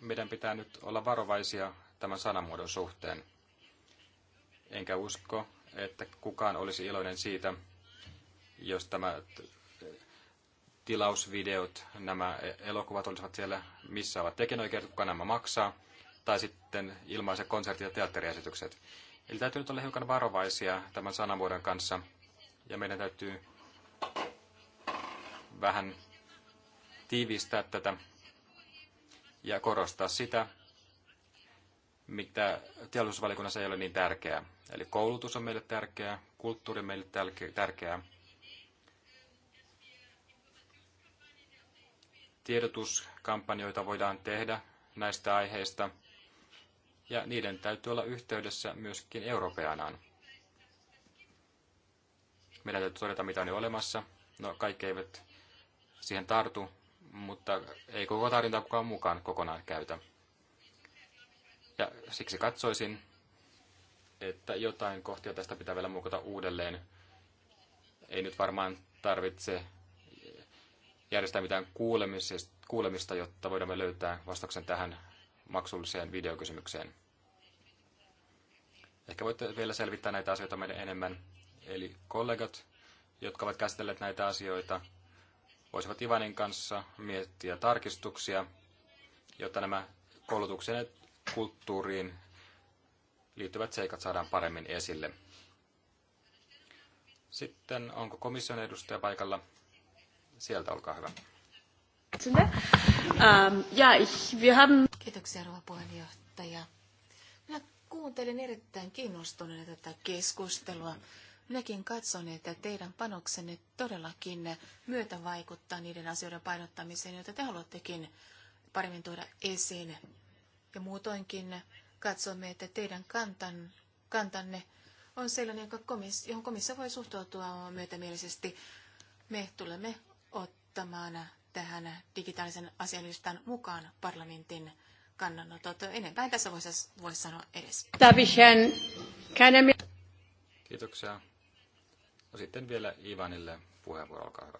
S1: meidän pitää nyt olla varovaisia tämän sanamuodon suhteen. Enkä usko, että kukaan olisi iloinen siitä, jos tämä tilausvideot, nämä elokuvat olisivat siellä, missä ovat tekijänoikeudet, kuka nämä maksaa, tai sitten ilmaiset konsertit ja teatteriesitykset. Eli täytyy nyt olla hiukan varovaisia tämän sanavuoden kanssa, ja meidän täytyy vähän tiivistää tätä ja korostaa sitä, mitä teollisuusvalikunnassa ei ole niin tärkeää. Eli koulutus on meille tärkeää, kulttuuri on meille tärkeää, tiedotuskampanjoita voidaan tehdä näistä aiheista, ja niiden täytyy olla yhteydessä myöskin europeanaan. Meidän täytyy todeta, mitä on jo olemassa. No, kaikki eivät siihen tartu, mutta ei koko tarjontaa kukaan mukaan kokonaan käytä. Ja siksi katsoisin, että jotain kohtia tästä pitää vielä muokata uudelleen. Ei nyt varmaan tarvitse järjestää mitään kuulemista, jotta voidamme löytää vastauksen tähän maksulliseen videokysymykseen. Ehkä voitte vielä selvittää näitä asioita meidän enemmän. Eli kollegat, jotka ovat käsitelleet näitä asioita, voisivat Ivanin kanssa miettiä tarkistuksia, jotta nämä koulutuksen ja kulttuuriin liittyvät seikat saadaan paremmin esille. Sitten onko komission edustaja paikalla? Sieltä olkaa hyvä.
S4: Ähm,
S5: Kiitoksia, rouva puheenjohtaja. Minä kuuntelin erittäin kiinnostuneena tätä keskustelua. Minäkin katson, että teidän panoksenne todellakin myötä vaikuttaa niiden asioiden painottamiseen, joita te haluattekin paremmin tuoda esiin. Ja muutoinkin katsomme, että teidän kantan, kantanne on sellainen, johon komissio voi suhtautua myötämielisesti. Me tulemme ottamaan tähän digitaalisen asialistan mukaan parlamentin kannanotot. Enempää tässä voisi, voisi sanoa edes.
S1: Kiitoksia. No sitten vielä Ivanille puheenvuoro, olkaa hyvä.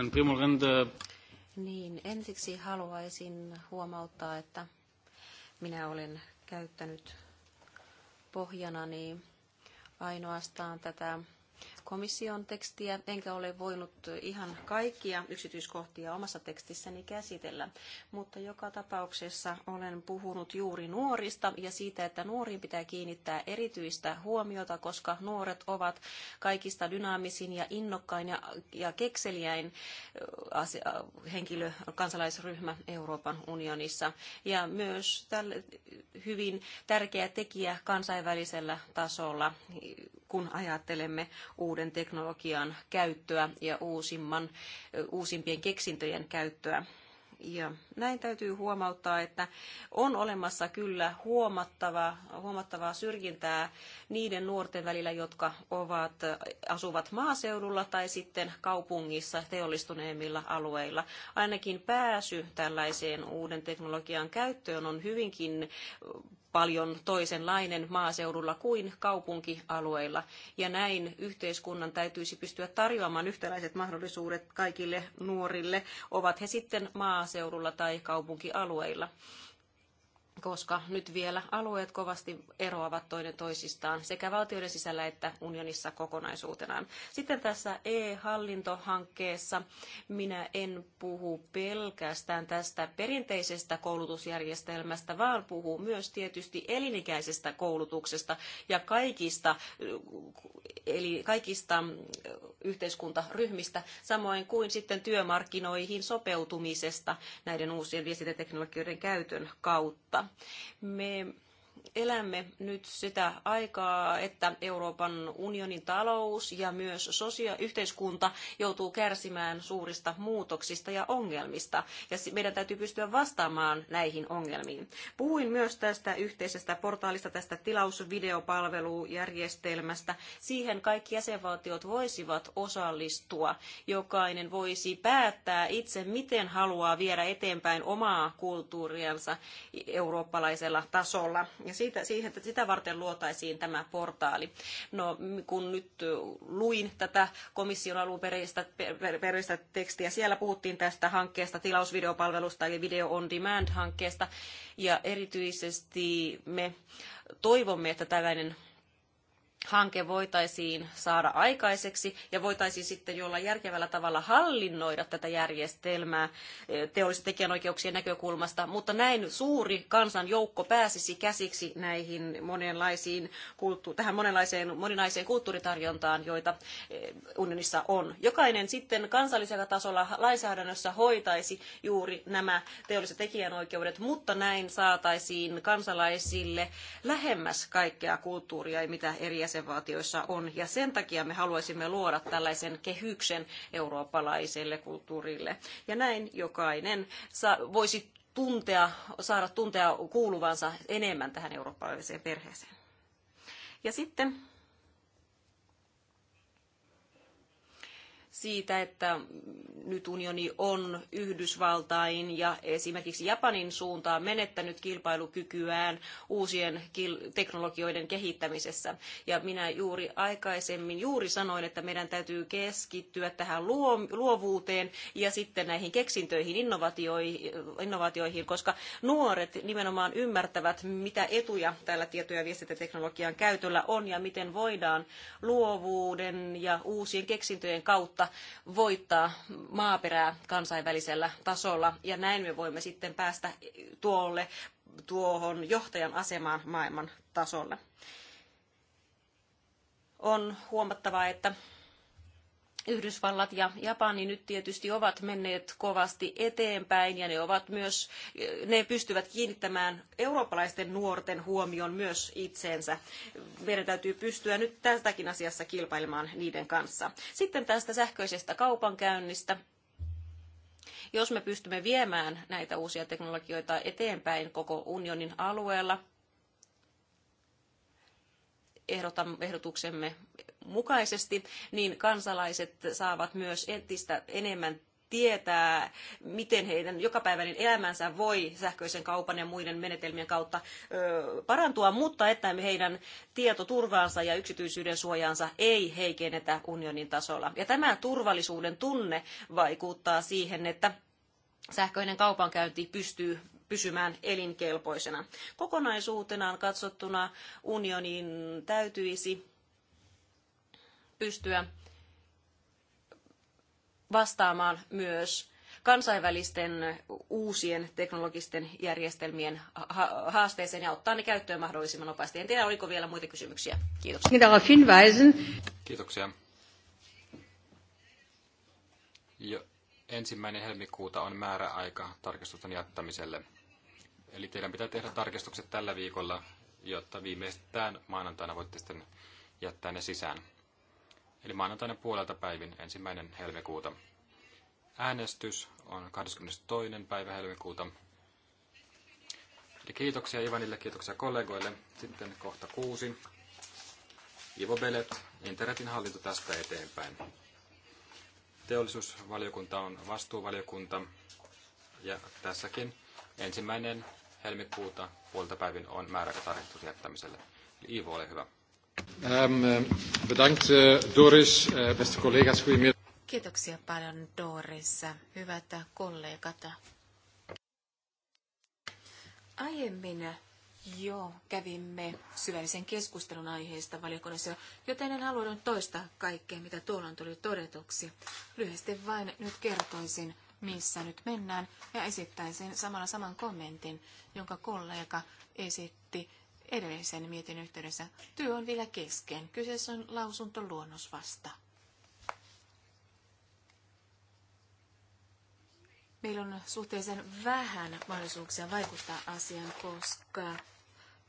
S3: Äh,
S4: niin, ensiksi haluaisin huomauttaa, että minä olen käyttänyt pohjanani ainoastaan tätä komission tekstiä, enkä ole voinut ihan kaikkia yksityiskohtia omassa tekstissäni käsitellä, mutta joka tapauksessa olen puhunut juuri nuorista ja siitä, että nuoriin pitää kiinnittää erityistä huomiota, koska nuoret ovat kaikista dynaamisin ja innokkain ja, ja kekseliäin äh, asia, äh, henkilö, kansalaisryhmä Euroopan unionissa ja myös tälle hyvin tärkeä tekijä kansainvälisellä tasolla, kun ajattelemme uuden uuden teknologian käyttöä ja uusimman, uusimpien keksintöjen käyttöä. Ja näin täytyy huomauttaa, että on olemassa kyllä huomattavaa, huomattavaa syrjintää niiden nuorten välillä, jotka ovat, asuvat maaseudulla tai sitten kaupungissa teollistuneemmilla alueilla. Ainakin pääsy tällaiseen uuden teknologian käyttöön on hyvinkin paljon toisenlainen maaseudulla kuin kaupunkialueilla. Ja näin yhteiskunnan täytyisi pystyä tarjoamaan yhtäläiset mahdollisuudet kaikille nuorille, ovat he sitten maaseudulla tai kaupunkialueilla koska nyt vielä alueet kovasti eroavat toinen toisistaan sekä valtioiden sisällä että unionissa kokonaisuutenaan. Sitten tässä e-hallintohankkeessa minä en puhu pelkästään tästä perinteisestä koulutusjärjestelmästä, vaan puhu myös tietysti elinikäisestä koulutuksesta ja kaikista, eli kaikista yhteiskuntaryhmistä, samoin kuin sitten työmarkkinoihin sopeutumisesta näiden uusien viestintäteknologioiden käytön kautta me elämme nyt sitä aikaa, että Euroopan unionin talous ja myös sosia- yhteiskunta joutuu kärsimään suurista muutoksista ja ongelmista, ja meidän täytyy pystyä vastaamaan näihin ongelmiin. Puhuin myös tästä yhteisestä portaalista, tästä tilausvideopalvelujärjestelmästä. Siihen kaikki jäsenvaltiot voisivat osallistua. Jokainen voisi päättää itse, miten haluaa viedä eteenpäin omaa kulttuuriansa eurooppalaisella tasolla ja siitä, siihen, että sitä varten luotaisiin tämä portaali. No, kun nyt luin tätä komission alun peristä, per, peristä tekstiä, siellä puhuttiin tästä hankkeesta, tilausvideopalvelusta eli Video on Demand-hankkeesta, ja erityisesti me toivomme, että tällainen hanke voitaisiin saada aikaiseksi ja voitaisiin sitten jollain järkevällä tavalla hallinnoida tätä järjestelmää eh, teollisten tekijänoikeuksien näkökulmasta, mutta näin suuri kansan joukko pääsisi käsiksi näihin monenlaisiin, tähän monenlaiseen, moninaiseen kulttuuritarjontaan, joita eh, unionissa on. Jokainen sitten kansallisella tasolla lainsäädännössä hoitaisi juuri nämä teolliset tekijänoikeudet, mutta näin saataisiin kansalaisille lähemmäs kaikkea kulttuuria ja mitä eri jäsenvaltioissa on. Ja sen takia me haluaisimme luoda tällaisen kehyksen eurooppalaiselle kulttuurille. Ja näin jokainen voisi tuntea, saada tuntea kuuluvansa enemmän tähän eurooppalaiseen perheeseen. Ja sitten siitä, että nyt unioni on Yhdysvaltain ja esimerkiksi Japanin suuntaan menettänyt kilpailukykyään uusien teknologioiden kehittämisessä. Ja minä juuri aikaisemmin juuri sanoin, että meidän täytyy keskittyä tähän luovuuteen ja sitten näihin keksintöihin, innovaatioihin, koska nuoret nimenomaan ymmärtävät, mitä etuja tällä tieto- ja viestintäteknologian käytöllä on ja miten voidaan luovuuden ja uusien keksintöjen kautta voittaa maaperää kansainvälisellä tasolla ja näin me voimme sitten päästä tuolle, tuohon johtajan asemaan maailman tasolla. On huomattava, että Yhdysvallat ja Japani nyt tietysti ovat menneet kovasti eteenpäin ja ne ovat myös, ne pystyvät kiinnittämään eurooppalaisten nuorten huomion myös itseensä. Meidän täytyy pystyä nyt tästäkin asiassa kilpailemaan niiden kanssa. Sitten tästä sähköisestä kaupankäynnistä. Jos me pystymme viemään näitä uusia teknologioita eteenpäin koko unionin alueella, ehdotamme, ehdotuksemme mukaisesti, niin kansalaiset saavat myös entistä enemmän tietää, miten heidän jokapäiväinen elämänsä voi sähköisen kaupan ja muiden menetelmien kautta parantua, mutta että heidän tietoturvaansa ja yksityisyyden suojaansa ei heikennetä unionin tasolla. Ja tämä turvallisuuden tunne vaikuttaa siihen, että sähköinen kaupankäynti pystyy pysymään elinkelpoisena. Kokonaisuutenaan katsottuna unionin täytyisi pystyä vastaamaan myös kansainvälisten uusien teknologisten järjestelmien haasteeseen ja ottaa ne käyttöön mahdollisimman nopeasti. En tiedä, oliko vielä muita kysymyksiä. Kiitoksia.
S2: Niin,
S1: Kiitoksia. Jo, Ensimmäinen helmikuuta on määräaika tarkistusten jättämiselle. Eli teidän pitää tehdä tarkistukset tällä viikolla, jotta viimeistään maanantaina voitte sitten jättää ne sisään. Eli maanantaina puolelta päivin ensimmäinen helmikuuta. Äänestys on 22. päivä helmikuuta. Eli kiitoksia Ivanille, kiitoksia kollegoille. Sitten kohta kuusi. Ivo Belet, internetin hallinto tästä eteenpäin. Teollisuusvaliokunta on vastuuvaliokunta ja tässäkin ensimmäinen helmikuuta puolta päivin on määräaika tarjottu jättämiselle. Iivo, ole hyvä.
S3: Ähm, äh, bedankt, äh, Doris, äh, beste collega's,
S5: Kiitoksia paljon Doris, hyvät kollegat. Aiemmin Joo, kävimme syvällisen keskustelun aiheesta valiokunnassa, joten en halua toistaa kaikkea, mitä tuolloin tuli todetuksi. Lyhyesti vain nyt kertoisin, missä nyt mennään, ja esittäisin samalla saman kommentin, jonka kollega esitti edellisen mietin yhteydessä. Työ on vielä kesken. Kyseessä on lausuntoluonnos vasta. meillä on suhteellisen vähän mahdollisuuksia vaikuttaa asiaan, koska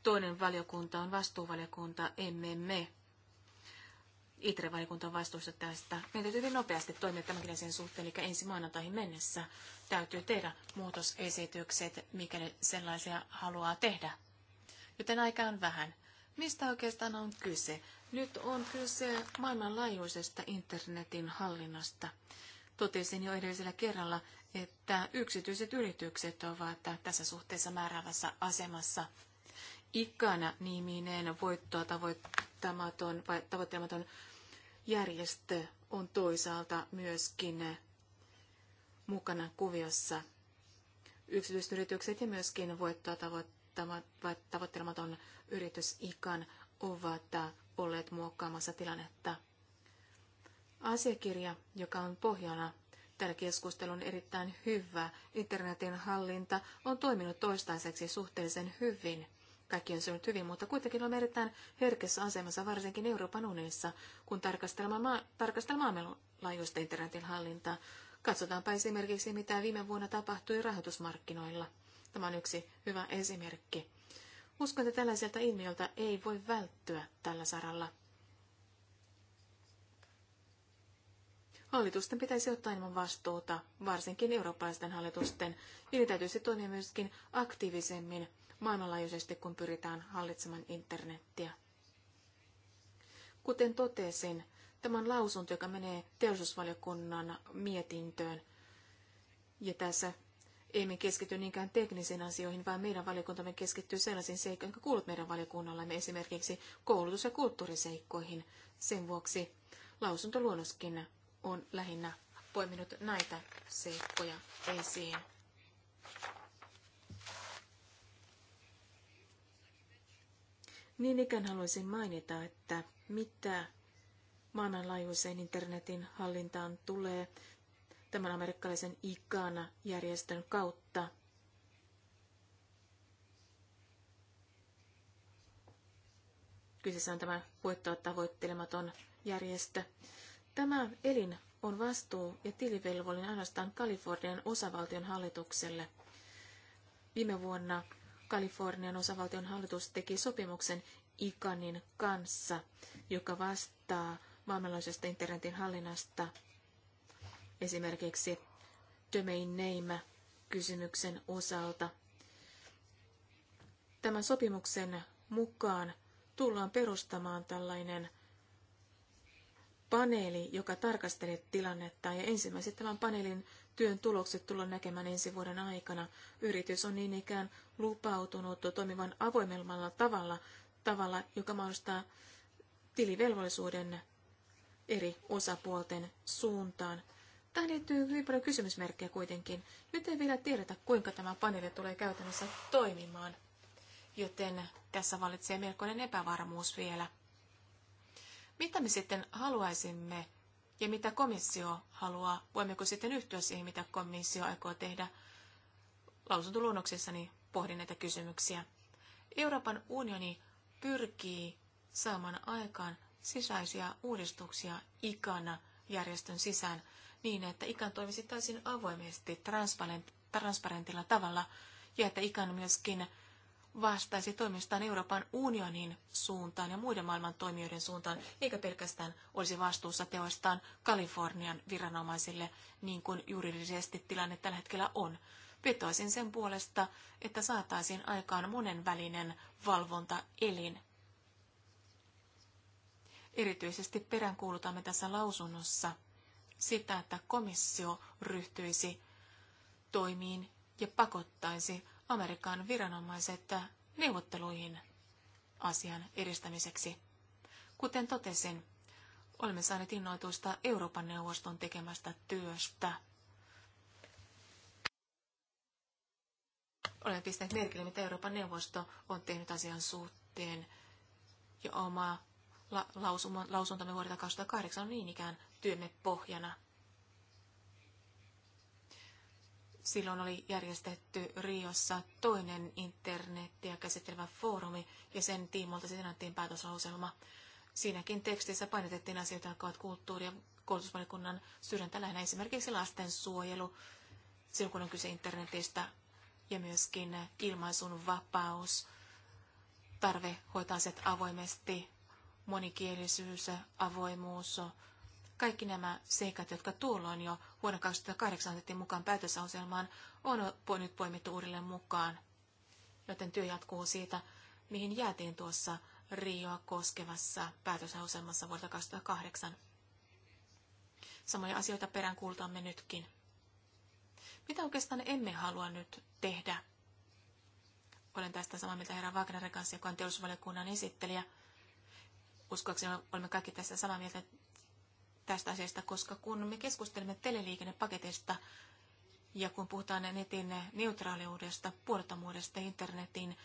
S5: toinen valiokunta on vastuuvaliokunta, emme me. ITRE-valiokunta on vastuussa tästä. Meidän täytyy hyvin nopeasti toimia tämänkin sen suhteen, eli ensi maanantaihin mennessä täytyy tehdä muutosesitykset, mikäli sellaisia haluaa tehdä. Joten aika on vähän. Mistä oikeastaan on kyse? Nyt on kyse maailmanlaajuisesta internetin hallinnasta. Totesin jo edellisellä kerralla, että yksityiset yritykset ovat tässä suhteessa määräävässä asemassa. Ikana niminen voittoa tavoittamaton, vai tavoittamaton järjestö on toisaalta myöskin mukana kuviossa. Yksityiset yritykset ja myöskin voittoa tavoittamaton yritys Ikan ovat olleet muokkaamassa tilannetta. Asiakirja, joka on pohjana Tällä keskustelu on erittäin hyvä. Internetin hallinta on toiminut toistaiseksi suhteellisen hyvin. Kaikki on syynyt hyvin, mutta kuitenkin on erittäin herkessä asemassa, varsinkin Euroopan unionissa, kun tarkastellaan, maa, tarkastellaan internetin hallintaa. Katsotaanpa esimerkiksi, mitä viime vuonna tapahtui rahoitusmarkkinoilla. Tämä on yksi hyvä esimerkki. Uskon, että tällaiselta ilmiöltä ei voi välttyä tällä saralla. Hallitusten pitäisi ottaa enemmän vastuuta, varsinkin eurooppalaisten hallitusten. Niiden täytyisi toimia myöskin aktiivisemmin maailmanlaajuisesti, kun pyritään hallitsemaan internettiä. Kuten totesin, tämä on lausunto, joka menee teollisuusvaliokunnan mietintöön. Ja tässä emme keskity niinkään teknisiin asioihin, vaan meidän valiokuntamme keskittyy sellaisiin seikkoihin, jotka kuuluvat meidän valiokunnallemme, esimerkiksi koulutus- ja kulttuuriseikkoihin. Sen vuoksi lausuntoluonnoskin on lähinnä poiminut näitä seikkoja esiin. Niin ikään haluaisin mainita, että mitä maailmanlaajuiseen internetin hallintaan tulee tämän amerikkalaisen ICANA-järjestön kautta. Kyseessä on tämä voittoa tavoittelematon järjestö. Tämä elin on vastuu- ja tilivelvollinen ainoastaan Kalifornian osavaltion hallitukselle. Viime vuonna Kalifornian osavaltion hallitus teki sopimuksen ICANin kanssa, joka vastaa maailmanlaajuisesta internetin hallinnasta. Esimerkiksi domain name kysymyksen osalta. Tämän sopimuksen mukaan tullaan perustamaan tällainen paneeli, joka tarkastelee tilannetta, ja ensimmäiset tämän paneelin työn tulokset tullaan näkemään ensi vuoden aikana. Yritys on niin ikään lupautunut toimivan avoimemmalla tavalla, tavalla, joka mahdollistaa tilivelvollisuuden eri osapuolten suuntaan. Tähän liittyy hyvin paljon kysymysmerkkejä kuitenkin. Nyt ei vielä tiedetä, kuinka tämä paneeli tulee käytännössä toimimaan, joten tässä valitsee melkoinen epävarmuus vielä. Mitä me sitten haluaisimme ja mitä komissio haluaa? Voimmeko sitten yhtyä siihen, mitä komissio aikoo tehdä? Lausuntoluonnoksessani pohdin näitä kysymyksiä. Euroopan unioni pyrkii saamaan aikaan sisäisiä uudistuksia ikana järjestön sisään niin, että ikan toimisi täysin avoimesti transparentilla tavalla ja että ikan myöskin vastaisi toimistaan Euroopan unionin suuntaan ja muiden maailman toimijoiden suuntaan, eikä pelkästään olisi vastuussa teoistaan Kalifornian viranomaisille, niin kuin juridisesti tilanne tällä hetkellä on. Vetoisin sen puolesta, että saataisiin aikaan monenvälinen valvontaelin. Erityisesti peräänkuulutamme tässä lausunnossa sitä, että komissio ryhtyisi toimiin ja pakottaisi Amerikan viranomaiset neuvotteluihin asian edistämiseksi. Kuten totesin, olemme saaneet innoituista Euroopan neuvoston tekemästä työstä. Olen pistänyt merkille, mitä Euroopan neuvosto on tehnyt asian suhteen. Ja oma la- lausuma, lausuntamme vuodelta 2008 on niin ikään työmme pohjana. Silloin oli järjestetty Riossa toinen internettiä käsittelevä foorumi ja sen tiimolta sitten annettiin päätöslauselma. Siinäkin tekstissä painotettiin asioita, jotka ovat kulttuuri- ja koulutusvalikunnan sydäntä lähinnä esimerkiksi lastensuojelu, silloin kun on kyse internetistä, ja myöskin ilmaisun vapaus, tarve hoitaa asiat avoimesti, monikielisyys, avoimuus, kaikki nämä seikat, jotka tuolloin jo vuonna 2008 otettiin mukaan päätösohjelmaan, on nyt poimittu uudelleen mukaan, joten työ jatkuu siitä, mihin jäätiin tuossa Rioa koskevassa päätösasemassa vuodelta 2008. Samoja asioita peräänkuultamme nytkin. Mitä oikeastaan emme halua nyt tehdä? Olen tästä samaa mieltä herra Wagnerin kanssa, joka on teollisuusvaliokunnan esittelijä. Uskoakseni olemme kaikki tässä samaa mieltä, tästä asiasta, koska kun me keskustelemme teleliikennepaketista ja kun puhutaan netin neutraaliudesta, puolettomuudesta, internetin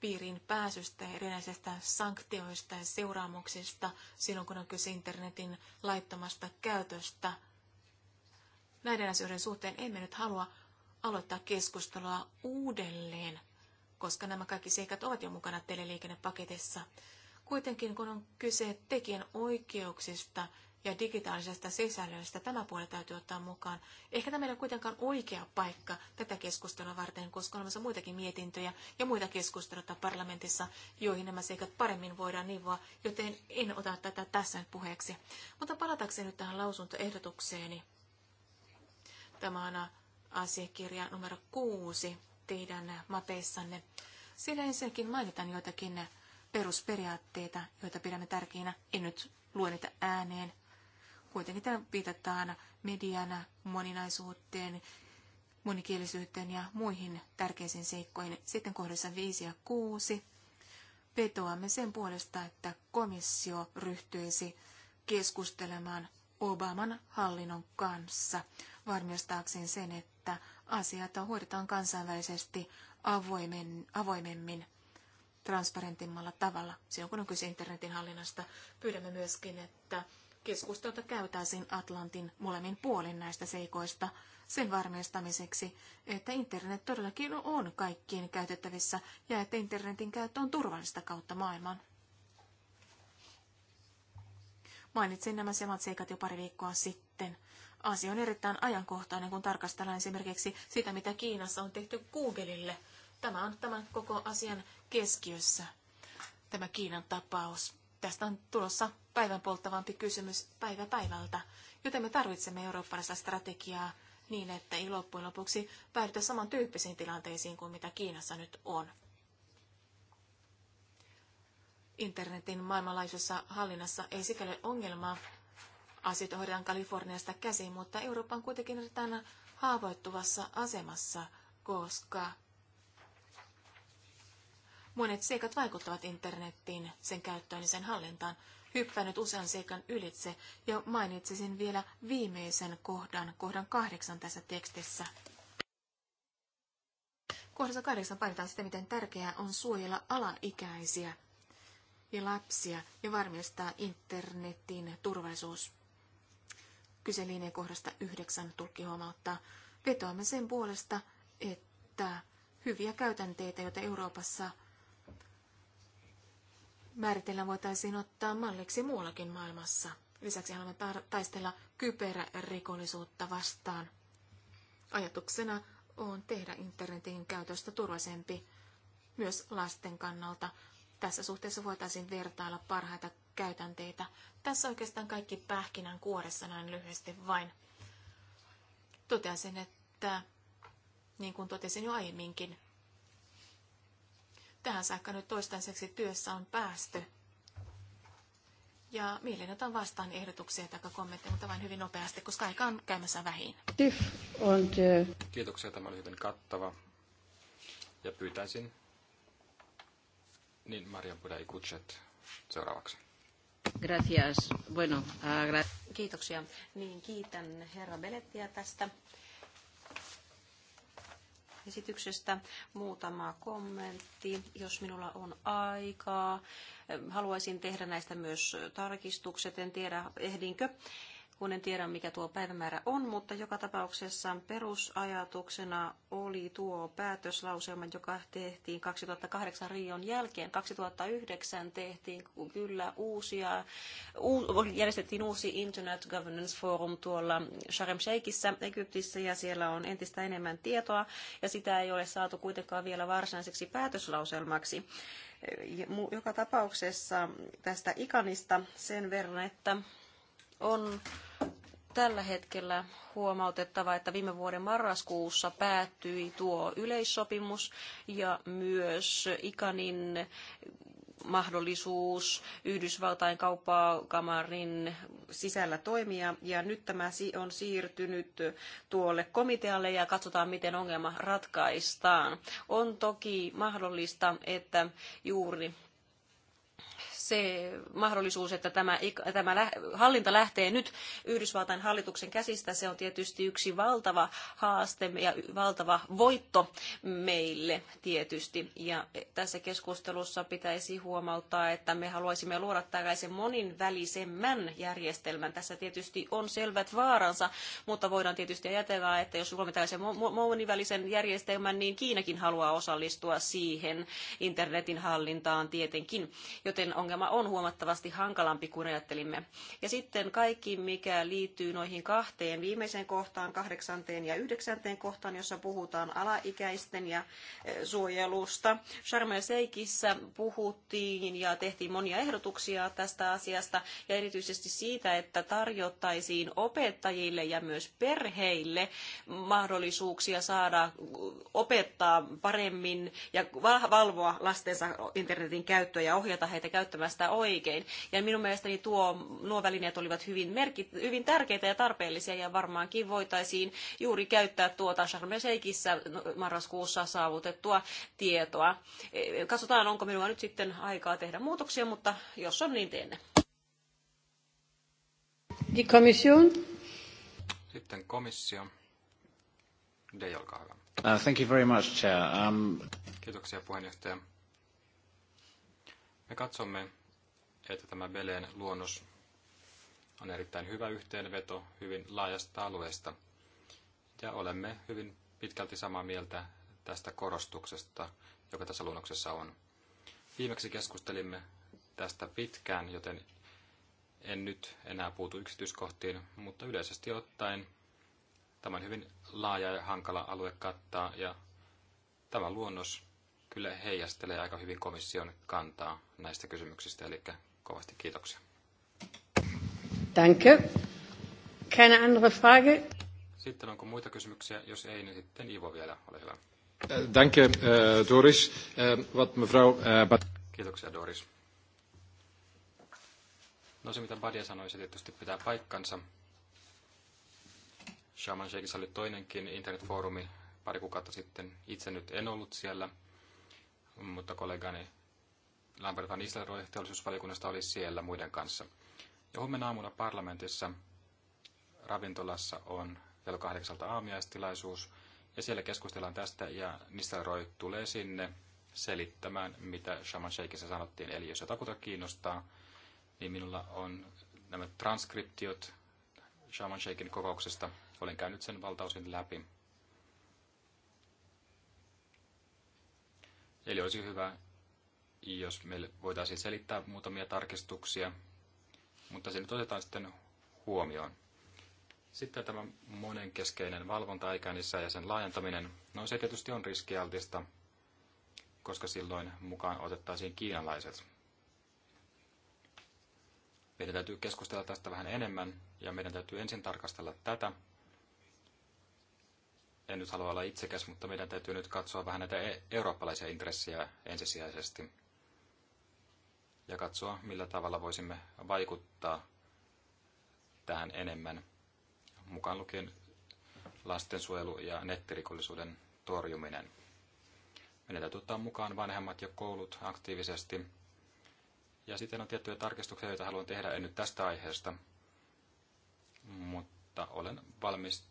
S5: piiriin pääsystä, erinäisistä sanktioista ja seuraamuksista silloin, kun on kyse internetin laittomasta käytöstä. Näiden asioiden suhteen emme nyt halua aloittaa keskustelua uudelleen, koska nämä kaikki seikat ovat jo mukana teleliikennepaketissa. Kuitenkin kun on kyse tekijän oikeuksista ja digitaalisesta sisällöstä, tämä puoli täytyy ottaa mukaan. Ehkä tämä ei ole kuitenkaan oikea paikka tätä keskustelua varten, koska on olemassa muitakin mietintöjä ja muita keskusteluita parlamentissa, joihin nämä seikat paremmin voidaan nivoa, joten en ota tätä tässä nyt puheeksi. Mutta palatakseni nyt tähän lausuntoehdotukseeni. Tämä on asiakirja numero kuusi teidän mapeissanne. Siellä ensinnäkin mainitaan joitakin perusperiaatteita, joita pidämme tärkeinä. En nyt lue niitä ääneen. Kuitenkin täällä viitataan mediana moninaisuuteen, monikielisyyteen ja muihin tärkeisiin seikkoihin. Sitten kohdassa 5 ja 6 vetoamme sen puolesta, että komissio ryhtyisi keskustelemaan Obaman hallinnon kanssa varmistaakseen sen, että asiat hoidetaan kansainvälisesti avoimen, avoimemmin transparentimmalla tavalla, on kun on kyse internetin hallinnasta. Pyydämme myöskin, että keskustelta käytäisiin Atlantin molemmin puolin näistä seikoista sen varmistamiseksi, että internet todellakin on kaikkien käytettävissä ja että internetin käyttö on turvallista kautta maailman. Mainitsin nämä samat seikat jo pari viikkoa sitten. Asia on erittäin ajankohtainen, kun tarkastellaan esimerkiksi sitä, mitä Kiinassa on tehty Googleille – Tämä on tämän koko asian keskiössä, tämä Kiinan tapaus. Tästä on tulossa päivän polttavampi kysymys päivä päivältä, joten me tarvitsemme eurooppalaista strategiaa niin, että ei loppujen lopuksi päädytä samantyyppisiin tilanteisiin kuin mitä Kiinassa nyt on. Internetin maailmanlaajuisessa hallinnassa ei sikäli ole ongelmaa. Asiat hoidetaan Kaliforniasta käsin, mutta Eurooppa on kuitenkin erittäin haavoittuvassa asemassa, koska Monet seikat vaikuttavat internettiin, sen käyttöön ja sen hallintaan. Hyppänyt usean seikan ylitse ja mainitsisin vielä viimeisen kohdan, kohdan kahdeksan tässä tekstissä. Kohdassa kahdeksan painetaan, sitä, miten tärkeää on suojella alaikäisiä ja lapsia ja varmistaa internetin turvallisuus. Kyse liineen kohdasta yhdeksän tulkki huomauttaa. Vetoamme sen puolesta, että hyviä käytänteitä, joita Euroopassa Määritellä voitaisiin ottaa malliksi muuallakin maailmassa. Lisäksi haluamme taistella kyberrikollisuutta vastaan. Ajatuksena on tehdä internetin käytöstä turvallisempi myös lasten kannalta. Tässä suhteessa voitaisiin vertailla parhaita käytänteitä. Tässä oikeastaan kaikki pähkinän kuoressa näin lyhyesti vain. Toteasin, että niin kuin totesin jo aiemminkin, Tähän saakka nyt toistaiseksi työssä on päästy. Ja mielen otan vastaan ehdotuksia tai kommentteja, mutta vain hyvin nopeasti, koska aika on käymässä vähin.
S1: Kiitoksia, tämä oli hyvin kattava. Ja pyytäisin niin Maria Budai Kutset seuraavaksi. Gracias. Bueno, gra-
S4: Kiitoksia. Niin, kiitän herra Belettiä tästä esityksestä. Muutama kommentti, jos minulla on aikaa. Haluaisin tehdä näistä myös tarkistukset, en tiedä ehdinkö kun en tiedä mikä tuo päivämäärä on, mutta joka tapauksessa perusajatuksena oli tuo päätöslauselma, joka tehtiin 2008 Rion jälkeen. 2009 tehtiin kyllä uusia, u, järjestettiin uusi Internet Governance Forum tuolla Sharm Sheikhissä Egyptissä ja siellä on entistä enemmän tietoa ja sitä ei ole saatu kuitenkaan vielä varsinaiseksi päätöslauselmaksi. Joka tapauksessa tästä ikanista sen verran, että on tällä hetkellä huomautettava, että viime vuoden marraskuussa päättyi tuo yleissopimus ja myös Ikanin mahdollisuus Yhdysvaltain kauppakamarin sisällä toimia. Ja nyt tämä on siirtynyt tuolle komitealle ja katsotaan, miten ongelma ratkaistaan. On toki mahdollista, että juuri se mahdollisuus, että tämä, tämä hallinta lähtee nyt Yhdysvaltain hallituksen käsistä, se on tietysti yksi valtava haaste ja valtava voitto meille tietysti. Ja e, tässä keskustelussa pitäisi huomauttaa, että me haluaisimme luoda tällaisen moninvälisemmän järjestelmän. Tässä tietysti on selvät vaaransa, mutta voidaan tietysti ajatella, että jos luomme tällaisen monivälisen järjestelmän, niin Kiinakin haluaa osallistua siihen internetin hallintaan tietenkin, joten ongelma ongelma on huomattavasti hankalampi kuin ajattelimme. Ja sitten kaikki, mikä liittyy noihin kahteen viimeiseen kohtaan, kahdeksanteen ja yhdeksänteen kohtaan, jossa puhutaan alaikäisten ja e, suojelusta. Sharm Seikissä puhuttiin ja tehtiin monia ehdotuksia tästä asiasta ja erityisesti siitä, että tarjottaisiin opettajille ja myös perheille mahdollisuuksia saada opettaa paremmin ja valvoa lastensa internetin käyttöä ja ohjata heitä käyttämään ymmärtää oikein. Ja minun mielestäni tuo, nuo välineet olivat hyvin, merkit, hyvin tärkeitä ja tarpeellisia ja varmaankin voitaisiin juuri käyttää tuota Sharm Sheikissä marraskuussa saavutettua tietoa. Katsotaan, onko minulla nyt sitten aikaa tehdä muutoksia, mutta jos on, niin teen ne.
S1: Sitten komissio. Dei, olkaa hyvä.
S3: Uh, thank you very much, Chair. Um...
S1: Kiitoksia puheenjohtaja. Me katsomme että tämä Beleen luonnos on erittäin hyvä yhteenveto hyvin laajasta alueesta. Ja olemme hyvin pitkälti samaa mieltä tästä korostuksesta, joka tässä luonnoksessa on. Viimeksi keskustelimme tästä pitkään, joten en nyt enää puutu yksityiskohtiin, mutta yleisesti ottaen tämä on hyvin laaja ja hankala alue kattaa ja tämä luonnos kyllä heijastelee aika hyvin komission kantaa näistä kysymyksistä, eli kovasti. Kiitoksia.
S2: Danke. Keine andere Frage.
S1: Sitten onko muita kysymyksiä? Jos ei, niin sitten Ivo vielä. Ole hyvä. Eh, danke, eh, Doris. Eh, wat mevrouw... Kiitoksia, Doris. No se, mitä Badia sanoi, se tietysti pitää paikkansa. Shaman Shakes oli toinenkin internetfoorumi pari kuukautta sitten. Itse nyt en ollut siellä, mutta kollegani Lambert van Isleroy teollisuusvaliokunnasta oli siellä muiden kanssa. Ja huomenna aamuna parlamentissa ravintolassa on kello kahdeksalta aamiaistilaisuus, ja siellä keskustellaan tästä, ja Nistelrooy tulee sinne selittämään, mitä Shaman Sheikissä sanottiin. Eli jos jotakuta kiinnostaa, niin minulla on nämä transkriptiot Shaman Sheikin kokouksesta. Olen käynyt sen valtaosin läpi. Eli olisi hyvä, jos meille voitaisiin selittää muutamia tarkistuksia, mutta se nyt otetaan sitten huomioon. Sitten tämä monenkeskeinen valvonta aikäänissä ja sen laajentaminen, no se tietysti on riskialtista, koska silloin mukaan otettaisiin kiinalaiset. Meidän täytyy keskustella tästä vähän enemmän ja meidän täytyy ensin tarkastella tätä. En nyt halua olla itsekäs, mutta meidän täytyy nyt katsoa vähän näitä e-, eurooppalaisia intressejä ensisijaisesti ja katsoa, millä tavalla voisimme vaikuttaa tähän enemmän, mukaan lukien lastensuojelu ja nettirikollisuuden torjuminen. Meidän täytyy ottaa mukaan vanhemmat ja koulut aktiivisesti. Ja sitten on tiettyjä tarkistuksia, joita haluan tehdä, en nyt tästä aiheesta, mutta olen valmis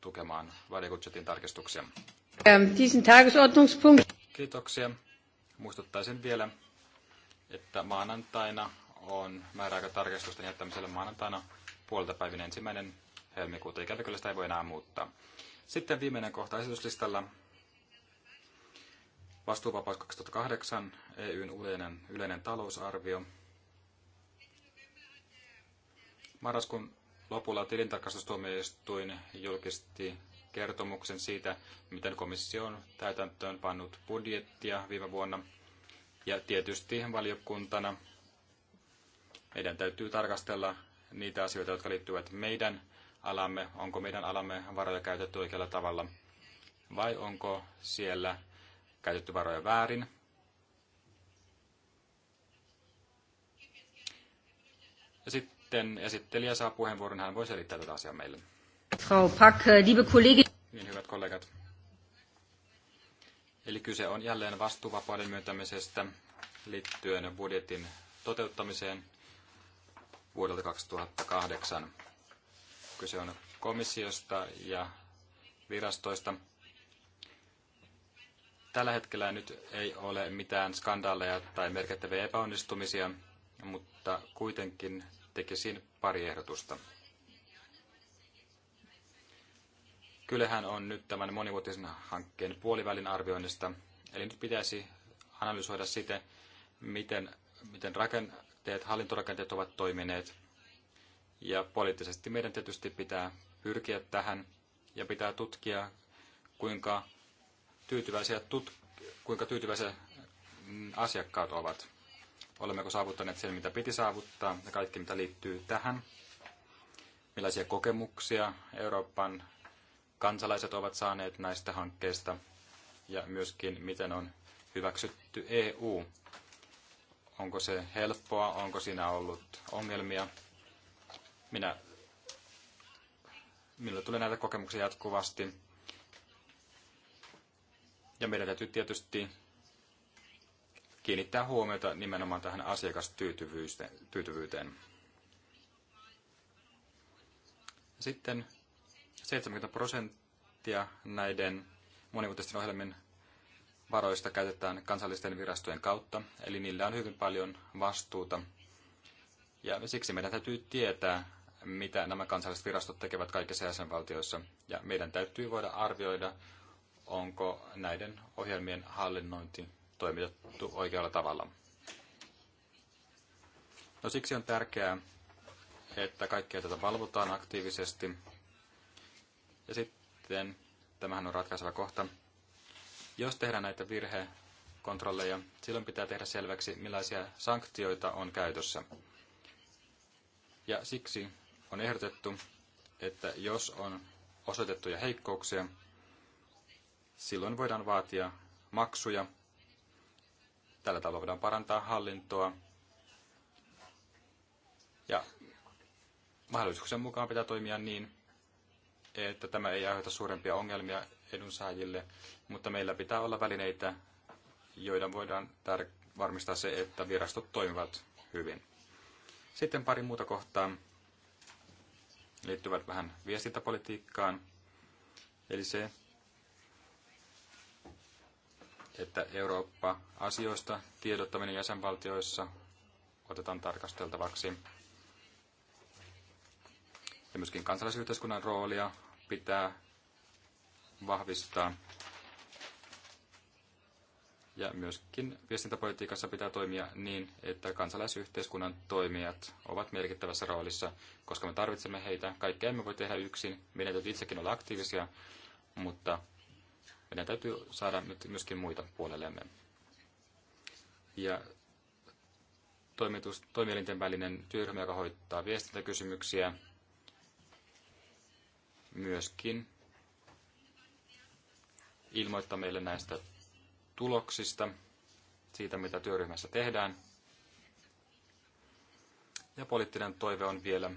S1: tukemaan Vadikutsetin tarkistuksia.
S2: Ähm,
S1: Kiitoksia. Muistuttaisin vielä, että maanantaina on määräaika tarkistusten jättämiselle maanantaina puolta päivin ensimmäinen helmikuuta. Ikävä kyllä sitä ei voi enää muuttaa. Sitten viimeinen kohta esityslistalla. Vastuuvapaus 2008, EUn yleinen, yleinen talousarvio. Marraskuun lopulla tilintarkastustuomioistuin julkisti kertomuksen siitä, miten komissio on täytäntöön pannut budjettia viime vuonna – ja tietysti valiokuntana meidän täytyy tarkastella niitä asioita, jotka liittyvät meidän alamme, onko meidän alamme varoja käytetty oikealla tavalla vai onko siellä käytetty varoja väärin. Ja sitten esittelijä saa puheenvuoron, hän voi selittää tätä asiaa meille.
S2: Frau Pack, liebe Kollegin.
S1: Niin, hyvät kollegat. Eli kyse on jälleen vastuuvapauden myöntämisestä liittyen budjetin toteuttamiseen vuodelta 2008. Kyse on komissiosta ja virastoista. Tällä hetkellä nyt ei ole mitään skandaaleja tai merkittäviä epäonnistumisia, mutta kuitenkin tekisin pari ehdotusta. Kyllähän on nyt tämän monivuotisen hankkeen puolivälin arvioinnista, eli nyt pitäisi analysoida sitä, miten, miten rakenteet, hallintorakenteet ovat toimineet. Ja poliittisesti meidän tietysti pitää pyrkiä tähän ja pitää tutkia, kuinka tyytyväisiä, tut, kuinka tyytyväisiä mm, asiakkaat ovat. Olemmeko saavuttaneet sen, mitä piti saavuttaa ja kaikki, mitä liittyy tähän. Millaisia kokemuksia Euroopan kansalaiset ovat saaneet näistä hankkeista ja myöskin miten on hyväksytty EU. Onko se helppoa, onko siinä ollut ongelmia? Minä, minulle tulee näitä kokemuksia jatkuvasti. Ja meidän täytyy tietysti kiinnittää huomiota nimenomaan tähän asiakastyytyvyyteen. Sitten 70 prosenttia näiden monivuotisten ohjelmien varoista käytetään kansallisten virastojen kautta, eli niillä on hyvin paljon vastuuta. Ja siksi meidän täytyy tietää, mitä nämä kansalliset virastot tekevät kaikissa jäsenvaltioissa. Ja meidän täytyy voida arvioida, onko näiden ohjelmien hallinnointi toimitettu oikealla tavalla. No siksi on tärkeää, että kaikkea tätä valvotaan aktiivisesti ja sitten, tämähän on ratkaiseva kohta, jos tehdään näitä virhekontrolleja, silloin pitää tehdä selväksi, millaisia sanktioita on käytössä. Ja siksi on ehdotettu, että jos on osoitettuja heikkouksia, silloin voidaan vaatia maksuja. Tällä tavalla voidaan parantaa hallintoa. Ja mahdollisuuksien mukaan pitää toimia niin, että tämä ei aiheuta suurempia ongelmia edunsaajille, mutta meillä pitää olla välineitä, joiden voidaan varmistaa se, että virastot toimivat hyvin. Sitten pari muuta kohtaa liittyvät vähän viestintäpolitiikkaan. Eli se, että Eurooppa-asioista tiedottaminen jäsenvaltioissa otetaan tarkasteltavaksi. Ja myöskin kansalaisyhteiskunnan roolia pitää vahvistaa. Ja myöskin viestintäpolitiikassa pitää toimia niin, että kansalaisyhteiskunnan toimijat ovat merkittävässä roolissa, koska me tarvitsemme heitä. Kaikkea emme voi tehdä yksin. Meidän täytyy itsekin olla aktiivisia, mutta meidän täytyy saada nyt myöskin muita puolellemme. Ja toimielinten välinen työryhmä, joka hoitaa viestintäkysymyksiä, myöskin ilmoittaa meille näistä tuloksista, siitä mitä työryhmässä tehdään. Ja poliittinen toive on vielä,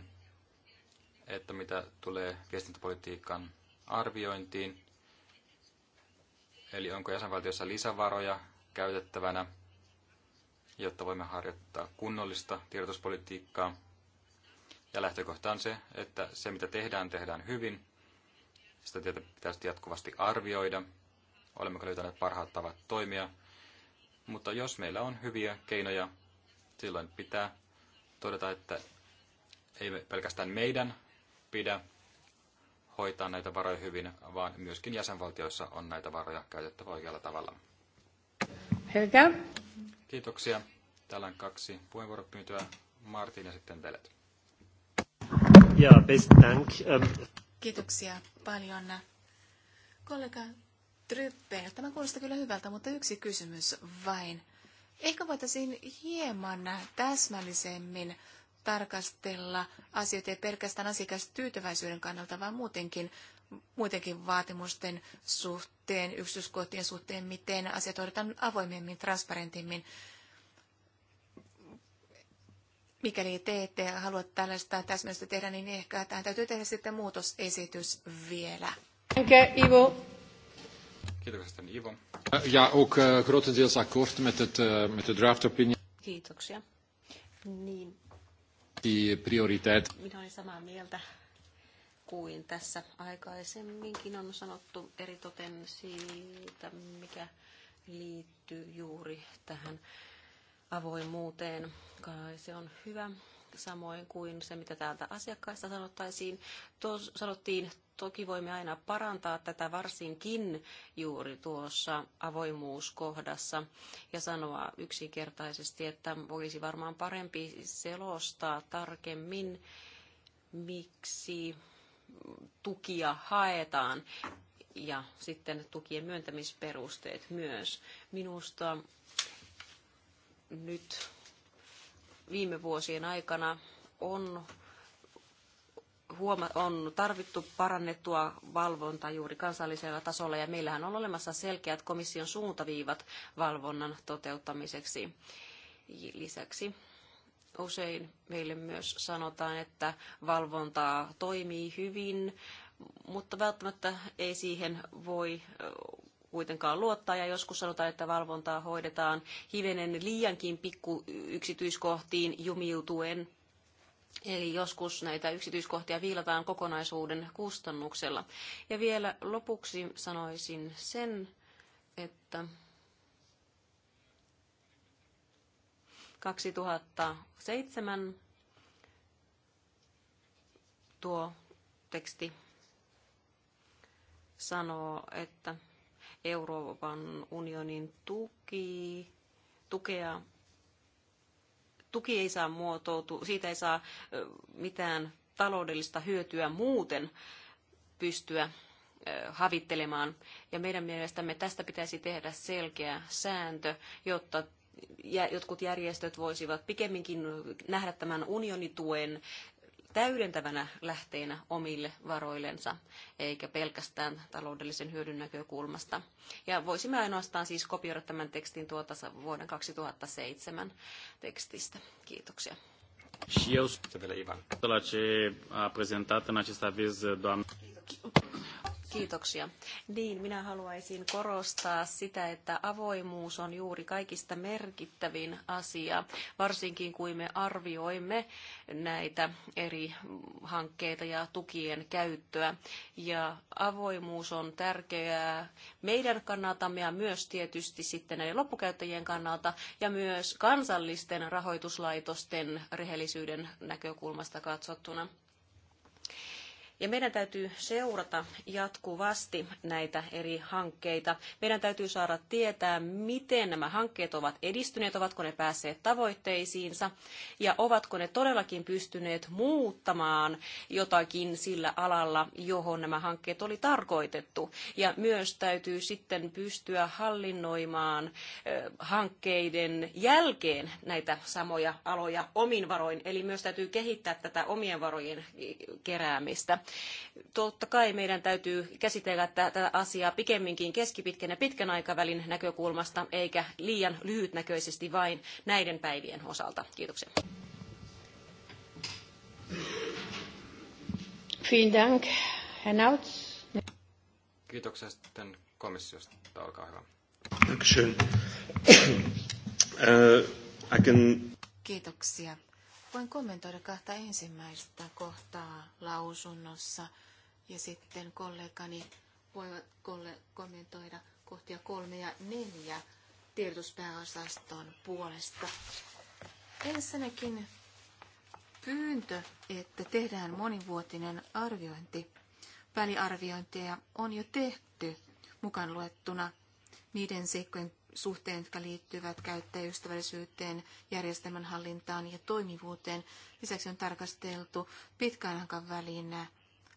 S1: että mitä tulee viestintäpolitiikan arviointiin, eli onko jäsenvaltiossa lisävaroja käytettävänä, jotta voimme harjoittaa kunnollista tiedotuspolitiikkaa. Ja lähtökohta on se, että se mitä tehdään, tehdään hyvin. Sitä tietä pitäisi jatkuvasti arvioida, olemmeko löytäneet parhaat tavat toimia. Mutta jos meillä on hyviä keinoja, silloin pitää todeta, että ei pelkästään meidän pidä hoitaa näitä varoja hyvin, vaan myöskin jäsenvaltioissa on näitä varoja käytettävä oikealla tavalla. Helkä. Kiitoksia. Täällä on kaksi puheenvuoropyyntöä. Martin ja sitten Velet.
S3: Ja, ähm,
S5: Kiitoksia paljon. Kollega Tryppel, tämä kuulostaa kyllä hyvältä, mutta yksi kysymys vain. Ehkä voitaisiin hieman täsmällisemmin tarkastella asioita ei pelkästään asiakastyytyväisyyden kannalta, vaan muutenkin, muutenkin vaatimusten suhteen, yksityiskohtien suhteen, miten asiat hoidetaan avoimemmin, transparentimmin. Mikäli te ette halua tällaista täsmennystä tehdä, niin ehkä tähän täytyy tehdä sitten muutosesitys vielä. Enkä Ivo.
S1: Kiitoksia Ivo. Eh, ja ook eh, grotendeels akkoord met het, eh, met de draft opinion.
S4: Kiitoksia. Niin.
S1: Die prioriteit.
S4: Minä olen samaa mieltä kuin tässä aikaisemminkin on sanottu eritoten siitä, mikä liittyy juuri tähän avoimuuteen. Kai se on hyvä, samoin kuin se, mitä täältä asiakkaista sanottaisiin. Tuo sanottiin, toki voimme aina parantaa tätä varsinkin juuri tuossa avoimuuskohdassa ja sanoa yksinkertaisesti, että voisi varmaan parempi selostaa tarkemmin, miksi tukia haetaan ja sitten tukien myöntämisperusteet myös. Minusta nyt viime vuosien aikana on huoma- on tarvittu parannettua valvontaa juuri kansallisella tasolla ja meillähän on olemassa selkeät komission suuntaviivat valvonnan toteuttamiseksi. Lisäksi usein meille myös sanotaan, että valvontaa toimii hyvin, mutta välttämättä ei siihen voi kuitenkaan luottaa, ja joskus sanotaan, että valvontaa hoidetaan hivenen liiankin pikku yksityiskohtiin jumiutuen. Eli joskus näitä yksityiskohtia viilataan kokonaisuuden kustannuksella. Ja vielä lopuksi sanoisin sen, että 2007 tuo teksti sanoo, että Euroopan unionin tuki, tukea tuki ei saa muotoutua, siitä ei saa mitään taloudellista hyötyä muuten pystyä havittelemaan. Ja meidän mielestämme tästä pitäisi tehdä selkeä sääntö, jotta jotkut järjestöt voisivat pikemminkin nähdä tämän unionituen täydentävänä lähteenä omille varoillensa, eikä pelkästään taloudellisen hyödyn näkökulmasta. Ja voisimme ainoastaan siis kopioida tämän tekstin tuota vuoden 2007 tekstistä. Kiitoksia.
S3: Și eu sunt Ivan. La ce a prezentat în acest aviz doamna
S4: Kiitoksia. Niin, minä haluaisin korostaa sitä, että avoimuus on juuri kaikista merkittävin asia, varsinkin kun me arvioimme näitä eri hankkeita ja tukien käyttöä. Ja avoimuus on tärkeää meidän kannaltamme ja myös tietysti sitten näiden loppukäyttäjien kannalta ja myös kansallisten rahoituslaitosten rehellisyyden näkökulmasta katsottuna. Ja meidän täytyy seurata jatkuvasti näitä eri hankkeita. Meidän täytyy saada tietää, miten nämä hankkeet ovat edistyneet, ovatko ne päässeet tavoitteisiinsa ja ovatko ne todellakin pystyneet muuttamaan jotakin sillä alalla, johon nämä hankkeet oli tarkoitettu. Ja myös täytyy sitten pystyä hallinnoimaan hankkeiden jälkeen näitä samoja aloja omin varoin. Eli myös täytyy kehittää tätä omien varojen keräämistä. Totta kai meidän täytyy käsitellä tätä asiaa pikemminkin keskipitkän ja pitkän aikavälin näkökulmasta, eikä liian lyhytnäköisesti vain näiden päivien osalta. Kiitoksia.
S1: Kiitoksia sitten
S3: komissiosta. Olkaa hyvä. [COUGHS] Äh,
S5: Kiitoksia. Voin kommentoida kahta ensimmäistä kohtaa lausunnossa ja sitten kollegani voivat kommentoida kohtia kolme ja neljä tiedotuspääosaston puolesta. Ensinnäkin pyyntö, että tehdään monivuotinen arviointi. Väliarviointeja on jo tehty mukaan luettuna niiden seikkojen suhteen, jotka liittyvät käyttäjäystävällisyyteen, järjestelmän hallintaan ja toimivuuteen. Lisäksi on tarkasteltu pitkän aikavälin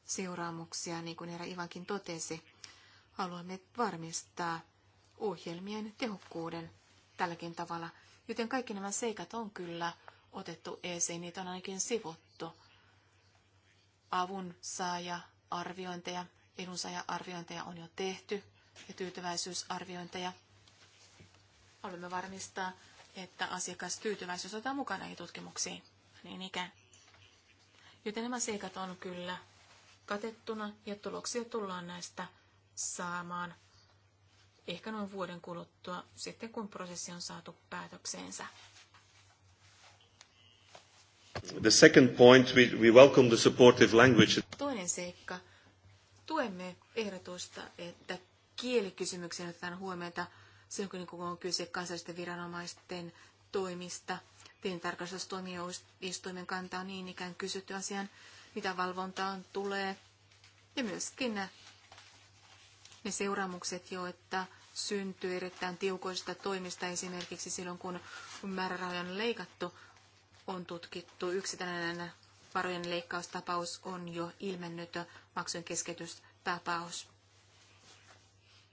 S5: seuraamuksia, niin kuin herra Ivankin totesi. Haluamme varmistaa ohjelmien tehokkuuden tälläkin tavalla, joten kaikki nämä seikat on kyllä otettu esiin, niitä on ainakin sivottu. Avun saaja arviointeja, edunsaaja arviointeja on jo tehty ja tyytyväisyysarviointeja – Haluamme varmistaa, että asiakastyytyväisyys otetaan mukana näihin tutkimuksiin. Niin ikään. Joten nämä seikat on kyllä katettuna ja tuloksia tullaan näistä saamaan ehkä noin vuoden kuluttua sitten, kun prosessi on saatu päätökseensä.
S3: The second point, we, we welcome the supportive language.
S5: Toinen seikka. Tuemme ehdotusta, että kielikysymykseen otetaan huomiota silloin kun on kyse kansallisten viranomaisten toimista. Tilintarkastustuomioistuimen kanta on niin ikään kysytty asian, mitä valvontaan tulee. Ja myöskin ne seuraamukset, joita syntyy erittäin tiukoista toimista, esimerkiksi silloin kun määrärahoja on leikattu, on tutkittu. Yksi tällainen varojen leikkaustapaus on jo ilmennyt maksun keskeytystapaus.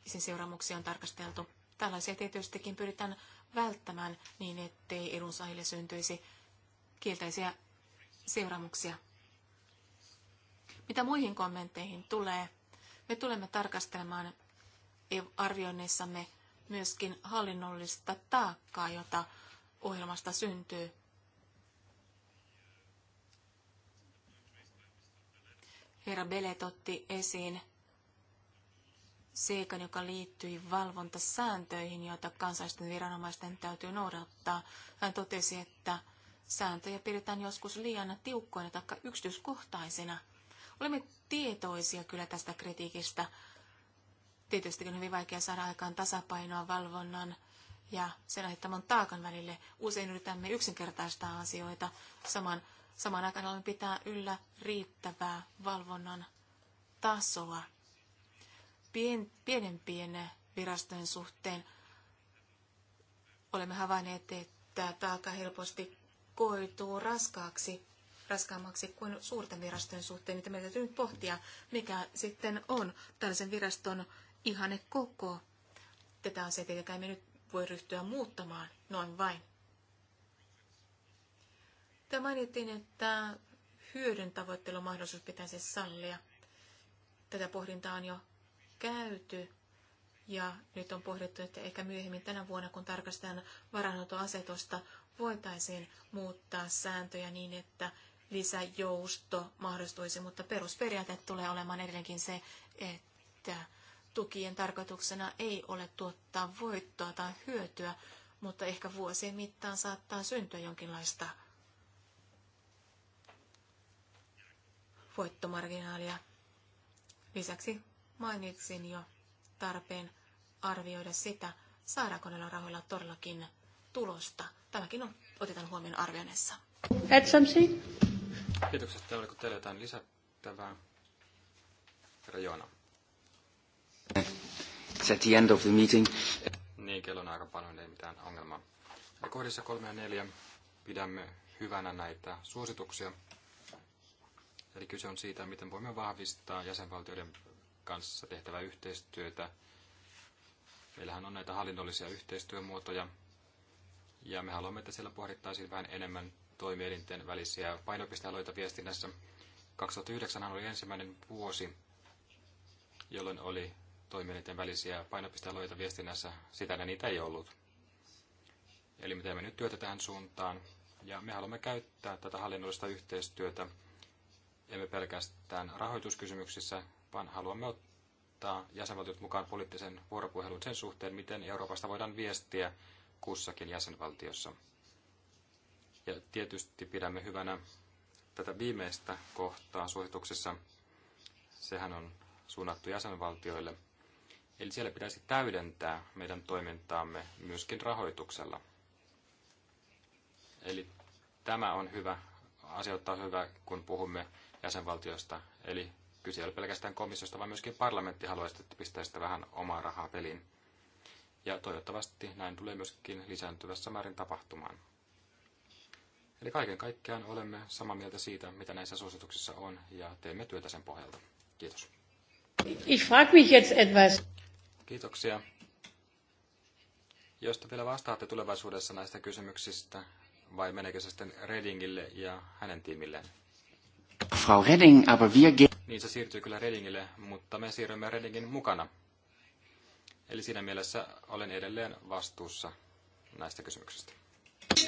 S5: Sen seuraamuksia on tarkasteltu. Tällaisia tietystikin pyritään välttämään niin, ettei edunsaajille syntyisi kielteisiä seuraamuksia. Mitä muihin kommentteihin tulee, me tulemme tarkastelemaan arvioinnissamme myöskin hallinnollista taakkaa, jota ohjelmasta syntyy. Herra Belet otti esiin seikan, joka liittyi valvontasääntöihin, joita kansallisten viranomaisten täytyy noudattaa. Hän totesi, että sääntöjä pidetään joskus liian tiukkoina tai yksityiskohtaisina. Olemme tietoisia kyllä tästä kritiikistä. Tietysti on hyvin vaikea saada aikaan tasapainoa valvonnan ja sen aiheuttaman taakan välille. Usein yritämme yksinkertaistaa asioita. Saman, saman aikaan olemme pitää yllä riittävää valvonnan tasoa pien, pienempien virastojen suhteen olemme havainneet, että taaka helposti koituu raskaaksi, raskaammaksi kuin suurten virastojen suhteen, mitä meidän täytyy nyt pohtia, mikä sitten on tällaisen viraston ihanne koko. Tätä asiaa tietenkään me nyt voi ryhtyä muuttamaan noin vain. Tämä mainittiin, että hyödyn tavoittelumahdollisuus pitäisi sallia. Tätä pohdintaa on jo käyty. Ja nyt on pohdittu, että ehkä myöhemmin tänä vuonna, kun tarkastetaan varainhoitoasetusta, voitaisiin muuttaa sääntöjä niin, että lisäjousto mahdollistuisi, mutta perusperiaate tulee olemaan edelleenkin se, että tukien tarkoituksena ei ole tuottaa voittoa tai hyötyä, mutta ehkä vuosien mittaan saattaa syntyä jonkinlaista voittomarginaalia. Lisäksi mainitsin jo tarpeen arvioida sitä, saadaanko näillä rahoilla todellakin tulosta. Tämäkin on, otetaan huomioon arvioinnissa. Add something?
S1: Kiitokset. Täällä oliko teillä jotain lisättävää? Herra Joona.
S2: It's at the end of the meeting.
S1: Niin, kello on aika paljon, ei mitään ongelmaa. Ja kohdissa kolme ja neljä pidämme hyvänä näitä suosituksia. Eli kyse on siitä, miten voimme vahvistaa jäsenvaltioiden kanssa tehtävää yhteistyötä. Meillähän on näitä hallinnollisia yhteistyömuotoja, ja me haluamme, että siellä pohdittaisiin vähän enemmän toimielinten välisiä painopistealoita viestinnässä. 2009 oli ensimmäinen vuosi, jolloin oli toimielinten välisiä painopistealoita viestinnässä. Sitä ne niitä ei ollut. Eli me teemme nyt työtä tähän suuntaan, ja me haluamme käyttää tätä hallinnollista yhteistyötä emme pelkästään rahoituskysymyksissä, vaan haluamme ottaa jäsenvaltiot mukaan poliittisen vuoropuhelun sen suhteen, miten Euroopasta voidaan viestiä kussakin jäsenvaltiossa. Ja tietysti pidämme hyvänä tätä viimeistä kohtaa suosituksessa. Sehän on suunnattu jäsenvaltioille. Eli siellä pitäisi täydentää meidän toimintaamme myöskin rahoituksella. Eli tämä on hyvä asia ottaa hyvä, kun puhumme jäsenvaltioista. Eli kyse ei ole pelkästään komissiosta, vaan myöskin parlamentti haluaisi, että pistää sitä vähän omaa rahaa peliin. Ja toivottavasti näin tulee myöskin lisääntyvässä määrin tapahtumaan. Eli kaiken kaikkiaan olemme samaa mieltä siitä, mitä näissä suosituksissa on, ja teemme työtä sen pohjalta. Kiitos. Ich frag
S2: mich jetzt etwas.
S1: Kiitoksia. Jos te vielä vastaatte tulevaisuudessa näistä kysymyksistä, vai menekö se sitten Redingille ja hänen tiimilleen?
S2: Frau Redding, aber wir gehen.
S1: Niin se siirtyy kyllä Reddingille, mutta me siirrymme Reddingin mukana. Eli siinä mielessä olen edelleen vastuussa näistä kysymyksistä.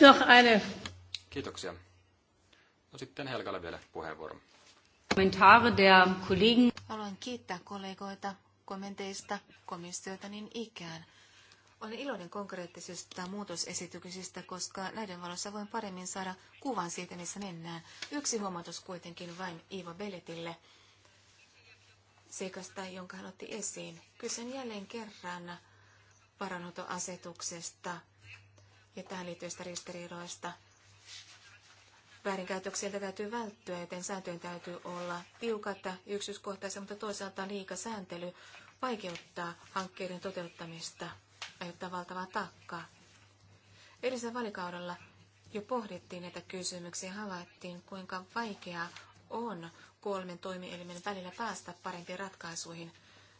S1: No, eine. Kiitoksia. No sitten helgalle vielä puheenvuoro.
S5: Kommentare der Kollegen. Haluan kiittää kollegoita kommenteista komissiota niin ikään. Olen iloinen konkreettisista muutosesityksistä, koska näiden valossa voin paremmin saada kuvan siitä, missä mennään. Yksi huomautus kuitenkin vain Iivo Belletille seikasta, jonka hän otti esiin. Kysyn jälleen kerran parannutoasetuksesta ja tähän liittyvistä ristiriidoista. Väärinkäytöksiltä täytyy välttyä, joten sääntöjen täytyy olla tiukat ja yksityiskohtaisia, mutta toisaalta liika sääntely vaikeuttaa hankkeiden toteuttamista aiheuttaa valtavaa takkaa. Edellisellä valikaudella jo pohdittiin näitä kysymyksiä, havaittiin, kuinka vaikeaa on kolmen toimielimen välillä päästä parempiin ratkaisuihin.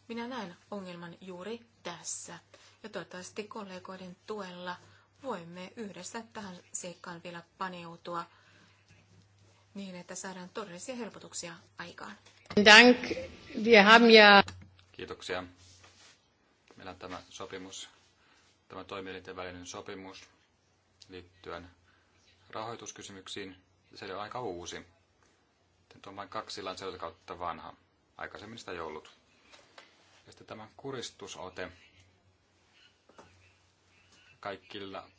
S5: Minä näen ongelman juuri tässä, ja toivottavasti kollegoiden tuella voimme yhdessä tähän seikkaan vielä paneutua niin, että saadaan todellisia helpotuksia aikaan.
S2: Dank. Wir haben ja...
S1: Kiitoksia. Meillä on tämä sopimus tämä toimielinten välinen sopimus liittyen rahoituskysymyksiin, se on aika uusi. Tämä on vain kaksi kautta vanha. Aikaisemmin sitä ei ollut. Ja sitten tämä kuristusote. Kaikilla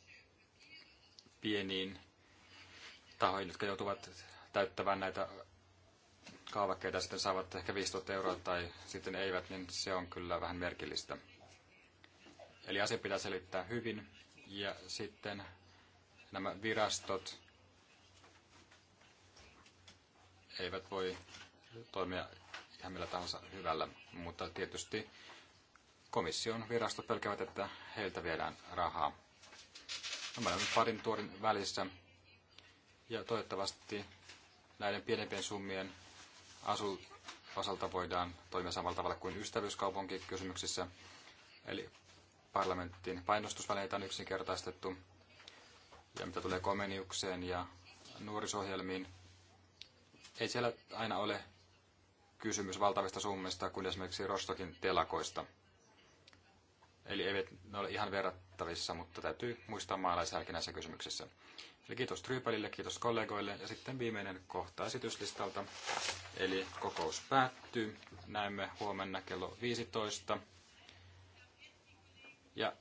S1: pieniin tahoihin, jotka joutuvat täyttämään näitä kaavakkeita, sitten saavat ehkä 5000 euroa tai sitten eivät, niin se on kyllä vähän merkillistä. Eli asia pitää selittää hyvin ja sitten nämä virastot eivät voi toimia ihan millä tahansa hyvällä, mutta tietysti komission virastot pelkävät, että heiltä viedään rahaa. No, me olemme parin tuorin välissä ja toivottavasti näiden pienempien summien asu osalta voidaan toimia samalla tavalla kuin ystävyyskaupunkikysymyksissä. kysymyksissä. Eli Parlamenttiin painostusvälineitä on yksinkertaistettu. Ja mitä tulee komeniukseen ja nuorisohjelmiin, ei siellä aina ole kysymys valtavista summista kuin esimerkiksi Rostokin telakoista. Eli eivät ne ole ihan verrattavissa, mutta täytyy muistaa maalaisjälki näissä kysymyksissä. Eli kiitos Trypelille, kiitos kollegoille ja sitten viimeinen kohta esityslistalta. Eli kokous päättyy. Näemme huomenna kello 15. Ja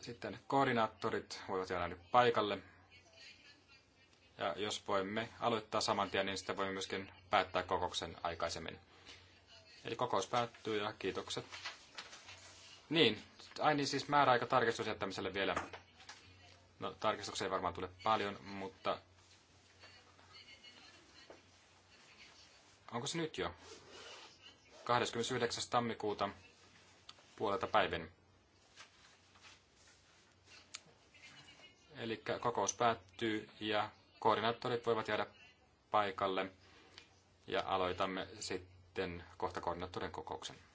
S1: sitten koordinaattorit voivat jäädä nyt paikalle. Ja jos voimme aloittaa saman tien, niin sitten voimme myöskin päättää kokouksen aikaisemmin. Eli kokous päättyy ja kiitokset. Niin, ai niin siis määräaika tarkistus jättämiselle vielä. No tarkistuksia ei varmaan tule paljon, mutta... Onko se nyt jo? 29. tammikuuta puolelta päivin. Eli kokous päättyy ja koordinaattorit voivat jäädä paikalle ja aloitamme sitten kohta koordinaattorin kokouksen.